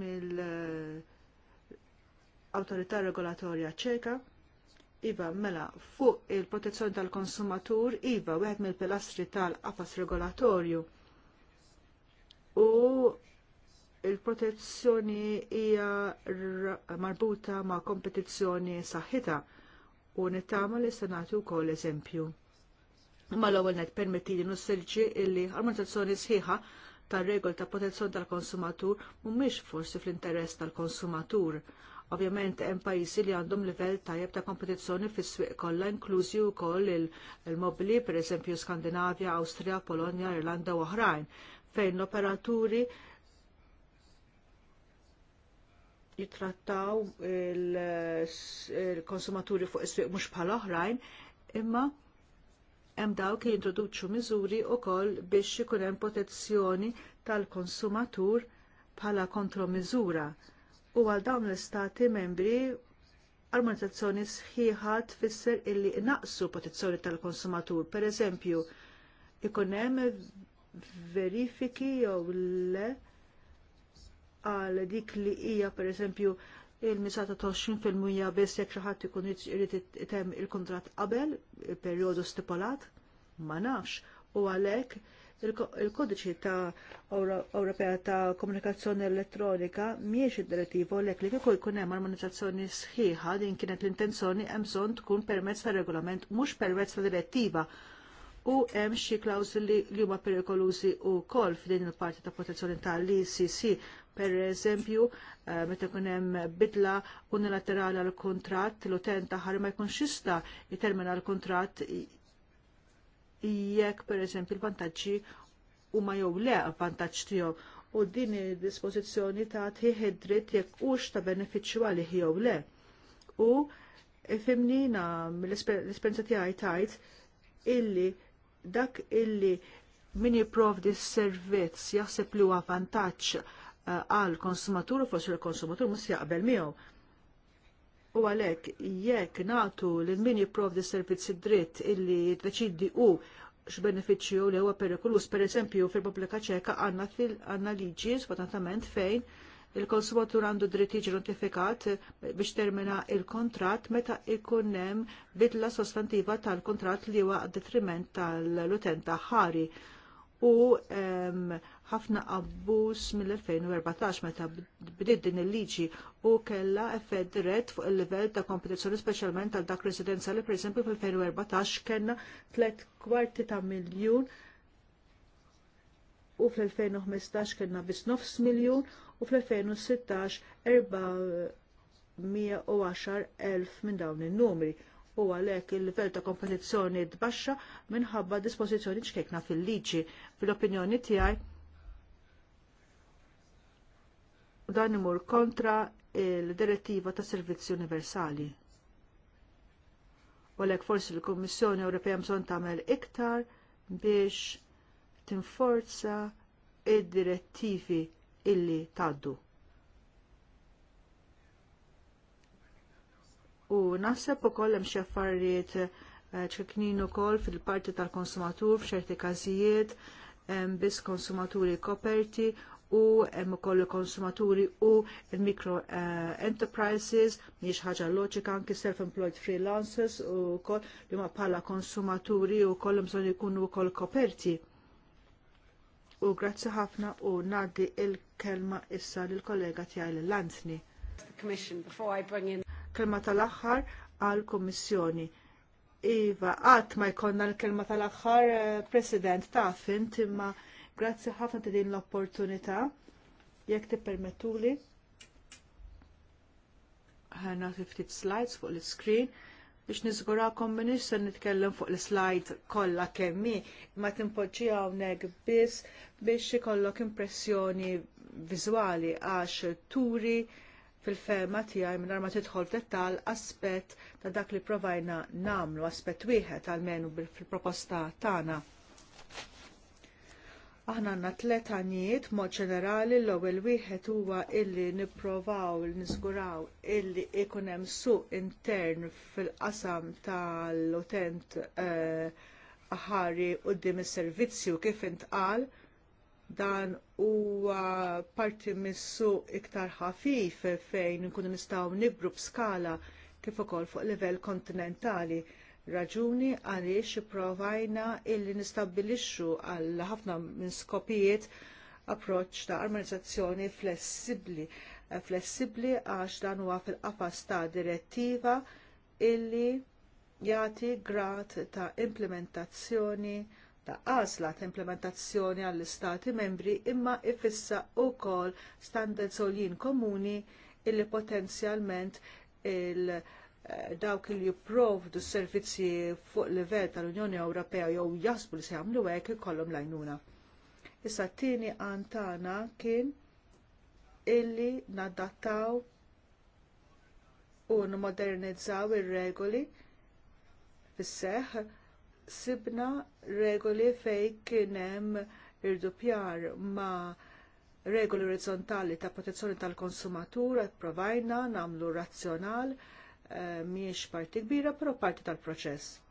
Speaker 3: mill eh, awtorità regolatorja ċeka Iva, mela, fuq il-protezzjoni tal-konsumatur, Iva, wieħed mill-pilastri tal-qafas regolatorju u il-protezzjoni hija marbuta ma' kompetizzjoni saħħita u nittama li senatu wkoll eżempju. Imma l-ewwel net permettili nussilġi illi armonizzazzjoni sħiħa tar-regol ta' protezzjoni tal-konsumatur mhumiex forsi fl-interess tal-konsumatur. Ovvjament hemm pajjiżi li għandhom livell tajjeb ta' kompetizzjoni fis-swieq kollha inklużi wkoll il-mobili pereżempju Skandinavja, Awstrija, Polonja, Irlanda u oħrajn fejn l-operaturi jitrattaw il-konsumaturi fuq is-swieq mhux bħal oħrajn, imma hemm dawk jintroduċċu miżuri wkoll biex ikun hemm protezzjoni tal-konsumatur bħala kontromiżura u għal dawn l-istati membri armonizzazzjoni sħiħa tfisser illi naqsu protezzjoni tal-konsumatur. Per eżempju, ikun hemm verifiki jew le għal dik li hija pereżempju il-misata ta' 20% biss jekk xi ħadd ikun irid item il-kuntratt qabel il-perjodu stipulat, ma nafx, u għalhekk il-kodiċi ta' Ewropea ta' Komunikazzjoni Elettronika miex id-direttiva u lek li kieku jkun hemm armonizzazzjoni sħiħa din kienet l-intenzjoni hemm bżonn tkun permezz ta' regolament mhux permezz ta' direttiva u hemm xi klawsuli li huma perikolużi wkoll f'din il-parti ta' protezzjoni tal-ICC pereżempju eh, meta jkun hemm bidla unilaterali għal kuntratt l-utent aħar ma jkunx jista' jitermina l-kuntratt jekk pereżempju l-vantaġġi huma jew le vantaġġ tiegħu u din id-dispożizzjoni ta' tħieħ id-dritt jekk hux ta' benefiċċju għalih jew le. U fimnina mill-esperjenza tiegħi tajt illi dak illi min jipprovdi s-servizz jaħseb li huwa vantaġġ eh, għal konsumatur u forsi l-konsumatur mhux jaqbel miegħu. U għalhekk jekk nagħtu lil min jipprovdi s-servizz dritt illi jiddeċidi hu x'benefiċċju li huwa perikolus pereżempju fil-Repubblika Ċeka għandna għandna liġi sfortunatament fejn il-konsumatur għandu dritt jiġi notifikat biex termina il-kontrat meta ikun hemm bidla sostantiva tal-kontrat li huwa detriment tal-utenta ħari u ħafna abbuż mill-2014 meta bdiet din il-liġi u kellha effett dirett fuq il-livell ta' kompetizzjoni speċjalment għal dak residenzjali pereżempju fil-2014 kellna tliet kwarti ta' miljun u fl-2015 kellna bis nofs miljun u fl-2016 410.000 minn dawn in-numri u għalhekk il-livell ta' kompetizzjoni tbaxxa minħabba dispożizzjoni ċkekna fil-liġi. Fil-opinjoni tiegħi dan imur kontra il-direttiva ta' servizzi universali. U għalhekk forsi l-Kummissjoni Ewropea bżonn tagħmel iktar biex tinforza id-direttivi illi taddu. U naħseb ukoll hemm xi affarijiet eh, ċeknin ukoll fil-parti tal-konsumatur f'ċerti kazijiet, hemm biss konsumaturi koperti u hemm ukoll konsumaturi u l-micro uh, eh, enterprises mhijiex ħaġa loġika anki self-employed freelancers u koll li ma bħala konsumaturi u kollhom bżonn ikunu wkoll koperti u grazzi ħafna u ngħaddi l kelma issa lill kollega tiegħi l-Lantni. Kelma tal-aħħar għall-Kummissjoni. Iva, qatt ma jkollna l-kelma tal-aħħar, eh, President, taf int imma grazzi ħafna ta' din l-opportunità. Jekk tippermettuli, ħana 50 slides fuq l-screen biex niżgurakom minn se nitkellem fuq l-slide kollha kemmi, ma timpoġġi hawnhekk biss biex ikollok impressjoni viżwali għax turi fil-ferma tiegħi mingħajr ma tidħol dettal aspett ta' dak li provajna nagħmlu aspett wieħed għalmenu fil-proposta tagħna Aħna għandna tlet għanijiet mod ġenerali l-ewwel wieħed huwa illi nipprovaw niżguraw illi ikun hemm suq intern fil-qasam tal-utent aħari eh, quddiem is-servizzi u kif intqal dan huwa parti mis-suq iktar ħafif fejn nkunu nistgħu nibru b'skala kif ukoll fuq livell kontinentali raġuni għaliex provajna illi nistabbilixxu għal ħafna minn skopijiet approċċ ta' armonizzazzjoni flessibbli eh, għax dan huwa fil-qafas ta' direttiva illi jagħti grad ta' implementazzjoni ta' għażla ta' implementazzjoni għall-istati membri imma ifissa wkoll standards għoljin komuni illi potenzjalment il- Eh, dawk li jipprovdu s-servizzi fuq livell tal-Unjoni Ewropea jew jasbu li se jagħmlu hekk ikollhom l-għajnuna. Issa t-tieni għan tagħna kien illi nadattaw u nmodernizzaw ir-regoli fis-seħħ sibna regoli fejn kien hemm irdupjar ma' regoli orizzontali ta' protezzjoni tal-konsumatur qed provajna nagħmlu razzjonal Eh, miex parti kbira, pero parti tal-proċess.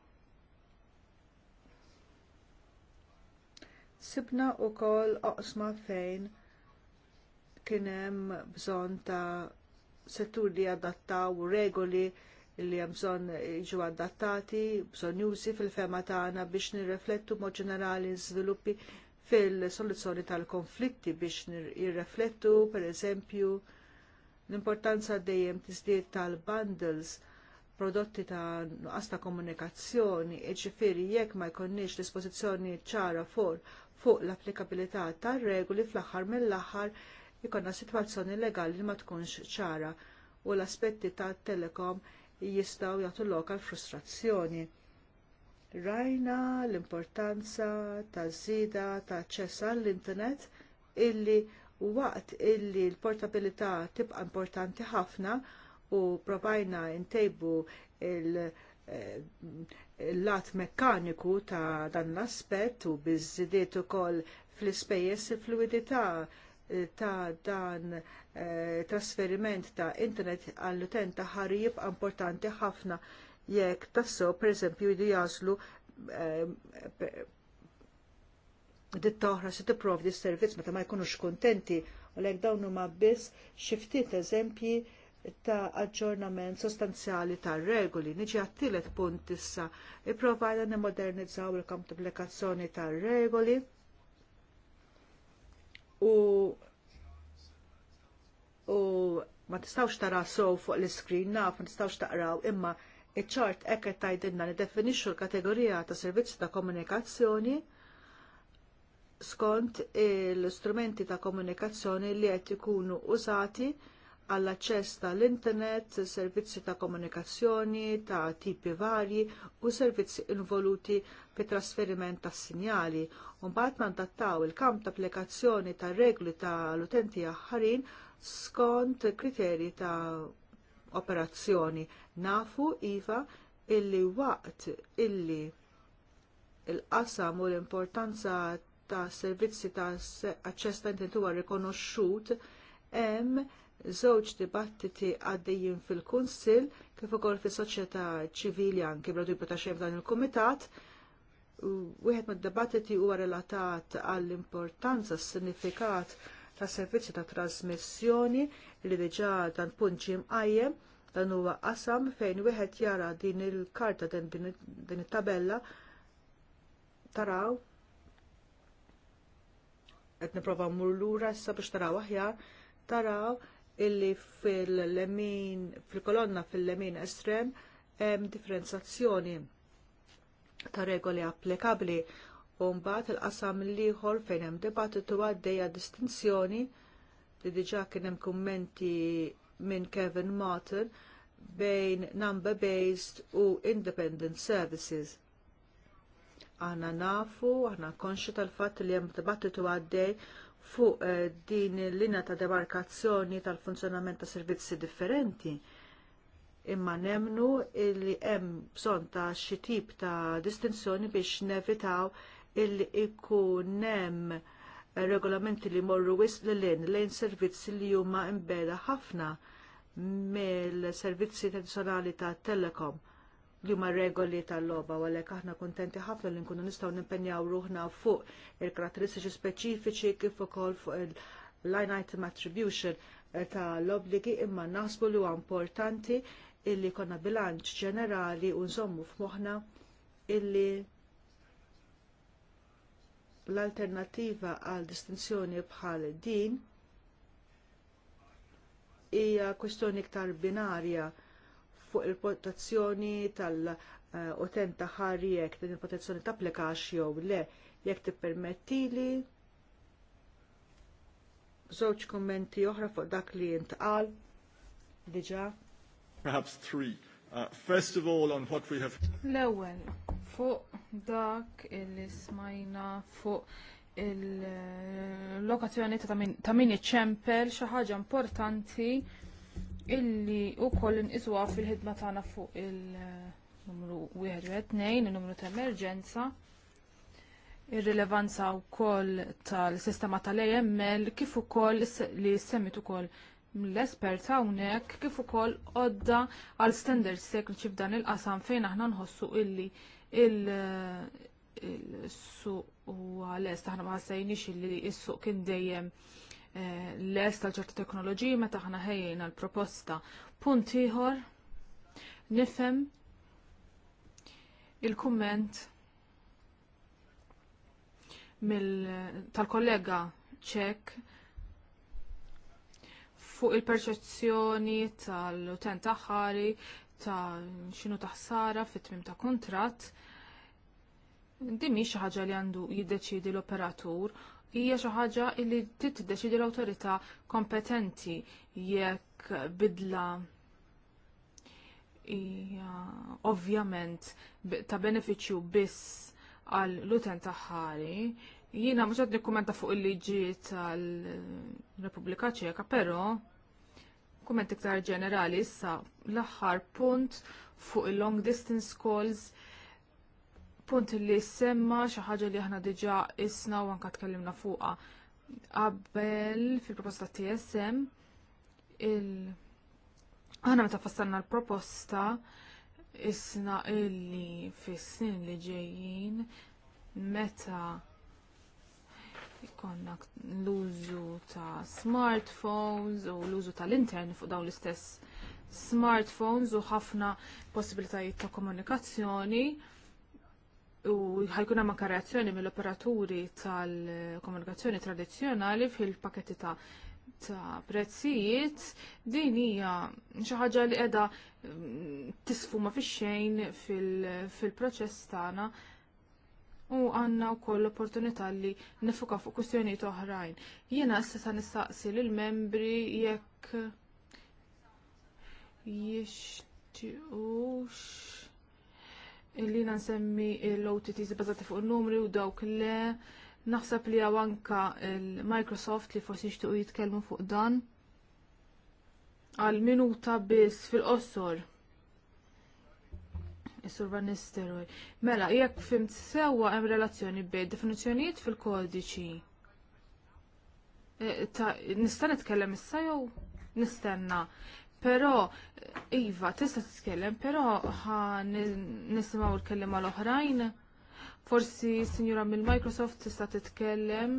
Speaker 3: Sibna u kol oqsma fejn kienem bżon ta' settur li adattaw regoli li hemm bżonn jiġu adattati, bżonn jużi fil-fema tagħna biex nirreflettu mod ġenerali żviluppi fil-soluzzjoni tal-konflitti biex jirreflettu pereżempju L-importanza dejjem tiżdied tal-bundles prodotti ta' nuqqas ta' komunikazzjoni, jiġifieri jekk ma jkunniex dispożizzjoni ċara fuq fuq l-applikabilità tar regoli fl-aħħar mill-aħħar jkollna sitwazzjoni legali li ma tkunx ċara u l-aspetti tat telekom jistgħu jagħtu lok għal frustrazzjoni. Rajna l-importanza ta' żida ta' ċess għall-internet illi u waqt illi l-portabilità tibqa importanti ħafna u provajna ntejbu il-lat eh, mekkaniku ta' dan l-aspett u biżidiet ukoll fl-ispejjeż il-fluidità eh, ta' dan eh, trasferiment ta' internet għall-utent ta' ħari jibqa' importanti ħafna jekk tassew pereżempju li jaslu eh, ditta toħra se tipprovdi s-servizz meta ma jkunux kuntenti u lek dawn huma biss xi ftit eżempji ta' aġġornament sostanzjali tar regoli. Niġi għattilet punt issa ipprovajna nimmodernizzaw il-komplikazzjoni tar regoli u u ma tistawx tara sow fuq l-iskrin naf, ma tistawx taqraw imma iċ-ċart ekk qed tgħidilna li definixxu l-kategorija ta' servizzi ta' komunikazzjoni skont l istrumenti ta' komunikazzjoni li qed ikunu użati għall aċċess tal-internet, servizzi ta' komunikazzjoni, ta' tipi varji u servizzi involuti fi trasferiment ta' sinjali. Mbagħad mandattaw il-kamp ta' applikazzjoni ta' regli tal utenti aħħarin skont kriterji ta' operazzjoni. Nafu iva illi waqt illi il-qasam u l-importanza ta' servizzi ta' aċċess ta' internet huwa rikonoxxut hemm żewġ dibattiti għaddejjin fil-Kunsill kif ukoll fis-soċjetà ċivili anke bla dubju ta' xejn dan il-kumitat. Wieħed mid-dibattiti huwa relatat għall-importanza s-sinifikat ta' servizzi ta' trasmissjoni li diġà dan punt ġim dan huwa qasam fejn wieħed jara din il-karta din it-tabella taraw qed nipprova mmur lura issa biex taraw aħjar taraw illi fil-lemin fil-kolonna fil-lemin estrem hemm differenzazzjoni ta' regoli applikabbli u mbagħad il-qasam l-ieħor fejn hemm dibattitu għaddejja distinzjoni li diġà kien hemm kummenti minn Kevin Martin bejn number-based u independent services Aħna nafu, aħna konxi tal-fatt li hemm dibattitu għaddej fuq eh, din il lina ta' demarkazzjoni tal-funzjonament ta' servizzi differenti. Imma nemnu li hemm bżonn ta' xi tip ta' distinzjoni biex nevitaw illi ikun hemm eh, regolamenti li morru wisq lejn lejn servizzi li huma imbeda ħafna mill-servizzi tradizjonali ta' telekom li huma regoli tal-logħba u għalhekk aħna kuntenti ħafna li nkunu nistgħu nimpenjaw ruħna fuq il-karatteristiċi speċifiċi kif ukoll fuq il-line item attribution eh, tal-obbligi imma naħsbu li huwa importanti illi konna bilanċ ġenerali u nżommu f'moħħna illi l alternattiva għal distinzjoni bħal din hija kwestjoni iktar binarja fuq il-protezzjoni tal-utent ħari jekk din il-protezzjoni tapplikax jew le jekk tippermettili. Żewġ kummenti oħra fuq dak li ntqal diġà. Perhaps three. Uh, first of all on what we have L-ewwel fuq
Speaker 1: dak il smajna fuq il-lokazzjoni uh, ta' min iċempel xi ħaġa importanti illi u koll n-iswa fil-ħidma tagħna fuq il-numru 1 il-numru ta' emerġenza, ir-rilevanza wkoll tal-sistema tal-AML kif ukoll li semmit ukoll l esperta hawnhekk kif ukoll għodda għal standards tekniċi f'dan il-qasam fejn aħna nħossu illi il-suq u għal-est aħna ma ħassajniex illi il suq kien dejjem Eh, l-est tal ċerta teknoloġiji meta ħana ħejjina l-proposta. Punt ieħor nifhem il-kumment tal-kollega ċek fuq il-perċezzjoni tal-utent aħħari ta' xinu taħsara fit-tmim ta' kontrat dimmi xi ħaġa li għandu jiddeċidi l-operatur hija xi ħaġa li tiddeċidi l-awtorità kompetenti jekk bidla hija ovvjament ta' benefiċċju biss għal l-utent taħħari. Jiena mhux qed nikkumenta fuq il-liġi tal-Repubblika Ċeka, però kumment iktar ġenerali issa l-aħħar punt fuq il-long distance calls punt li semma xi ħaġa li aħna diġà isna u anke tkellimna fuqha qabel fil-proposta TSM il aħna meta fassalna l-proposta isna illi fis-snin li ġejjin meta ikonna l-użu ta' smartphones u l-użu tal-internet fuq dawn l-istess smartphones u ħafna possibilitajiet ta' komunikazzjoni u ħajkun hemm anke reazzjoni mill-operaturi tal-komunikazzjoni tradizzjonali fil-paketti ta' ta' prezzijiet din hija xi ħaġa li qiegħda mm, tisfuma fix-xejn fil-proċess tagħna u għandna wkoll l opportunità li nifuka fuq kwistjonijiet oħrajn. Jiena issa nistaqsi lill membri jekk jixtiequx illi nsemmi l-OTTs bazati fuq il-numri u dawk le naħseb li għaw anka il-Microsoft li forsi xtuq jitkellmu fuq dan għal minuta biss fil-qossor. Is-survan nisteroj. Mela, jekk fimt sewa hemm relazzjoni bejn definizzjonijiet fil-kodiċi. E, nista' nitkellem issa jew nistenna. Però Iva, tista' tkellem, però ħa nisimgħu l kellem għal oħrajn Forsi sinjura mill-Microsoft tista' titkellem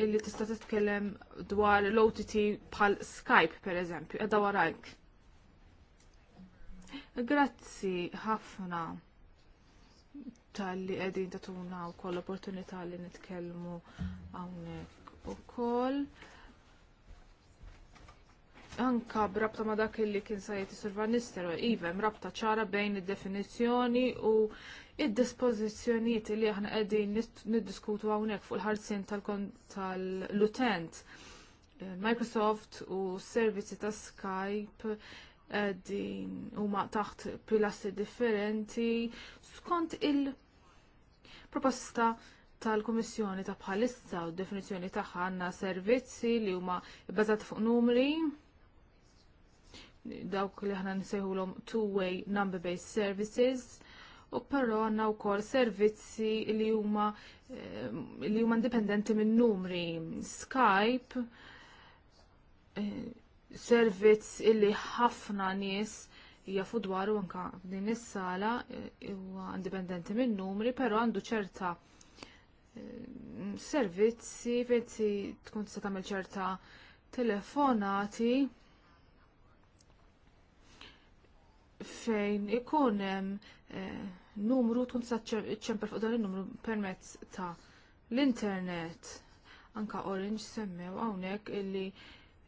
Speaker 1: illi tista' titkellem dwar l-OTT bħal Skype per eżempju, edha warajk. Grazzi ħafna tal-li qegħdin tatuna wkoll opportunità li nitkellmu hawnhekk ukoll anka brabta ma dak li kien sajt survanistero, iva, rabta ċara bejn id-definizzjoni u id-dispożizzjonijiet li aħna qegħdin niddiskutu hawnhekk fuq il-ħarsin tal-utent. Eh, Microsoft u servizzi ta' Skype u huma taħt pilastri differenti skont il-proposta tal-Kummissjoni ta' bħalissa u d-definizzjoni tagħha għandna servizzi li huma bazat fuq numri dawk li ħna nsejħulhom two-way number-based services u però għandna wkoll servizzi li huma eh, li huma indipendenti minn numri Skype eh, servizz illi ħafna nies jafu u anka din is-sala eh, huwa indipendenti minn numri, però għandu ċerta servizzi fejn tkun tista' tagħmel ċerta telefonati fejn ikun hemm eh, numru tkun ċemper fuq dan il-numru permezz ta' l-internet. Anka Orange semmew hawnhekk illi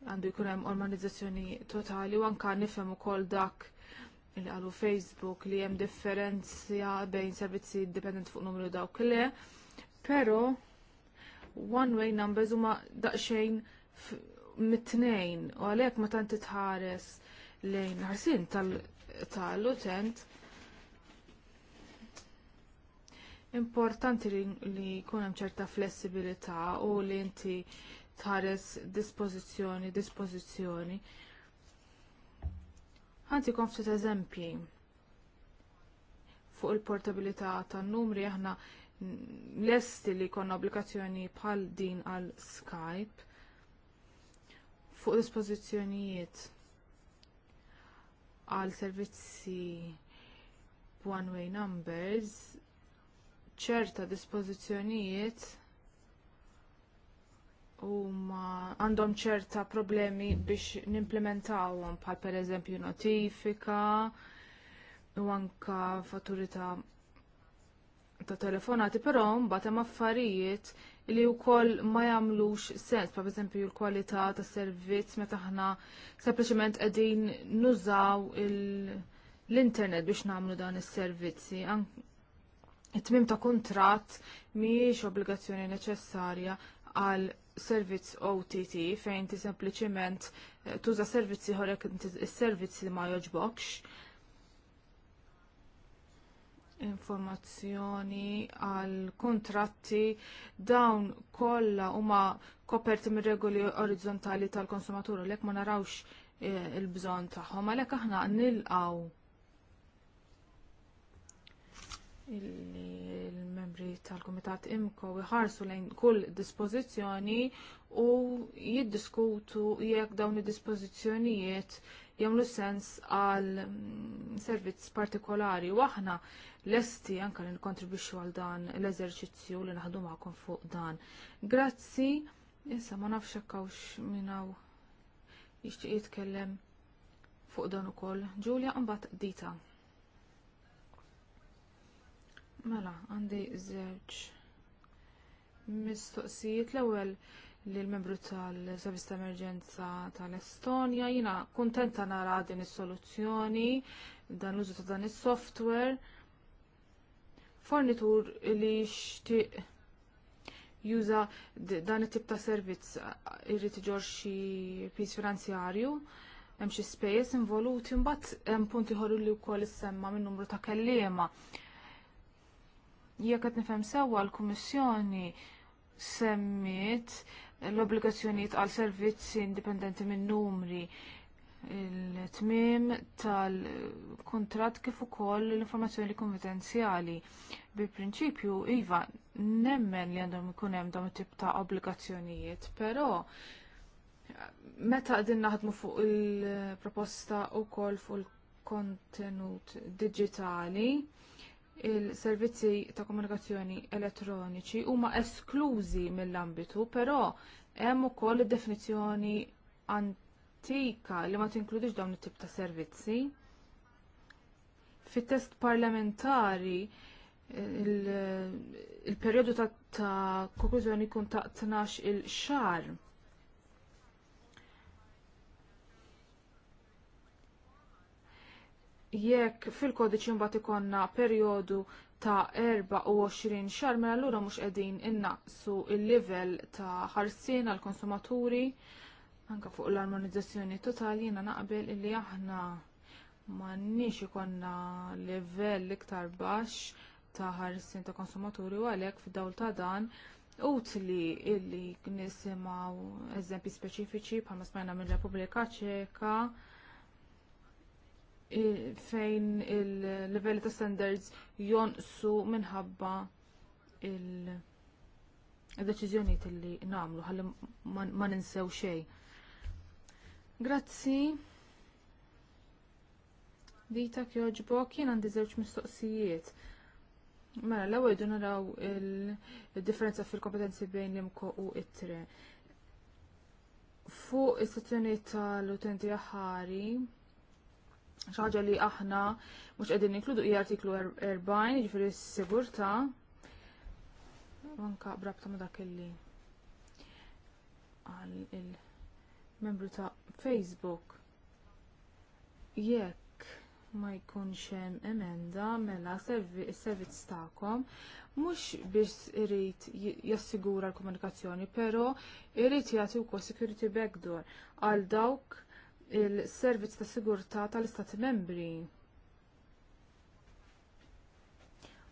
Speaker 1: għandu jkun hemm organizzazzjoni totali u anka nifhem ukoll dak illi qalu Facebook li hemm differenzja bejn servizzi dipendenti fuq numru dawk le, però one way numbers huma daqsxejn mit-tnejn u għalhekk ma tant titħares lejn ħarsin tal- tal-utent importanti li jkun hemm ċerta flessibilità u li inti tħares dispożizzjoni dispożizzjoni. Ħanti kon ftit eżempji fuq il-portabilità tan-numri aħna lesti li konna obbligazzjoni bħal din għal Skype fuq dispożizzjonijiet għal servizzi one way numbers ċerta dispożizzjonijiet huma għandhom ċerta problemi biex nimplementawhom bħal pereżempju notifika u anka fatturi ta' ta' telefonati, però mbagħad hemm affarijiet li wkoll ma jagħmlux sens, pa' eżempju l-kwalità tas servizz meta aħna sempliċement qegħdin nużaw l-internet biex nagħmlu dan is-servizzi. It-tmim ta' kuntratt mhijiex obbligazzjoni neċessarja għal servizz OTT fejn ti sempliċement eh, tuża servizzi ħorek is-servizzi ma joġbokx informazzjoni għal kuntratti dawn kollha huma koperti mir regoli orizzontali tal-konsumatur għalhekk lek ma narawx eh, il-bżonn tagħhom għalhekk aħna nilqaw il-membri tal-Kumitat Imko iħarsu lejn kull dispożizzjoni u jiddiskutu jekk dawn id-dispożizzjonijiet jagħmlu sens għal mm, servizz partikolari u aħna lesti anke li nkontribwixxu għal dan l-eżerċizzju li naħdu maħkom fuq dan. Grazzi, issa ma nafx hekk hawnx hawn jixtieq jitkellem fuq dan ukoll. Ġulja mbagħad dita. Mela, għandi żewġ mistoqsijiet l-ewwel l membru tal servis ta' Emerġenza tal-Estonja. Jiena kuntenta nara din is-soluzzjoni, dan l-użu ta' dan is-software. Fornitur li xtieq juża dan it-tip ta' servizz irrid iġor xi piż finanzjarju hemm xi spejjeż involuti mbagħad hemm punti ħorru li wkoll issemma minn numru ta' kelliema. Jekk qed nifhem sewwa l-Kummissjoni semmiet l-obbligazzjonijiet għal servizzi indipendenti minn numri il-tmim tal-kontrat kif ukoll l-informazzjoni konfidenzjali. Bil-prinċipju, iva, nemmen li għandhom ikun hemm dawn tip ta' obbligazzjonijiet, però meta qegħdin naħdmu fuq il-proposta wkoll fuq il-kontenut digitali, il-servizzi ta' komunikazzjoni elettroniċi huma esklużi mill-ambitu, però hemm ukoll id-definizzjoni antika li ma tinkludix dawn it-tip ta' servizzi. Fit-test parlamentari il-perjodu ta', ta konklużjoni kun ta' 12 il-xar. jekk fil-kodiċi mbagħad ikonna perjodu ta' 24 xar mela allura mhux qegħdin innaqsu il-livell ta' ħarsien għall konsumaturi anke fuq l-armonizzazzjoni totali jiena naqbel illi aħna m'għandniex ikonna livell iktar baxx ta' ħarsien ta' konsumaturi u għalhekk fid-dawl ta' dan utli illi nisimgħu eżempji speċifiċi bħalma smajna mir repubblika Ċeka fejn il-livelli ta' standards jonqsu minħabba il-deċiżjonijiet li nagħmlu ħalli ma ninsew xejn. Grazzi. Dita kjoġbok jien għandi żewġ mistoqsijiet. Mela, l-ewwel jdu naraw il-differenza fil-kompetenzi bejn l-imko u it-tre. Fuq is-sezzjoni tal-utenti aħari, ħaġa li aħna mhux qegħdin inkludu hija artiklu 40, er-, ġifiri s-sigurtà anka brabta ma dak illi għal il-membru ta' Facebook jekk ma jkunx hemm emenda mela s-servizz tagħkom mhux biex irid jassigura l-komunikazzjoni, però irrit jagħti wkoll security backdoor għal dawk il-servizz ta' sigurtà tal-Istati membri.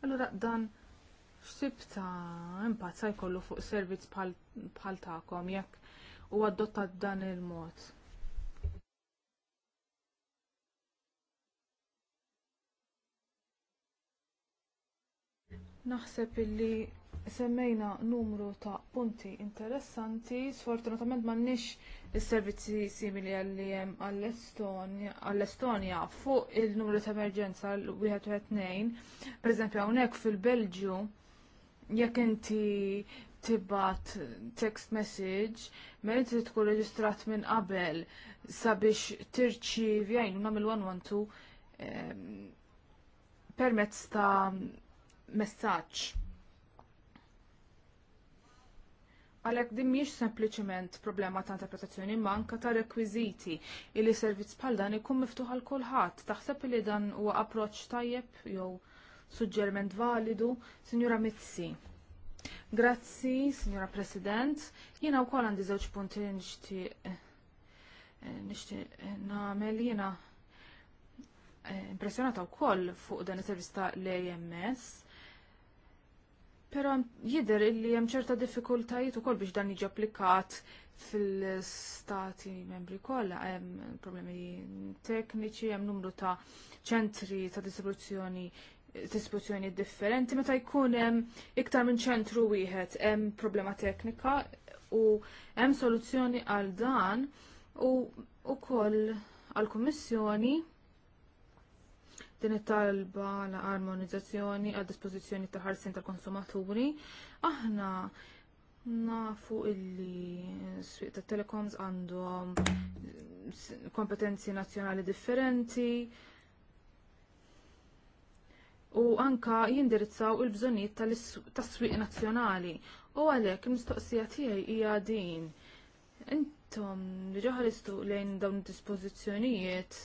Speaker 1: Allura dan x'tib ta' impazza jkollu fuq servizz bħal tagħkom jekk u adottat dan il-mod. Naħseb illi semmejna numru ta' punti interessanti, sfortunatament m'għandniex is-servizzi simili għalli hemm għall-Estonja fuq il-numru ta' emerġenza l-112. Pereżempju hawnhekk fil-Belġju jekk inti tibbat text message, ma inti tkun reġistrat minn qabel sabiex vjajn, għajn nagħmel 112 permezz ta' messaġġ Għalhekk din mhijiex sempliċement problema ta' interpretazzjoni manka ta' rekwiżiti li servizz bħal dan ikun miftuħ għal kulħadd. Taħseb li dan huwa approċċ tajjeb jew suġġerment validu, Sinjura Mizzi. Grazzi, Sinjura President. Jiena wkoll għandi żewġ punti nixtieq eh, nixtieq eh, nagħmel jiena eh, impressjonata wkoll fuq dan is-servizz ta' l-AMS Pero jider illi hemm ċerta diffikultajiet ukoll biex dan jiġi applikat fil-stati membri kollha hemm problemi tekniċi, hemm numru ta' ċentri ta' distribuzzjoni distribuzzjoni differenti, meta jkun hemm iktar minn ċentru wieħed hemm problema teknika u hemm soluzzjoni għal dan u ukoll għall kummissjoni din it-talba la armonizzazzjoni għad dispożizzjoni ta' ħarsin tal-konsumaturi. Aħna nafu illi s-swiq ta' telekoms għandhom kompetenzi nazzjonali differenti u anka jindirizzaw il-bżonijiet tas-swieq nazzjonali. U għalhekk il-mistoqsija tiegħi hija din. Intom ġaħlistu lejn dawn id dispożizzjonijiet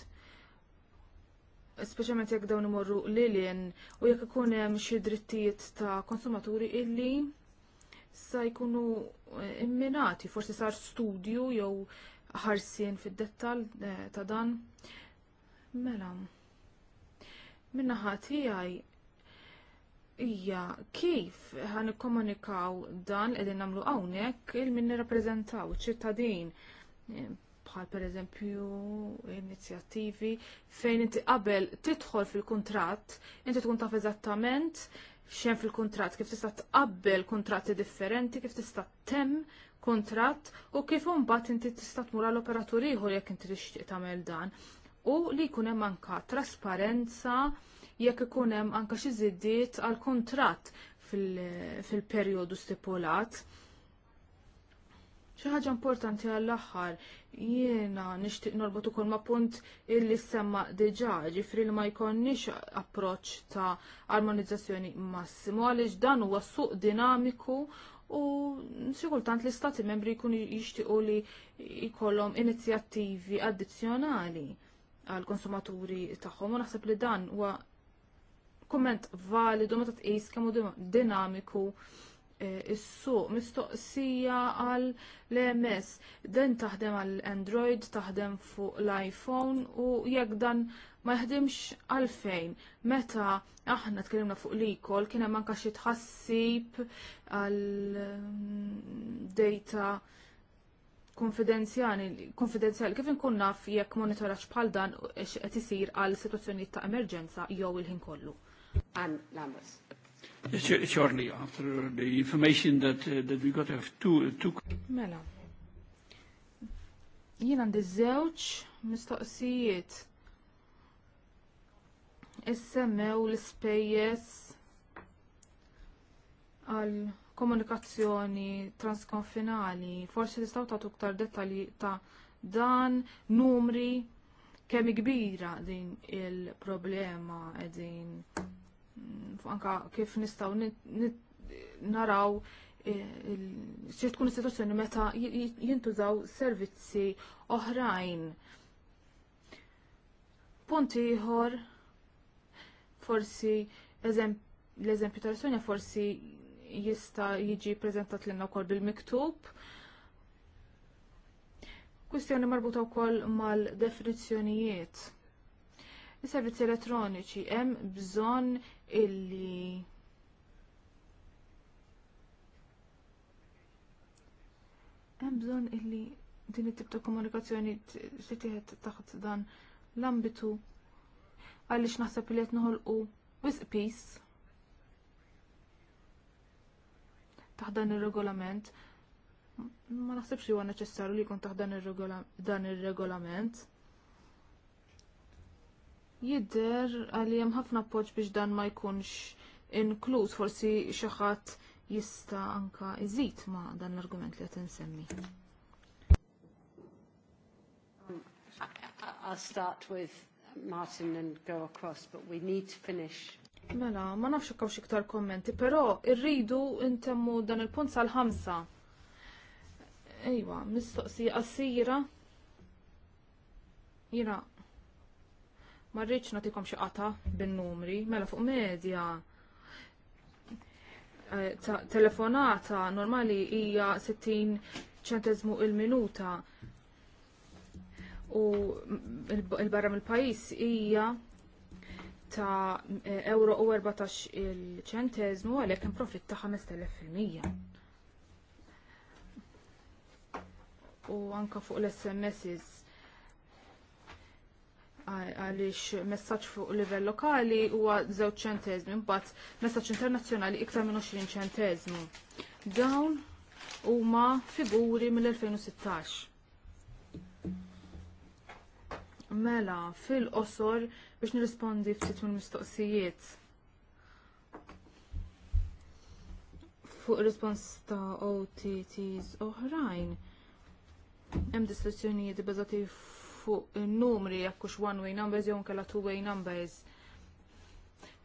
Speaker 1: specialment jekk dawn imorru lilien u jekk ikun hemm xi drittijiet ta' konsumaturi illi sa jkunu eh, imminati, forsi sar studju jew ħarsien fid-dettal eh, ta' dan. Mela, minna tiegħi hija kif ħan ikkomunikaw dan qegħdin nagħmlu hawnhekk il min nirrappreżentaw ċittadin bħal pereżempju inizjattivi fejn inti qabel tidħol fil-kuntratt, inti tkun taf eżattament xem fil-kontrat, kif tista' tqabbel kontratti differenti, kif tista' tem kontrat u kif imbagħad inti tista' tmur l operatur ieħor jekk inti tixtieq tagħmel dan. U li jkun hemm anka trasparenza jekk ikun hemm anke xi żiddiet għall kuntratt fil-perjodu stipulat. Xi ħaġa importanti għall-aħħar jiena nixtieq norbot ukoll ma' punt illi semma diġà ġifri li ma jkollniex approċċ ta' armonizzazzjoni massimu għaliex dan huwa suq dinamiku u sikultant l-istati membri jkunu jixtiequ li jkollhom inizjattivi addizzjonali għall konsumaturi tagħhom u naħseb li dan huwa komment validu meta tqis kemm dinamiku Eh, is-suq mistoqsija għal l-EMS. din taħdem għal Android, taħdem fuq l-iPhone u jekk dan ma jaħdimx għalfejn. Meta aħna tkellimna fuq l-ikol kien hemm anke xi tħassib għal mm, data konfidenzjali kif inkun naf jekk monitoraġġ bħal dan eh, qed isir għal sitwazzjonijiet ta' emerġenza jew il-ħin kollu. Ann Lambers.
Speaker 2: Shortly after the information that, uh, that we got have two... Uh, two
Speaker 1: mela. Jina għandi żewġ mistoqsijiet. Is-semmew l-ispejjeż għal komunikazzjoni transkonfinali. Forsi tistgħu tagħtu iktar dettalji ta' dan numri kemm kbira din il-problema qegħdin anka kif nistaw naraw eh, xir tkun istituzzjoni meta jintużaw servizzi oħrajn. Punti ieħor forsi l-eżempju ta' Sonja forsi jista jiġi prezentat l wkoll bil-miktub. Kwistjoni marbuta wkoll mal-definizzjonijiet. Is-servizzi elettroniċi hemm bżonn illi hemm bżonn illi din it-tip ta' komunikazzjoni li tieħed taħt dan l-ambitu għaliex naħseb li qed noħolqu wisq peace taħt dan ir-regolament ma naħsibx li huwa neċessarju li jkun taħt dan ir-regolament jidher għalli hemm ħafna appoġġ biex dan ma jkunx inkluż forsi xi ħadd jista' anka iżid ma' dan l-argument li qed insemmi.
Speaker 2: I'll start with Martin
Speaker 3: and go across, but we need to finish. Mela,
Speaker 1: ma nafx kaw iktar kommenti, però irridu intemmu dan il-punt sal-ħamsa. Ejwa, mistoqsija qasira. Jira, Ma rridx nagħtikom xi qata bin-numri, mela fuq medja eh, telefonata normali hija 60 ċentezmu il-minuta u il-barra mill-pajis hija ta' euro u 14 il-ċentezmu għalhekk hemm profit ta' 5000%. U anka fuq l-SMSs għaliex messaġġ fuq livell lokali huwa żewġ ċenteżmi, mbatt messaġġ internazzjonali iktar minn 20 ċenteżmu. Dawn huma figuri mill-2016. Mela, fil-qosor biex nirrispondi ftit mill-mistoqsijiet. Fuq rispons ta' OTTs oħrajn, hemm distruzzjonijiet bażati fuq in-numri jekk hux one-way numbers jew nkella two-way numbers.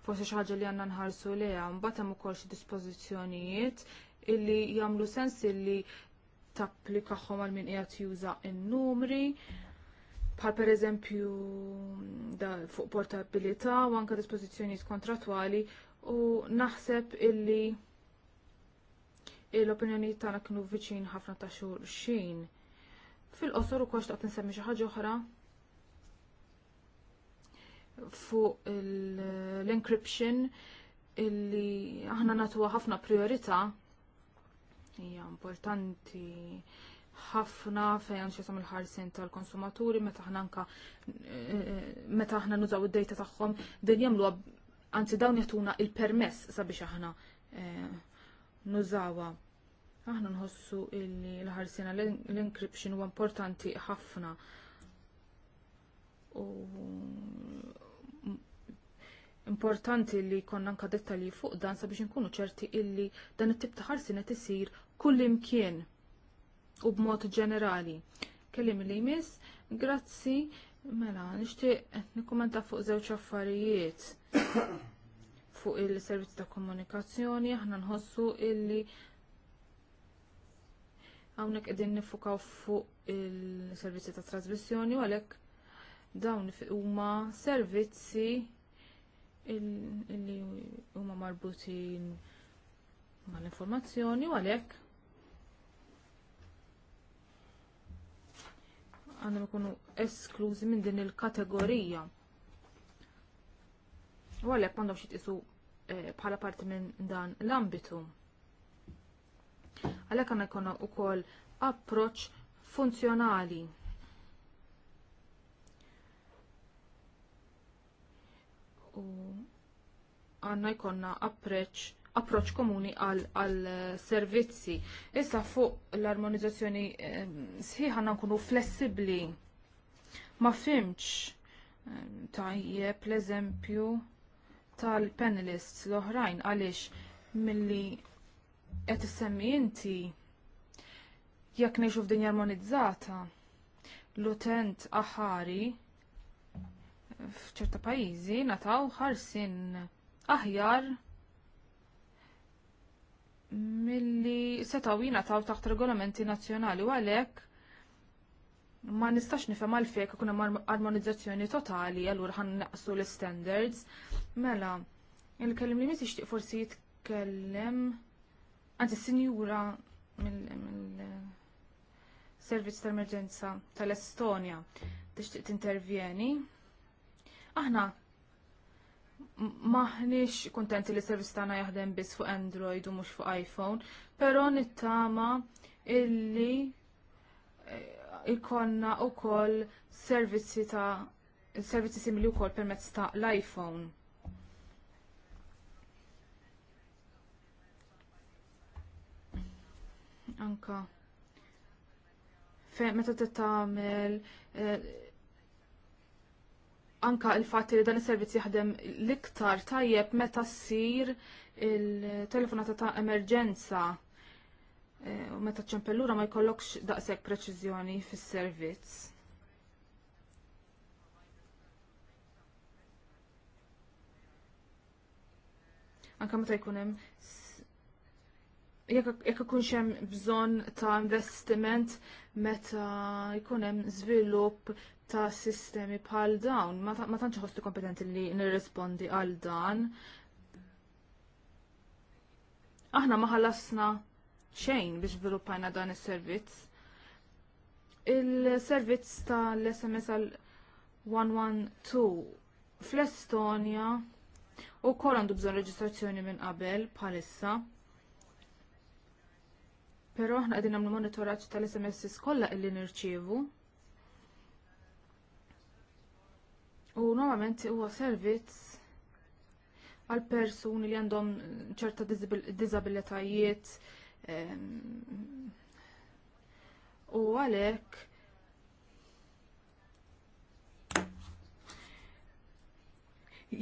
Speaker 1: Forsi xi ħaġa li għandna nħarsu leha, mbagħad hemm ukoll xi dispożizzjonijiet illi jagħmlu sens illi tapplikahom għal min qiegħed juża in-numri bħal per eżempju fuq portabilità u anke dispożizzjonijiet kontratwali u naħseb illi l-opinjonijiet tagħna kienu viċin ħafna ta' xulxin. Fil-qosor u kox taqt nsemmi xi ħaġa oħra fuq l-encryption illi aħna nagħtuha ħafna priorità hija importanti ħafna fejn xisam il-ħarsin tal-konsumaturi meta aħna anka eh, meta aħna nużaw id-dejta tagħhom din jagħmluha anzi dawn jagħtuna il-permess sabiex aħna eh, nużawha Aħna nħossu illi l-ħarsina l-encryption huwa importanti ħafna. U importanti li konna anka dettalji fuq dan sabiex nkunu ċerti illi dan it-tip ta' ħarsina tisir kull imkien u b'mod ġenerali. Kellim li jmiss, grazzi, mela, nixtieq nikkumenta fuq żewġ affarijiet fuq il-servizzi ta' komunikazzjoni, aħna nħossu illi Hawnhekk qegħdin nifukaw fuq il-servizzi ta' trasmissjoni u għalhekk dawn huma servizzi li huma marbutin mal-informazzjoni u għalhekk għandhom ikunu esklużi minn din il-kategorija. U għalhekk m'għandhomx jitqisu eh, bħala parti minn dan l-ambitu. Għalhekk għandna jkun ukoll approċċ funzjonali. U għandna jkollna approċċ approċ komuni għal servizzi. Issa fuq l-armonizzazzjoni eh, sħiħa nkunu flessibli. Ma fimx ehm, tajjeb l-eżempju tal-panelists l-oħrajn għaliex milli qed issemmi inti jekk ngħixu f'dinja armonizzata l-utent aħari f'ċerta pajjiżi nataw ħarsin aħjar milli setaw jingħataw taħt regolamenti nazzjonali u għalhekk ma nistax nifhem għalfejn ikun hemm armonizzazzjoni totali allura ħan naqsu l-standards. Mela, il-kellim li tixtieq forsi jitkellem għanzi sinjura mill-Servizz mil tal-Emerġenza tal-Estonja tixtieq tintervjeni. Aħna maħniex kuntenti li s servizz tagħna jaħdem biss fuq Android u mhux fuq iPhone, però nittama illi eh, ikonna u koll servizzi ta' servizzi simili u koll permezz ta' l-iPhone. anka fejn meta tagħmel eh, anka il-fatt li dan is-servizz jaħdem l-iktar tajjeb meta ssir il-telefonata ta' emerġenza eh, u meta ċempellura ma jkollokx daqshekk preċiżjoni fis-servizz. Anka meta jkun hemm jekk ikun hemm bżonn ta' investiment meta jkun hemm żvilupp ta' sistemi bħal dawn, ma tantx ħostu kompetenti li nirrispondi għal dan. Aħna ma ħallasna xejn biex żviluppajna dan is-servizz. Il-servizz tal-SMS għal 112 fl-Estonja u kol għandu bżonn reġistrazzjoni minn qabel bħalissa. Però aħna għedin għamlu monitoraċ tal-SMS kollha illi nirċievu. U normalment huwa servizz għal persuni li għandhom ċerta diżabilitajiet ehm, u għalhekk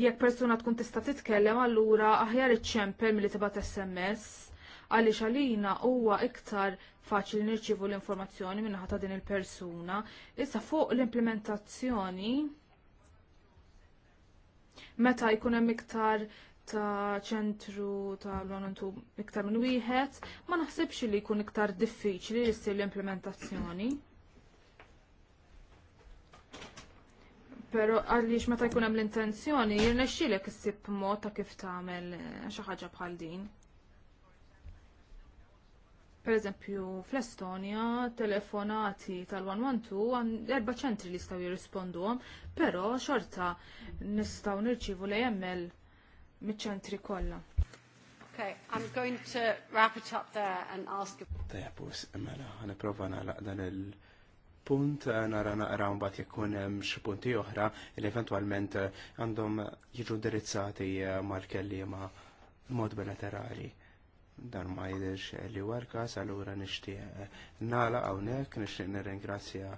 Speaker 1: jekk persuna tkun tista' titkellem allura aħjar iċċempel milli tibgħat SMS għaliex għalina huwa iktar faċli nirċivu l-informazzjoni minna ta' din il-persuna. Issa fuq l-implementazzjoni meta jkun hemm iktar ta' ċentru ta' l għonantu iktar minn wieħed, ma naħsibx li jkun iktar diffiċli li ssir l-implementazzjoni. Pero għaliex meta jkun hemm l-intenzjoni, jirnexxilek issib mod ta' kif tagħmel eh, xi ħaġa bħal din. Per eżempju, fl-Estonja, telefonati tal-112 għan erba ċentri li staw jirrispondu għom, pero xorta nistaw nirċivu li jemmel mit-ċentri kolla.
Speaker 3: Okay, I'm going to wrap it up there and ask...
Speaker 2: you. pus, mela, għana prova nalaq dan il- punt nara naqra mbagħad jekk hemm xi punti oħra li eventwalment eh, għandhom jiġu indirizzati eh, mal-kellima mod bilaterali dan ma jidirx li warka salura nishtiq nala għawnek nishtiq nirringrazzja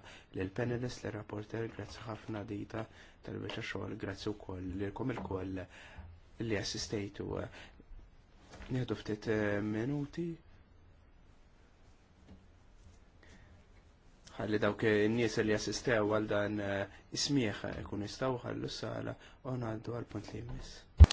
Speaker 2: l-panelist, l-rapporter, grazzi ħafna dita tal-bicċa xogħol, grazzi u koll l-kom il-koll li assistejtu. Nieħdu ftit eh, minuti. ħalli dawk n-nies li assistew għal dan eh, ismieħ ikun eh, jistgħu ħallu s-sala u ngħaddu għal punt li jmiss.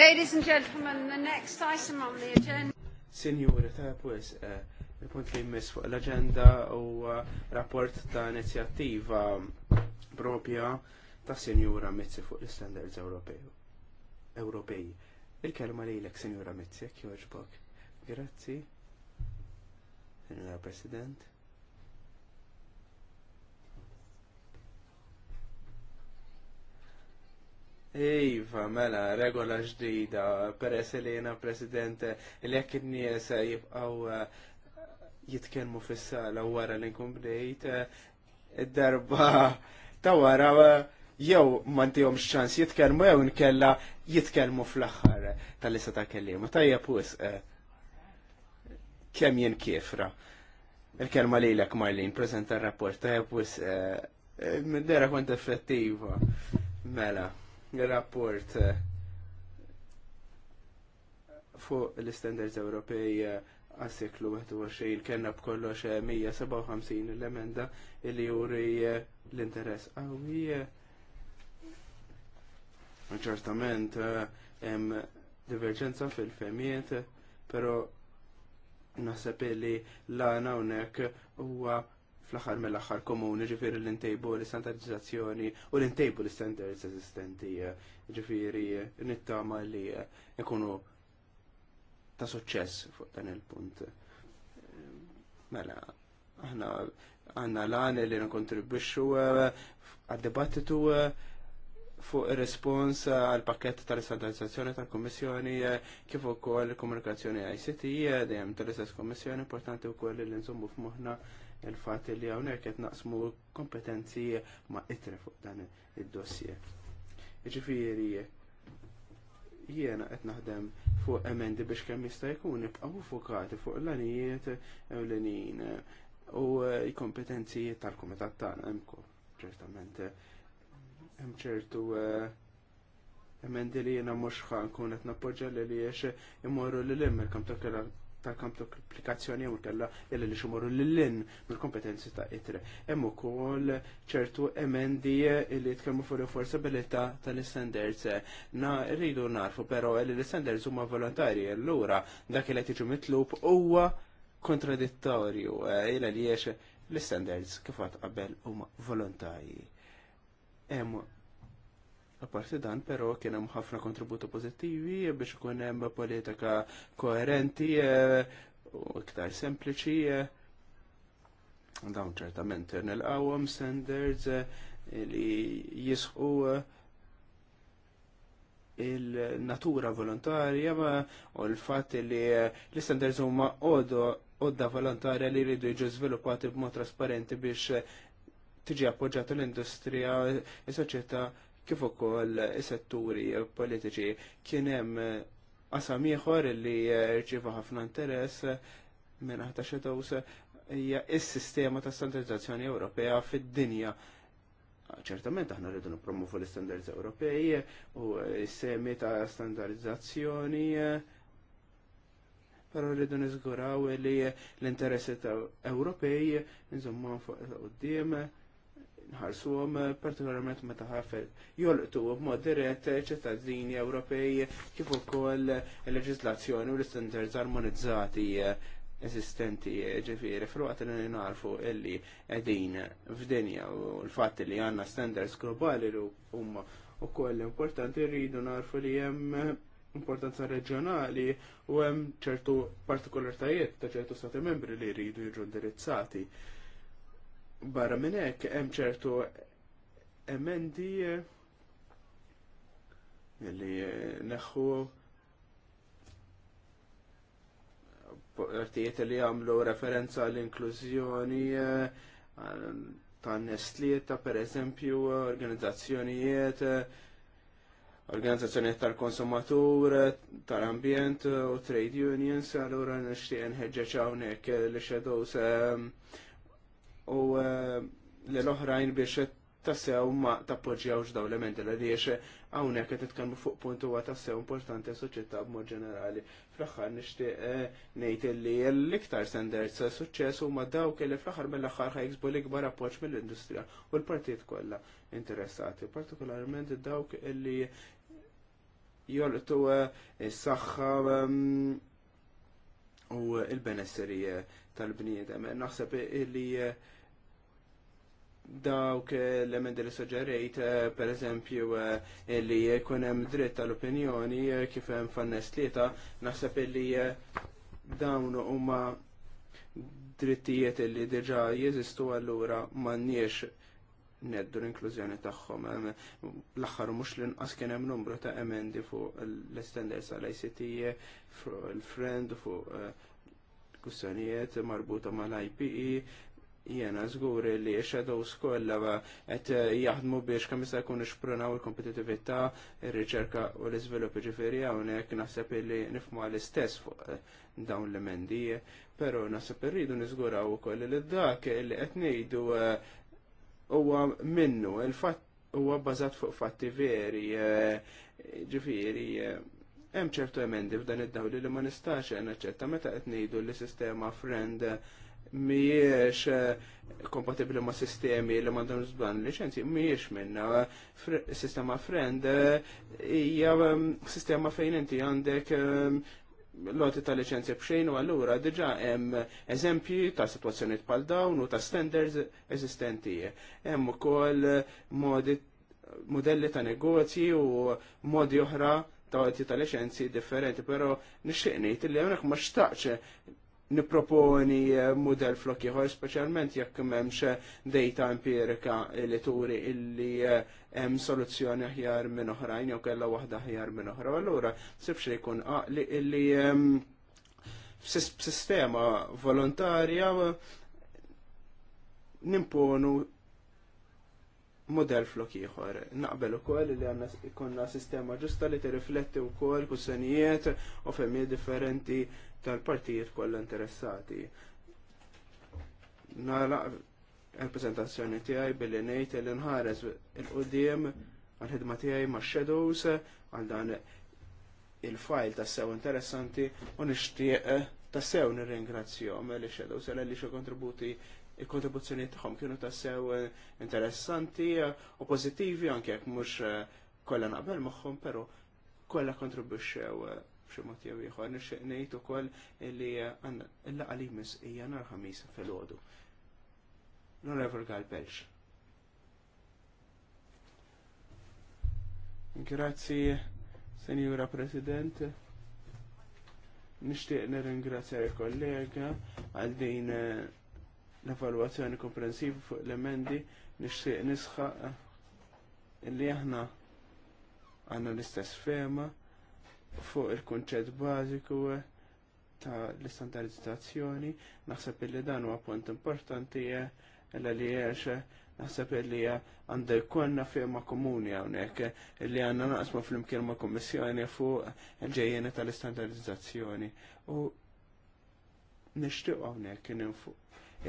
Speaker 1: Ladies and gentlemen, the next item on the agenda.
Speaker 2: Signore, ta' pues, eh, il-punt li jmiss fuq l-agenda u rapport ta' inizjattiva propja ta' Signora Mizzi fuq l-standards Ewropej. Il-kelma li l-ek Signora Mizzi, jek joġbok. Grazzi, Signora President. Iva, mela, regola ġdida, peress li jena presidente, li jekk n-nies jibqaw eh, jitkenmu fis-sala wara li nkun bdejt, eh, id-darba ta' wara jew mantijom xċans jitkenmu, jew nkella jitkenmu fl-axħar tal lisa ta' kellima. Tajja jepus, eh, kem jen kifra. Il-kelma li l-ek Marlin, prezenta rapport ta' jepus, minn dera kont effettiva. Mela rapport eh, fuq l-standards Ewropej eh, għas-seklu 21 kena b'kollox 157 eh, l-emenda li juri l-interess għawi. ċertament hemm diverġenza fil-femijiet, pero naħseb li l-għana unnek huwa fl-axar mill-axar komuni ġifiri l-intejbu l istandardizzazzjoni u l-intejbu l-standards esistenti ġifiri nittama li ikunu ta' suċċess fuq dan il-punt. Mela, aħna għanna l-għan li nkontribwixxu eh, għad-dibattitu eh, fuq il-respons għal pakket tal-istandardizzazzjoni tal kummissjoni eh, kif ukoll il-komunikazzjoni ICT dejjem tal-istess Kommissjoni importanti wkoll li nżommu f'moħħna il-fat li hawnhekk qed naqsmu kompetenzi ma' itre fuq dan id-dossier. Jiġifieri jiena qed naħdem fuq emendi biex kemm jista' jkun ibqa' fokati fuq l-anijiet ewlenin u l-kompetenzi tal-kumitat tagħna hemmku ċertament hemm ċertu eh, emendi li jiena mhux nkun qed nappoġġja li jiex imorru lil hemm il tal-kamp applikazzjoni u kella illi li xumur l-lin mill-kompetenzi ta' itre. Hemm ukoll ċertu emendi li tkellmu fuq il-forsabilità tal istenders Na rridu narfu però li l-standards huma volontarji allura dak li iġu mitlub huwa kontradittorju eh, ila li jiex l-standards kif qabel huma volontarji. Hemm Apparti dan, però, kien hemm ħafna kontributi pożittivi biex ikun hemm politika koerenti eh, u iktar sempliċi. Eh, dawn ċertament nilqawhom standards eh, li jisħu il-natura volontarja u l-fatt li l-standards huma għodda volontarja li jridu jiġu żviluppati b'mod trasparenti biex tiġi appoġġata l-industrija, s soċjetà kif ukoll is-setturi politiċi kien hemm eh, qasamieħor ieħor li eh, rċieva ħafna interess eh, minn ħata xedows hija s-sistema ta' standardizzazzjoni Ewropea fid-dinja. Ċertament aħna rridu nippromovu l istandards Ewropej u s-semi ta' standardizzazzjoni pero rridu nizguraw li l-interessi ta' Ewropej nżommu fuq qudiem nħarsuhom eh, partikolarment meta ħafel jolqtu b'mod dirett ċittadini Ewropej kif ukoll il-leġislazzjoni u l standards armonizzati eh, eżistenti eh, ġifieri Fruqat li narfu illi qegħdin f'dinja u l fat li għandna standards globali li huma ukoll importanti rridu narfu li hemm importanza reġjonali u hemm ċertu partikolaritajiet ta' ċertu stati membri li jridu jiġu indirizzati. Barra minn hekk hemm ċertu emendi li neħu partijiet li għamlu referenza l-inklużjoni eh, ta' nestlieta per eżempju organizzazzjonijiet organizzazzjonijiet tal-konsumatur, tal-ambjent u trade unions, allura nixtieq nħeġġeġ hawnhekk li xedows eh, u eh, l-oħrajn biex tassew ma tappoġġjawx daw elementi li għawnek hawnhekk qed titkellmu fuq punt huwa tassew importanti b b'mod ġenerali. Fl-aħħar nixtieq eh, ngħid li l-iktar standards suċċess huma dawk li fl-aħħar mill-aħħar ħajksbu l-ikbar appoġġ mill-industrija u l partijt kollha interessati, partikolarment dawk li jolqtu eh, s saxħa mm, u l benesserie tal-bniedem. Naħseb li dawk eh, l-emendi li suġġerejt, eh, per eżempju, eh, li jkun hemm dritt tal-opinjoni kif hemm fannest tlieta, naħseb li dawn huma drittijiet li diġà jeżistu allura m'għandniex neddu l-inklużjoni tagħhom. L-aħħar mhux l-inqas kien hemm numru ta' emendi fuq l estenders għal ICT, fuq il-friend, fuq kussjonijiet marbuta mal-IPE, Jena żgur li x-shadows kollha qed jaħdmu biex kemm jista' jkun ixprunaw il-kompetitività, ir-riċerka u l-iżvilupp ġifieri hawnhekk naħseb li nifmu l-istess fuq eh, dawn l-emendi, però naħseb irridu niżguraw ukoll li dak li qed ngħidu eh, huwa minnu il-fatt huwa bbażat fuq fatti veri, eh, ġifieri, hemm ċertu emendi f'dan id-dawli li ma nistax naċċetta meta qed ngħidu li sistema friend miex eh, kompatibli ma' sistemi li mandom zban licenzi, miex minna eh, sistema friend, eh, hija mm, sistema fejn inti għandek loti ta' licenzi bxejn u għallura diġa hemm eżempji ta' situazzjoniet bħal dawn u ta' standards eżistenti. Hemm ukoll modi modelli ta' negozji u modi oħra ta' ta' licenzi differenti, pero nixtieq ngħid li hawnhekk ma xtaqx niproponi eh, model flok ieħor speċjalment jekk m'hemmx eh, data empirika li turi illi eh, hemm soluzzjoni aħjar minn oħrajn jew kellha waħda aħjar minn oħra. Allura sibx jkun aqli illi ehm, sistema volontarja nimponu model flok ieħor. Naqbel ukoll li għandna ikonna sistema ġusta li tirrifletti wkoll kusenijiet u femmi differenti tal-partijiet kollha interessati. Nalaq il-prezentazzjoni tiegħi billi ngħid li nħares il-qudiem għal-ħidma tiegħi ma' shadows għal dan il-fajl tassew interessanti u nixtieq tassew nirringrazzjahom li shadows għal li xi kontributi il-kontribuzzjoni tagħhom kienu tassew interessanti u pożittivi anke jekk mhux kollha naqbel magħhom, però kollha kontribwixxew b'ximot jew ieħor nixtieq ngħid ukoll li eh, l-laqgħa li jmiss hija nhar ħamis filgħodu. L-Onorevol Galpelx. Grazzi, Senjura President. Nixtieq nirringrazzja l-kollega għal din eh, l-evalwazzjoni komprensiva fuq l-emendi nixtieq nisħaq li aħna għandna l-istess fema fuq il-kunċett bażiku ta' l-istandardizzazzjoni, naħseb li dan huwa punt importanti eh, li għaliex eh, naħseb li eh, għandha jkollna firma komuni hawnhekk li għandna naqsmu fl-imkien ma' kummissjoni fuq il-ġejjeni tal-istandardizzazzjoni. U nixtieq hawnhekk ninfu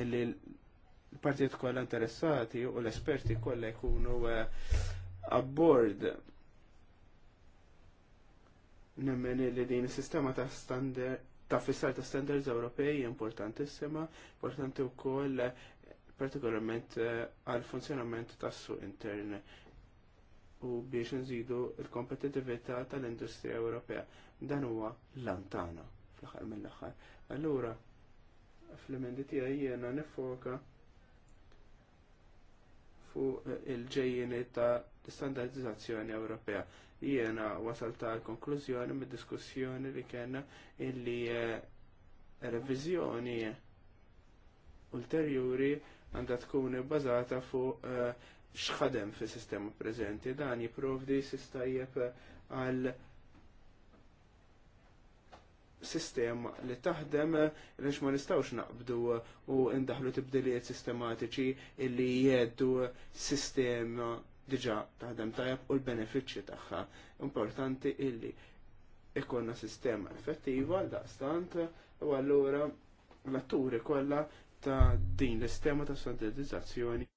Speaker 2: illi l-partijiet kollha interessati u l-esperti kollha jkunu abbord Nemmen li din is-sistema ta' standard ta' fissar ta' standards Ewropej importanti s-sema, importanti u koll eh, partikolarment eh, għal funzjonament tas suq intern u biex nżidu l-kompetitività tal-industrija Ewropea. Dan huwa lantana fl-aħħar mill-aħħar. Allura, fl-emendi tiegħi jiena nifoka fuq il ġejjini ta' standardizzazzjoni Ewropea. Jiena wasal ta' konklużjoni mid diskussjoni li kena illi eh, revizjoni ulterjuri għandha tkun bbażata fuq eh, xħadem fis sistema preżenti. Dan jipprovdi sistajjeb għal sistema li taħdem li ma nistawx naqbdu u ndaħlu tibdiliet sistematiċi illi jeddu sistema diġa taħdem tajab u l-benefiċċji tagħha. Importanti illi ikonna sistema effettiva daqstant u allura l-atturi kollha ta' din l-istema ta' standardizzazzjoni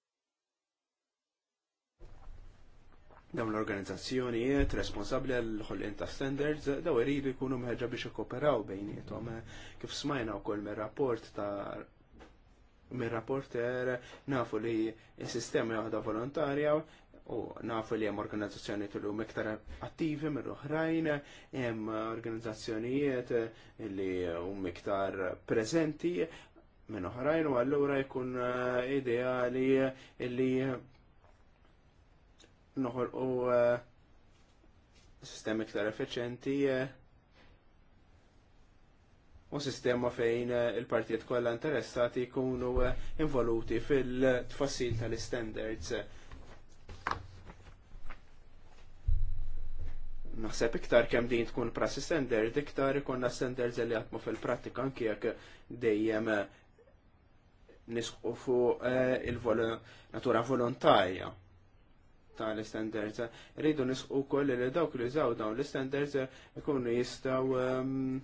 Speaker 2: Dawn l-organizzazzjonijiet responsabbli għall ħolqien ta' standards daw iridu jkunu mħeġġa biex ikkoperaw bejnietom. Kif smajna wkoll mir-rapport ta' mir-rapporter nafu li s-sistema waħda volontarja u nafu li hemm organizzazzjoni tullu iktar attivi minn oħrajn, hemm organizzazzjonijiet li hum iktar prezenti minn oħrajn u allura jkun eh, ideali li noħor u eh, sistemi iktar effiċenti eh, u sistema fejn eh, il-partijiet kollha interessati jkunu involuti fil-tfassil tal-standards. Naħseb iktar kemm din tkun prassi standard, iktar ikonna standards li għatmu fil-prattika anke jekk dejjem nisqu fuq il-natura volontarja tal-standards. Rridu nisqu koll li dawk li żaw dawn l-standards ikunu jistaw um,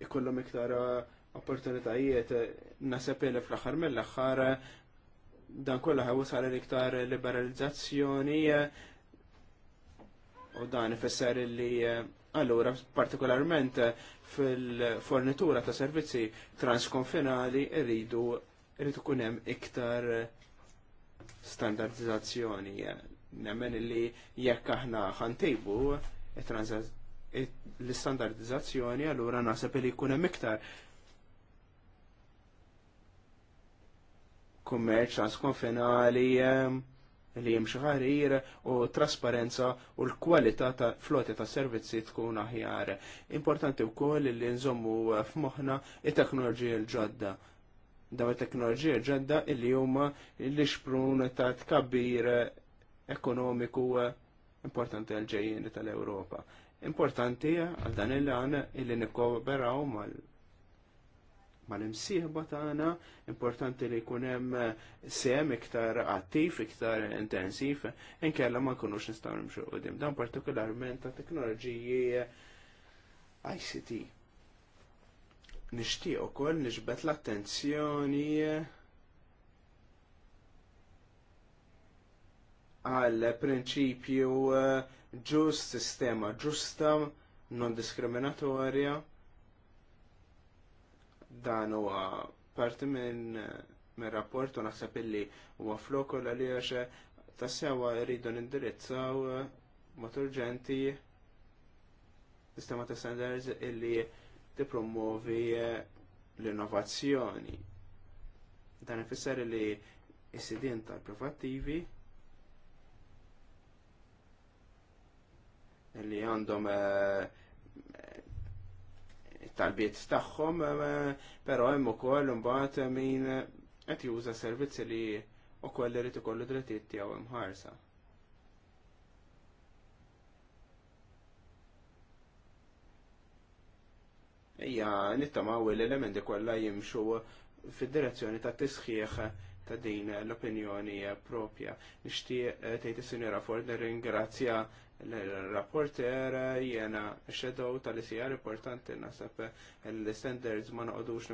Speaker 2: ikollhom iktar uh, opportunitajiet naseb li fl-aħħar mill-aħħar dan kollha ħewus għal iktar liberalizzazzjoni u dan ifisser li uh, Allura, partikolarment eh, fil-fornitura ta' servizzi transkonfinali rridu rridu kunem iktar eh, standardizzazzjoni. Nemmen li jekk aħna ħantejbu eh, l-standardizzazzjoni, allura naħseb li kunem iktar kummerċ transkonfinali li jimxi ħarir u trasparenza u l-kwalità ta' floti ta' servizzi tkun aħjar. Importanti wkoll li nżommu f'moħħna it-teknoloġija l-ġodda daw it-teknoloġija ġodda li huma li xprun ta' tkabbir ekonomiku importanti għal ġejjeni tal-Ewropa. Importanti għal dan il-għan illi nikkooperaw mal mal-imsieħba tagħna importanti li jkun hemm eh, sem iktar attiv, iktar intensiv, inkella ma nkunux nistgħu nimxu qudiem. Dan partikolarment ta' teknoloġiji eh, ICT. Nixtieq ukoll niġbed l-attenzjoni eh, għal prinċipju ġust, sistema ġusta, non diskriminatorja Dan huwa parti minn min rapport u naħseb illi huwa flokol għaliex sewa rridu nindirizzaw mod urġenti sistema ta' standards illi tippromuovi l-innovazzjoni. Dan ifisser li s-sidien tal-privattivi li għandhom uh, tal-biet tagħhom, eh, però hemm ukoll imbagħad min qed juża servizzi li ukoll irid ikollu drittijiet tiegħu imħarsa. Ejja, nittamaw l-elementi kollha jimxu fid-direzzjoni ta' tisħiħ ta' din l-opinjoni propja. Nixtieq eh, tgħid is-Sinjora Ford ringrazzja l era jena xedow tal-ICR importanti nasab l-standards ma naqdux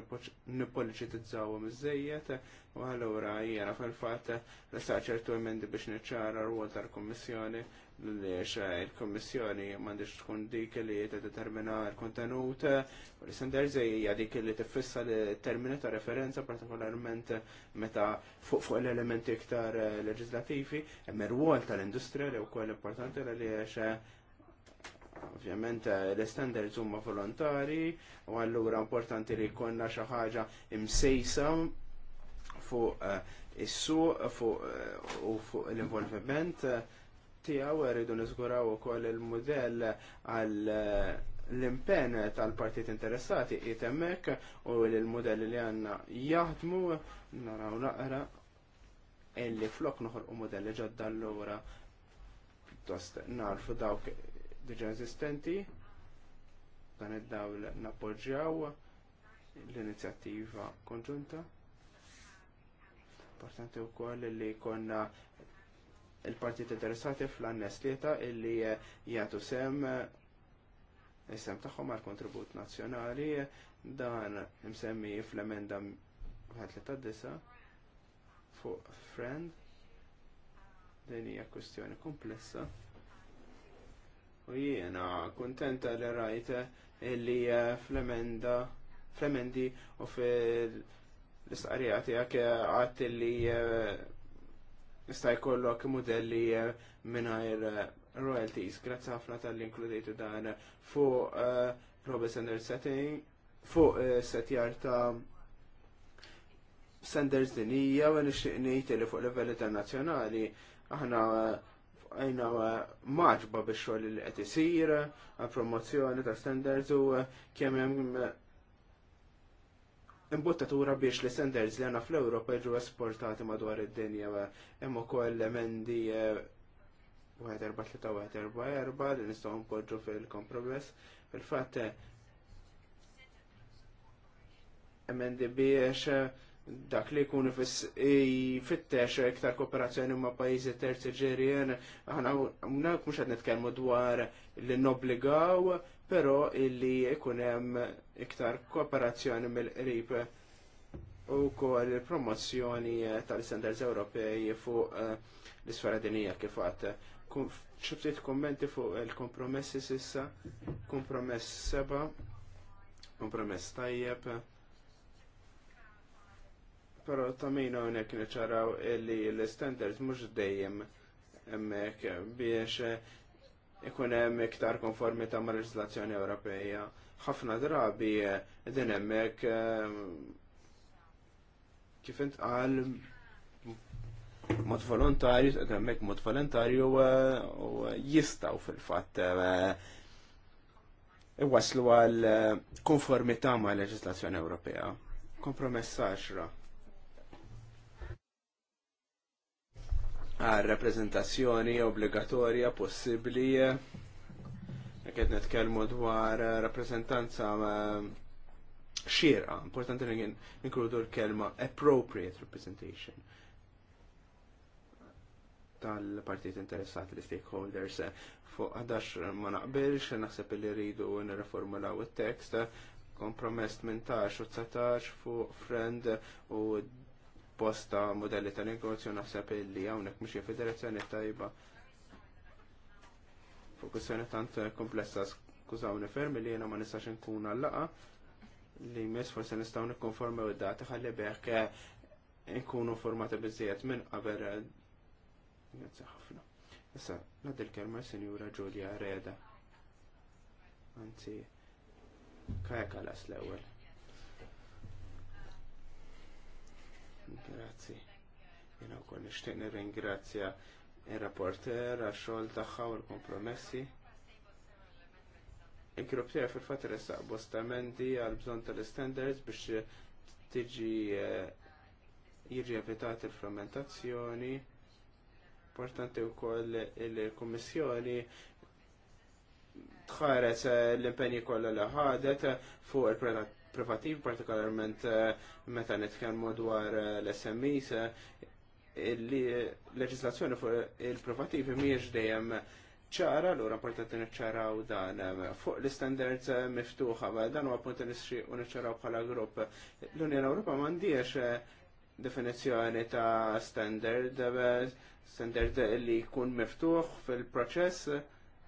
Speaker 2: nipoliċitizzaw mizzejiet u għallura jena fil-fat l-saċertu emendi biex neċara r-għol tal-Kommissjoni l-lex eh, il-Kommissjoni m'għandix tkun dik li determina l-kontenut u li standards hija dik li tiffissa l-termini ta' referenza partikolarment meta fuq fuq l-elementi iktar eh, leġislativi, hemm ir tal-industrija li wkoll importanti li eh, ovvjament l-standards huma volontari u allura importanti li jkollna xi ħaġa imsejsa fuq is-suq fuq u fuq l-involviment tiegħu rridu niżguraw ukoll il-mudell għal l-impen tal-partit interessati jitemmek u l-modell li għanna jaħdmu naraw naqra illi flok noħol u li ġodda l-lura tost narfu dawk diġa esistenti dan id-dawl nappoġġjaw l-inizjattiva konġunta importanti u koll li konna il-partit interessati fl-annes lieta illi eh, jgħatu sem eh, sem tagħhom għal kontribut nazjonali dan imsemmi fl-emenda 39 fuq friend din hija kwestjoni komplessa u jiena kuntenta li rajt eh, illi fl-emenda fl-emendi u fil l-istqarija tiegħek għadt illi Nista' jkollok modelli eh, mingħajr eh, royalties. Grazzi ħafna tal-inkludejtu dan fuq uh, eh, probe setting, fuq setjar ta' standards dinija u nixtieq ngħid li fuq livell internazzjonali aħna għajna maġba biex xogħol li qed isir, għal promozzjoni ta' standards u kemm hemm imbottatura biex li senders li għana fl-Europa ġu esportati madwar id-dinja, hemm ukoll emendi 1 4 3 1 li nistgħu npoġġu fil-kompromess. Fil-fatt eh, emendi biex eh, dak li jkunu fittex iktar kooperazzjoni ma' pajjiżi terzi ġerien, aħna mhux qed nitkellmu dwar li nobbligaw, però illi jkun hemm iktar kooperazzjoni mill-qrib u kol promozzjoni tal-standards Ewropej fuq eh, l-isfera dinija kifat. ċibtit kommenti fuq il-kompromessi sissa, kompromess seba, kompromess tajjeb, pero tamina unek neċaraw li l-standards mux dejjem emmek biex ikun hemm iktar ta' mal leġislazzjoni Ewropeja ħafna drabi eh, din hemmhekk eh, kif intqal mod volontarju, hemmhekk mod volontarju eh, jistgħu fil-fatt iwaslu għal konformità ma' leġislazzjoni Ewropea. Kompromess 10. Għal rappresentazzjoni obbligatorja possibbli Għed netkelmu dwar eh, rappresentanza xirqa, importanti li ninkludu l-kelma appropriate representation tal-partijiet interessati li stakeholders eh, fuq għadax ma naqbilx, naħseb li rridu n-reformulaw it-tekst, kompromess 18 u 19 fuq friend u bosta modelli ta' negozju naħseb li hawnhekk mxie federazzjoni tajba fuq kwestjoni tant eh, komplessa skużaw nifermi li jena ma nistax nkun għallaqa li mis forse nistaw nikkonformi u d data ħalli beħk eh, nkunu formata bizziet minn qabel eh, grazzi ħafna. Issa, nadil kelma senjura Giulia Reda. Anzi, kajak għalas l-ewel. Grazie. Jena u koll nishtiq nirringrazzja il-rapporter għax-xogħol tagħha u l-kompromessi. Il-grupp fil-fatt iressaq bostamendi għal bżonn tal-standards biex tiġi eh, jiġi evitat il frammentazzjoni Importanti wkoll il-Kummissjoni tħares eh, l-impenji kollha li ħadet fuq il-privativ partikolarment eh, meta nitkellmu dwar l-SMEs li leġislazzjoni fuq il-provativi mhijiex dejjem ċara, l-ura importanti nċara u dan fuq l-standards miftuħa, dan huwa appunti nisċi u nċara bħala grupp. L-Unjoni Ewropa m'għandix eh, definizzjoni ta' standard, standard li jkun miftuħ fil-proċess,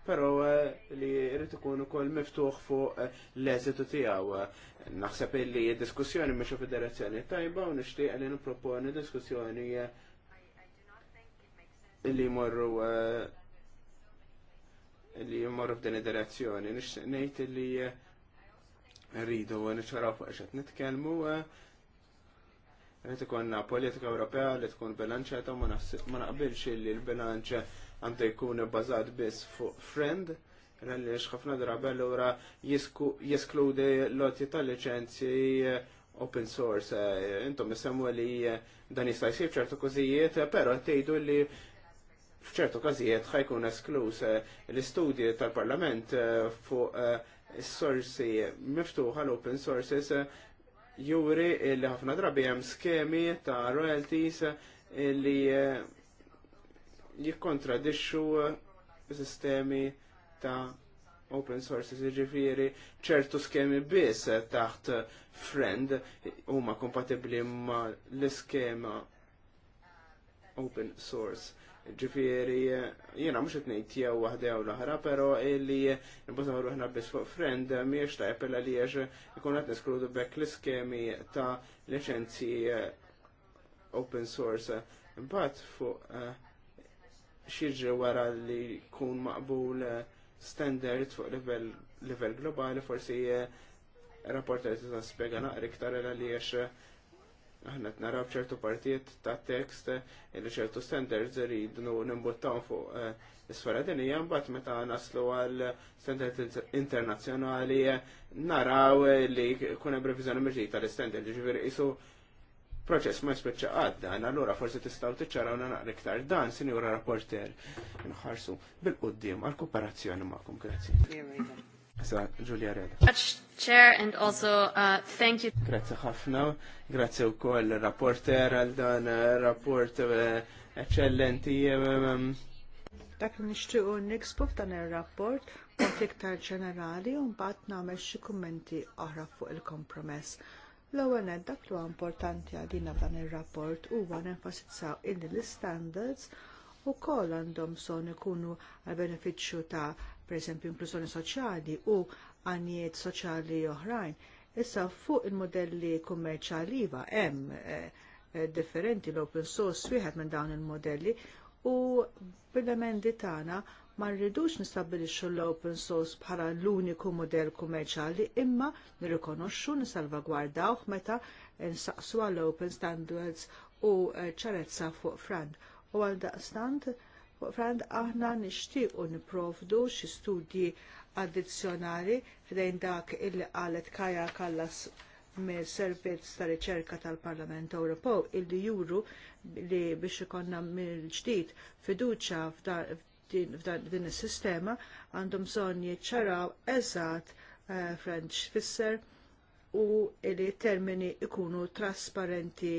Speaker 2: pero eh, li jrid ikun ukoll miftuħ fuq eh, l-eżitu tiegħu. Naħseb li diskussjoni mhix fid-direzzjoni tajba u nixtieq li nipproponi diskussjoni li morru eh, li morru f'din id-direzzjoni. Nejt li eh, rridu nixxaraw fuq xed nitkellmu eh, rrid ikonna politika Ewropea li tkun bilanċata ma naqbilx li l-bilanċ għandu jkun bbażat biss fuq friend għalli xħafna drabel ura jeskludi loti tal licenzi open source. Intom jisemmu li dan jista' jsir ċertu kużijiet, pero tgħidu li f'ċertu każijiet ħajkun esklus eh, l-istudji tal-Parlament eh, fuq is-sorsi eh, miftuħa l-open sources juri li ħafna drabi hemm skemi ta' royalties li jikkontradixxu sistemi ta' open sources ġifiri ċertu skemi biss taħt friend huma kompatibbli ma l-iskema open source. Ġifieri jiena mhux qed ngħid jew waħda jew l-oħra, però illi nibbużaw aħna biss fuq friend mhijiex tajb illa li ikun qed neskludu bekk l-iskemi ta' liċenzji eh, open source. Imbagħad fuq eh, xirġi wara li jkun maqbul eh, standard fuq level, globali forsi rapporter tista' spjega naqra iktar għaliex aħna qed naraw ċertu partijiet ta' tekst li ċertu standards iridu nimbuttaw fuq eh, isfera din hija mbagħad meta naslu għal standards internazzjonali eh, naraw li jkun hemm mġdijt miġdid tal-standard ġifieri qisu proċess ma jispiċċa għaddan, allura forsi tistgħu tiċċaraw naqra iktar dan, sinjura rapporter, nħarsu bil-qoddim għal kooperazzjoni magħkom, grazzi. Sa, Julia Reda. Chair and also uh, thank you. Grazie ħafna, grazie u koll rapporter għal dan eh, rapport eh, eccellenti. Eh, mm.
Speaker 3: Dak nishtiqu nixbu f'dan ir-rapport kont iktar ġenerali u mbagħad nagħmel xi kummenti oħra fuq il-kompromess. L-ewwel nett dak li huwa importanti għalina f'dan ir-rapport huwa nenfasizzaw illi l-standards ukoll għandhom son ikunu għal benefiċċju ta' pereżempju inklużjoni soċjali u għanijiet soċjali oħrajn. Issa fuq il-modelli kummerċjali iva hemm eh, eh differenti l-open source wieħed minn dawn il-modelli u bil-emendi tagħna ma rridux nistabilixxu l-open source bħala l-uniku modell kummerċjali imma nirrikonoxxu nisalvagwardawh meta nsaqsu għall open standards u eh, ċarezza fuq frant. U għaldaqstant frant aħna nixtiequ nipprovdu xi studji addizzjonali f'dejn dak illi qalet Kaja Kallas mis servizz ta' riċerka tal-Parlament Ewropew illi juru li biex ikonna mill-ġdid fiduċja f'din is-sistema għandhom bżonn jiċċaraw eżatt eh, French fisser u li termini ikunu trasparenti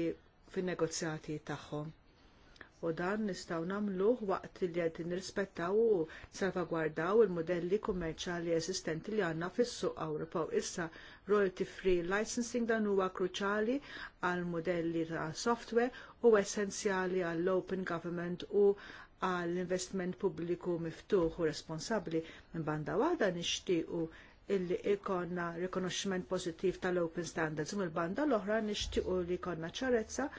Speaker 3: fin-negozjati tagħhom u dan nistgħu nagħmluh waqt li qed nirrispettaw u salvagwardaw il-modelli kummerċjali eżistenti li għandna fis-suq Ewropew. Issa royalty free licensing dan huwa kruċjali għal modelli ta' software u essenzjali għall open government u għall investiment pubbliku miftuħ u responsabbli minn banda waħda nixtiequ illi ikonna rikonoxximent pożittiv tal-open standards u mill-banda l-oħra nixtiequ li jkollna ċarezza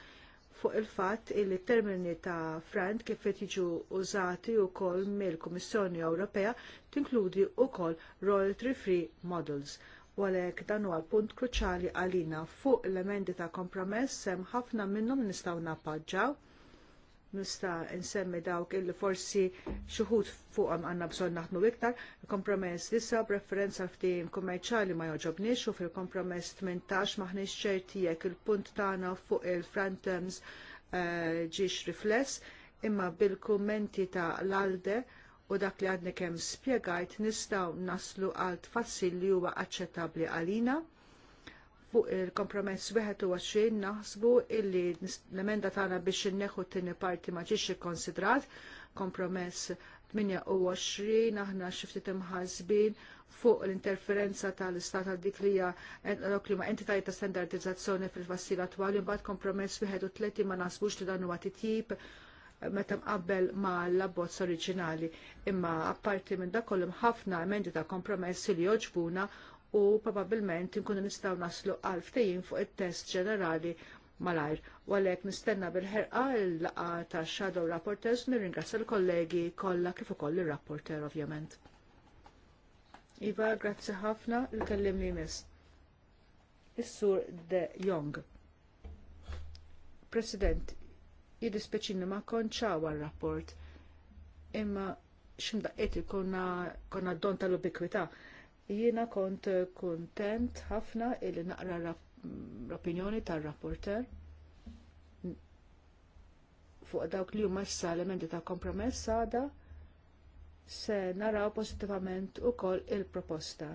Speaker 3: fuq il-fatt li t termini ta' frant kif qed jiġu użati wkoll mill-Kummissjoni Ewropea tinkludi wkoll royalty free models. U għalhekk dan huwa punt kruċjali għalina fuq l-emendi ta' kompromess hemm ħafna minnhom nistgħu nappaġġaw nista nsemmi dawk illi forsi xi wħud fuqhom għandna bżonn naħdmu iktar, kompromess issa preferenza ftim kummerċali ma joġobniex u fil-kompromess 18 maħniex ċerti jekk il-punt tagħna fuq il-frontums eh, ġiex uh, rifless imma bil-kummenti ta' l-alde u dak li għadni kemm spjegajt nistgħu naslu għal tfassil li huwa aċċettabbli għalina fuq il-kompromess 21 naħsbu illi l-emenda tagħna biex inneħu t-tieni parti ma ġiex ikkonsidrat kompromess 28 aħna xiftit imħazbin fuq l-interferenza tal-istat għal dik li hija ma entitajiet ta' standardizzazzjoni fil-fassil attwali mbagħad kompromess 31 ma naħsbux li dan huwa titjib meta mqabbel ma l-abbozz oriġinali. Imma apparti minn da kollim ħafna emendi ta' kompromessi li joġbuna u probabbilment inkunu nistgħu naslu għal ftejjin fuq it-test ġenerali malajr. U għalhekk nistenna bil-ħerqa l laqgħa tax Shadow Rapporters nirringrazzja l-kollegi kollha kif ukoll ir-rapporter ovvjament. Iva, grazzi ħafna l-kellim li miss. Is-sur De Jong. President, jidispeċini ma konċaw għal-rapport imma ximdaqqiet ikun konna don tal-ubikwita Jiena kont kuntent ħafna illi naqra l-opinjoni tar-rapporter fuq dawk li huma s elementi ta' kompromess għada se naraw pożittivament ukoll il-proposta.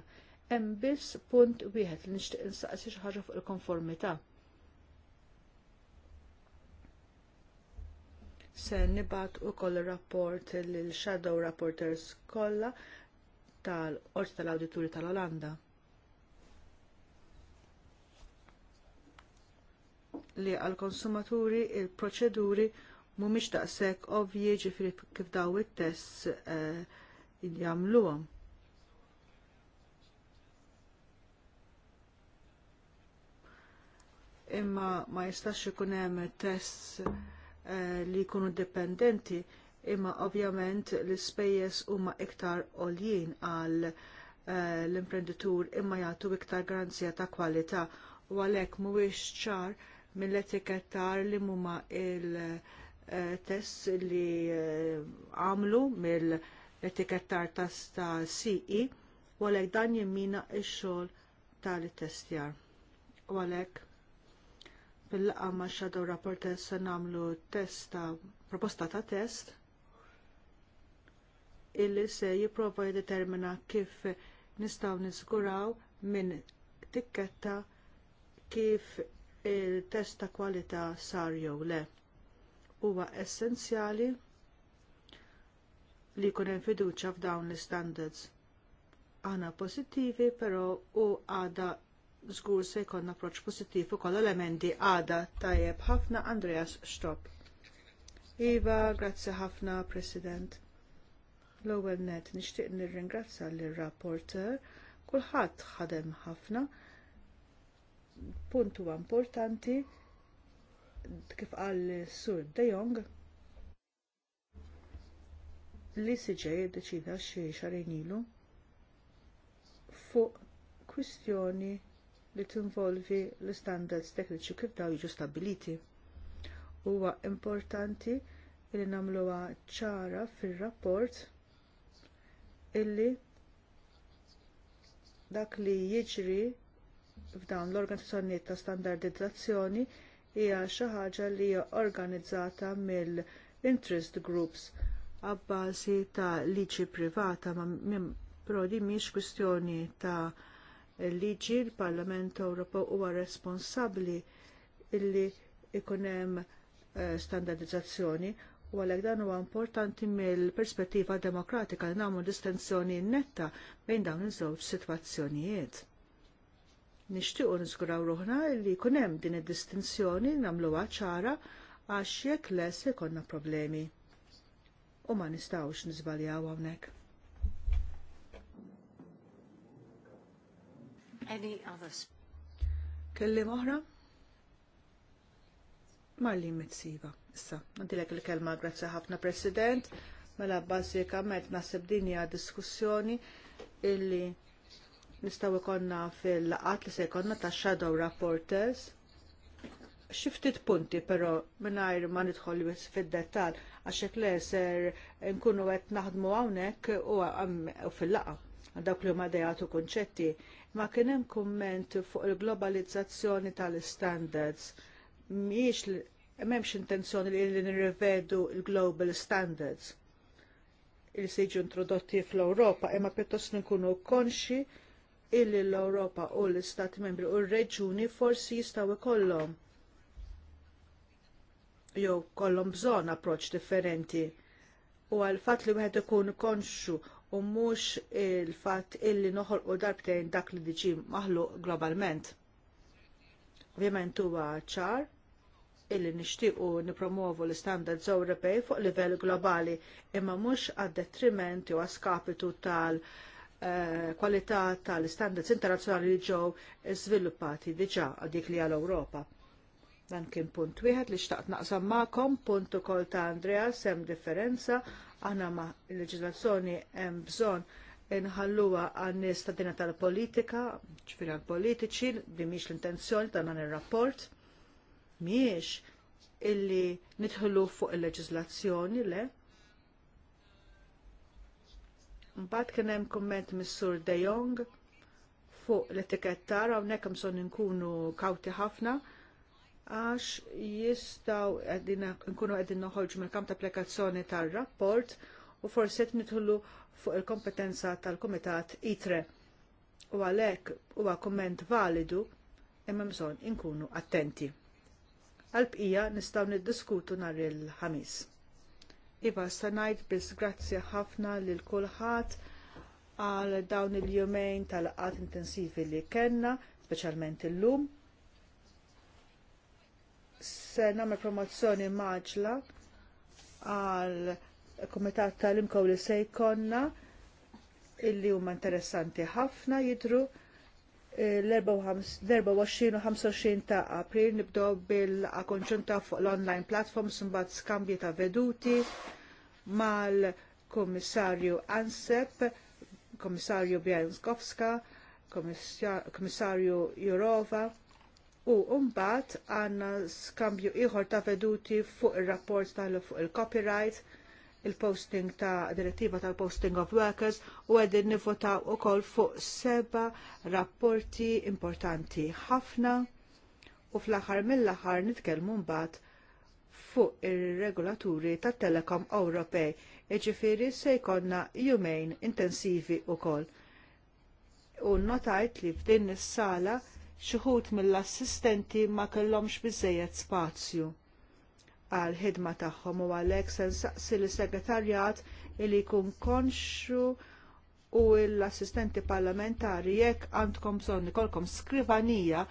Speaker 3: Hemm biss punt wieħed li nixtieq insaqsi xi ħaġa fuq il-konformità. Se nibgħat ukoll ir rapport lil shadow rapporters kollha tal-Qorti tal-Awdituri tal-Olanda li għall konsumaturi l proċeduri mhumiex daqshekk ovvji ġifieri kif daw it-tests eh, jagħmluhom. Imma ma jistax ikun hemm tests eh, li jkunu dipendenti imma ovvjament l-ispejjeż huma iktar għoljin għal eh, l-imprenditur imma jagħtu iktar garanzija ta' kwalità u għalhekk mhuwiex ċar mill-etikettar li huma il tests li eh, għamlu mill-etikettar tas ta' CE u għalhekk dan jimmina x-xogħol tal-testjar. U għalhekk fil laqgħa ma' Shadow Rapportess se nagħmlu testa proposta ta' test illi se jipprova jiddetermina kif nistgħu niżguraw minn tikketta kif il-test ta' kwalità sar jew le. Huwa essenzjali li jkun hemm fiduċja f'dawn l-standards. Aħna pożittivi però u għada żgur se jkollna approċċ pożittiv ukoll elementi għada tajjeb ħafna Andreas Stopp. Iva, grazzi ħafna, President. L-ewwel net nixtieq nirringrazzja lir-rapporter kulħadd ħadem ħafna. Punt huwa importanti kif qal Sur De Jong li siġej deċida xi xarin ilu fuq kwistjoni li tinvolvi l istandards tekniċi kif daw jiġu stabbiliti. Huwa importanti li nagħmluha ċara fir-rapport illi dak li jiġri f'dawn l-organizzazzjonijiet ta' standardizzazzjoni hija xi ħaġa li hija organizzata mill-interest groups għabbażi ta' liġi privata ma' minn prodi miex kwistjoni ta' liġi l-Parlament Ewropew huwa responsabbli illi ikun hemm eh, standardizzazzjoni u għalhekk dan huwa importanti mill-perspettiva demokratika li nagħmlu distinzjoni netta bejn dawn iż-żewġ sitwazzjonijiet. Nixtiequ niżguraw ruħna li jkun hemm din id-distinzjoni nagħmluha ċara għax jekk less ikonna problemi. U ma nistgħux niżbaljaw hawnhekk.
Speaker 1: Any others?
Speaker 3: Kellim oħra? Marlin Issa, għandilek il-kelma, grazzi ħafna, President. Mela, naħseb nasib dinja diskussjoni illi nistaw ikonna fil-laqat li se jkollna ta' Shadow Rapporters. Xiftit punti, però, mingħajr ma nidħol fid għax għaxek le ser nkunu qed naħdmu hawnhekk u fil laqgħa dawk li huma dejatu kunċetti. Ma kien hemm kumment fuq il-globalizzazzjoni tal-standards miex M'hemmx intenzjoni li nirrivedu l global standards li se jiġu introdotti fl-Ewropa, imma pjuttost nkunu konxi illi l-Ewropa u l-Istati Membri u r-Reġuni forsi jistgħu ikollhom jew kollhom bżonn approċċ differenti. U għal fatt li wieħed ikun konxu u mhux il-fatt illi noħolqu darbtejn dak li diġi maħluq globalment. Ovvjament huwa ċar illi nixtiequ nipromovu l istandards Ewropej fuq livell globali imma mhux għad-detriment jew għaskapitu tal- eh, kwalità tal istandards internazzjonali li ġew żviluppati diġà għal dik li għal Ewropa. Dan kien punt wieħed li xtaqt naqsam magħkom, punt ukoll ta' Andrea sem differenza, aħna ma' il-leġislazzjoni hemm bżonn inħalluha għan-nies ta' dinja tal-politika, ċifiri għal-politiċi, li mhix l-intenzjoni ta' dan ir-rapport miex illi nidħlu fuq il leġizlazzjoni le. Mbagħad kien hemm kumment mis-Sur De Jong fuq l-etikettar hawnhekk imson inkunu kawti ħafna għax jistaw nkunu għedin noħolġu mill kamp ta' applikazzjoni tal-rapport u forse nitħullu fuq il-kompetenza tal-Komitat ITRE. U għalek huwa komment validu imma bżonn inkunu attenti għal-bqija nistgħu niddiskutu nhar il-ħamis. Iva, sanajt ngħid grazzja grazzi ħafna lil kulħadd għal dawn il-jumejn tal-qat intensivi li kellna, speċjalment illum. Se nagħmel promozzjoni maġla għal kumitat tal-imkow li se jkollna illi huma interessanti ħafna jidhru l-24 u 25 ta' april nibdow bil akonċunta fuq l-online platforms mbagħad skambji ta' veduti mal-Kummissarju Ansep, komissarju Bjanskowska, komissarju Jurova u mbagħad għandna skambju ieħor ta' veduti fuq ir-rapport tal fuq il-copyright il-posting ta' direttiva tal-posting of workers u għedin nivotaw u kol fuq seba rapporti importanti ħafna u fl-axar mill-axar nitkelmu mbagħad fuq ir-regolaturi tat telekom Ewropej, iġifiri se jkollna jumejn intensivi wkoll. U notajt li f'din is-sala xi ħud mill-assistenti ma kellhomx biżejjed spazju għal ħidma tagħhom u għalhekk se nsaqsi l-segretarjat li jkun konxu u l-assistenti parlamentari jekk għandkom bżonn ikolkom skrivanija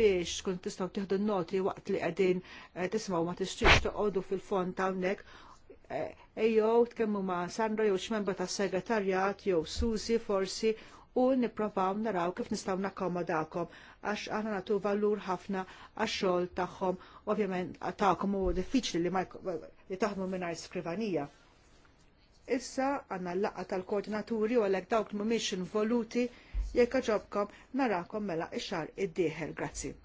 Speaker 3: biex kun tistgħu tieħdu noti waqt li qegħdin eh, tismaw ma tixtiex toqgħodu fil-fond hawnhekk eh, ejjew tkellmu ma' Sandra jew x'membra tas-segretarjat jew Susi forsi u nipprovaw naraw kif nistgħu nakkomodakom għax għana nagħtu valur ħafna għax-xogħol tagħhom ovvjament tagħkom u diffiċli li ma li taħdmu mingħajr skrivanija. Issa għandna l-laqgħa tal-koordinaturi u għalhekk dawk mhumiex involuti jekka ġobkom narakom mela ix-xahar id-dieħel. Grazie.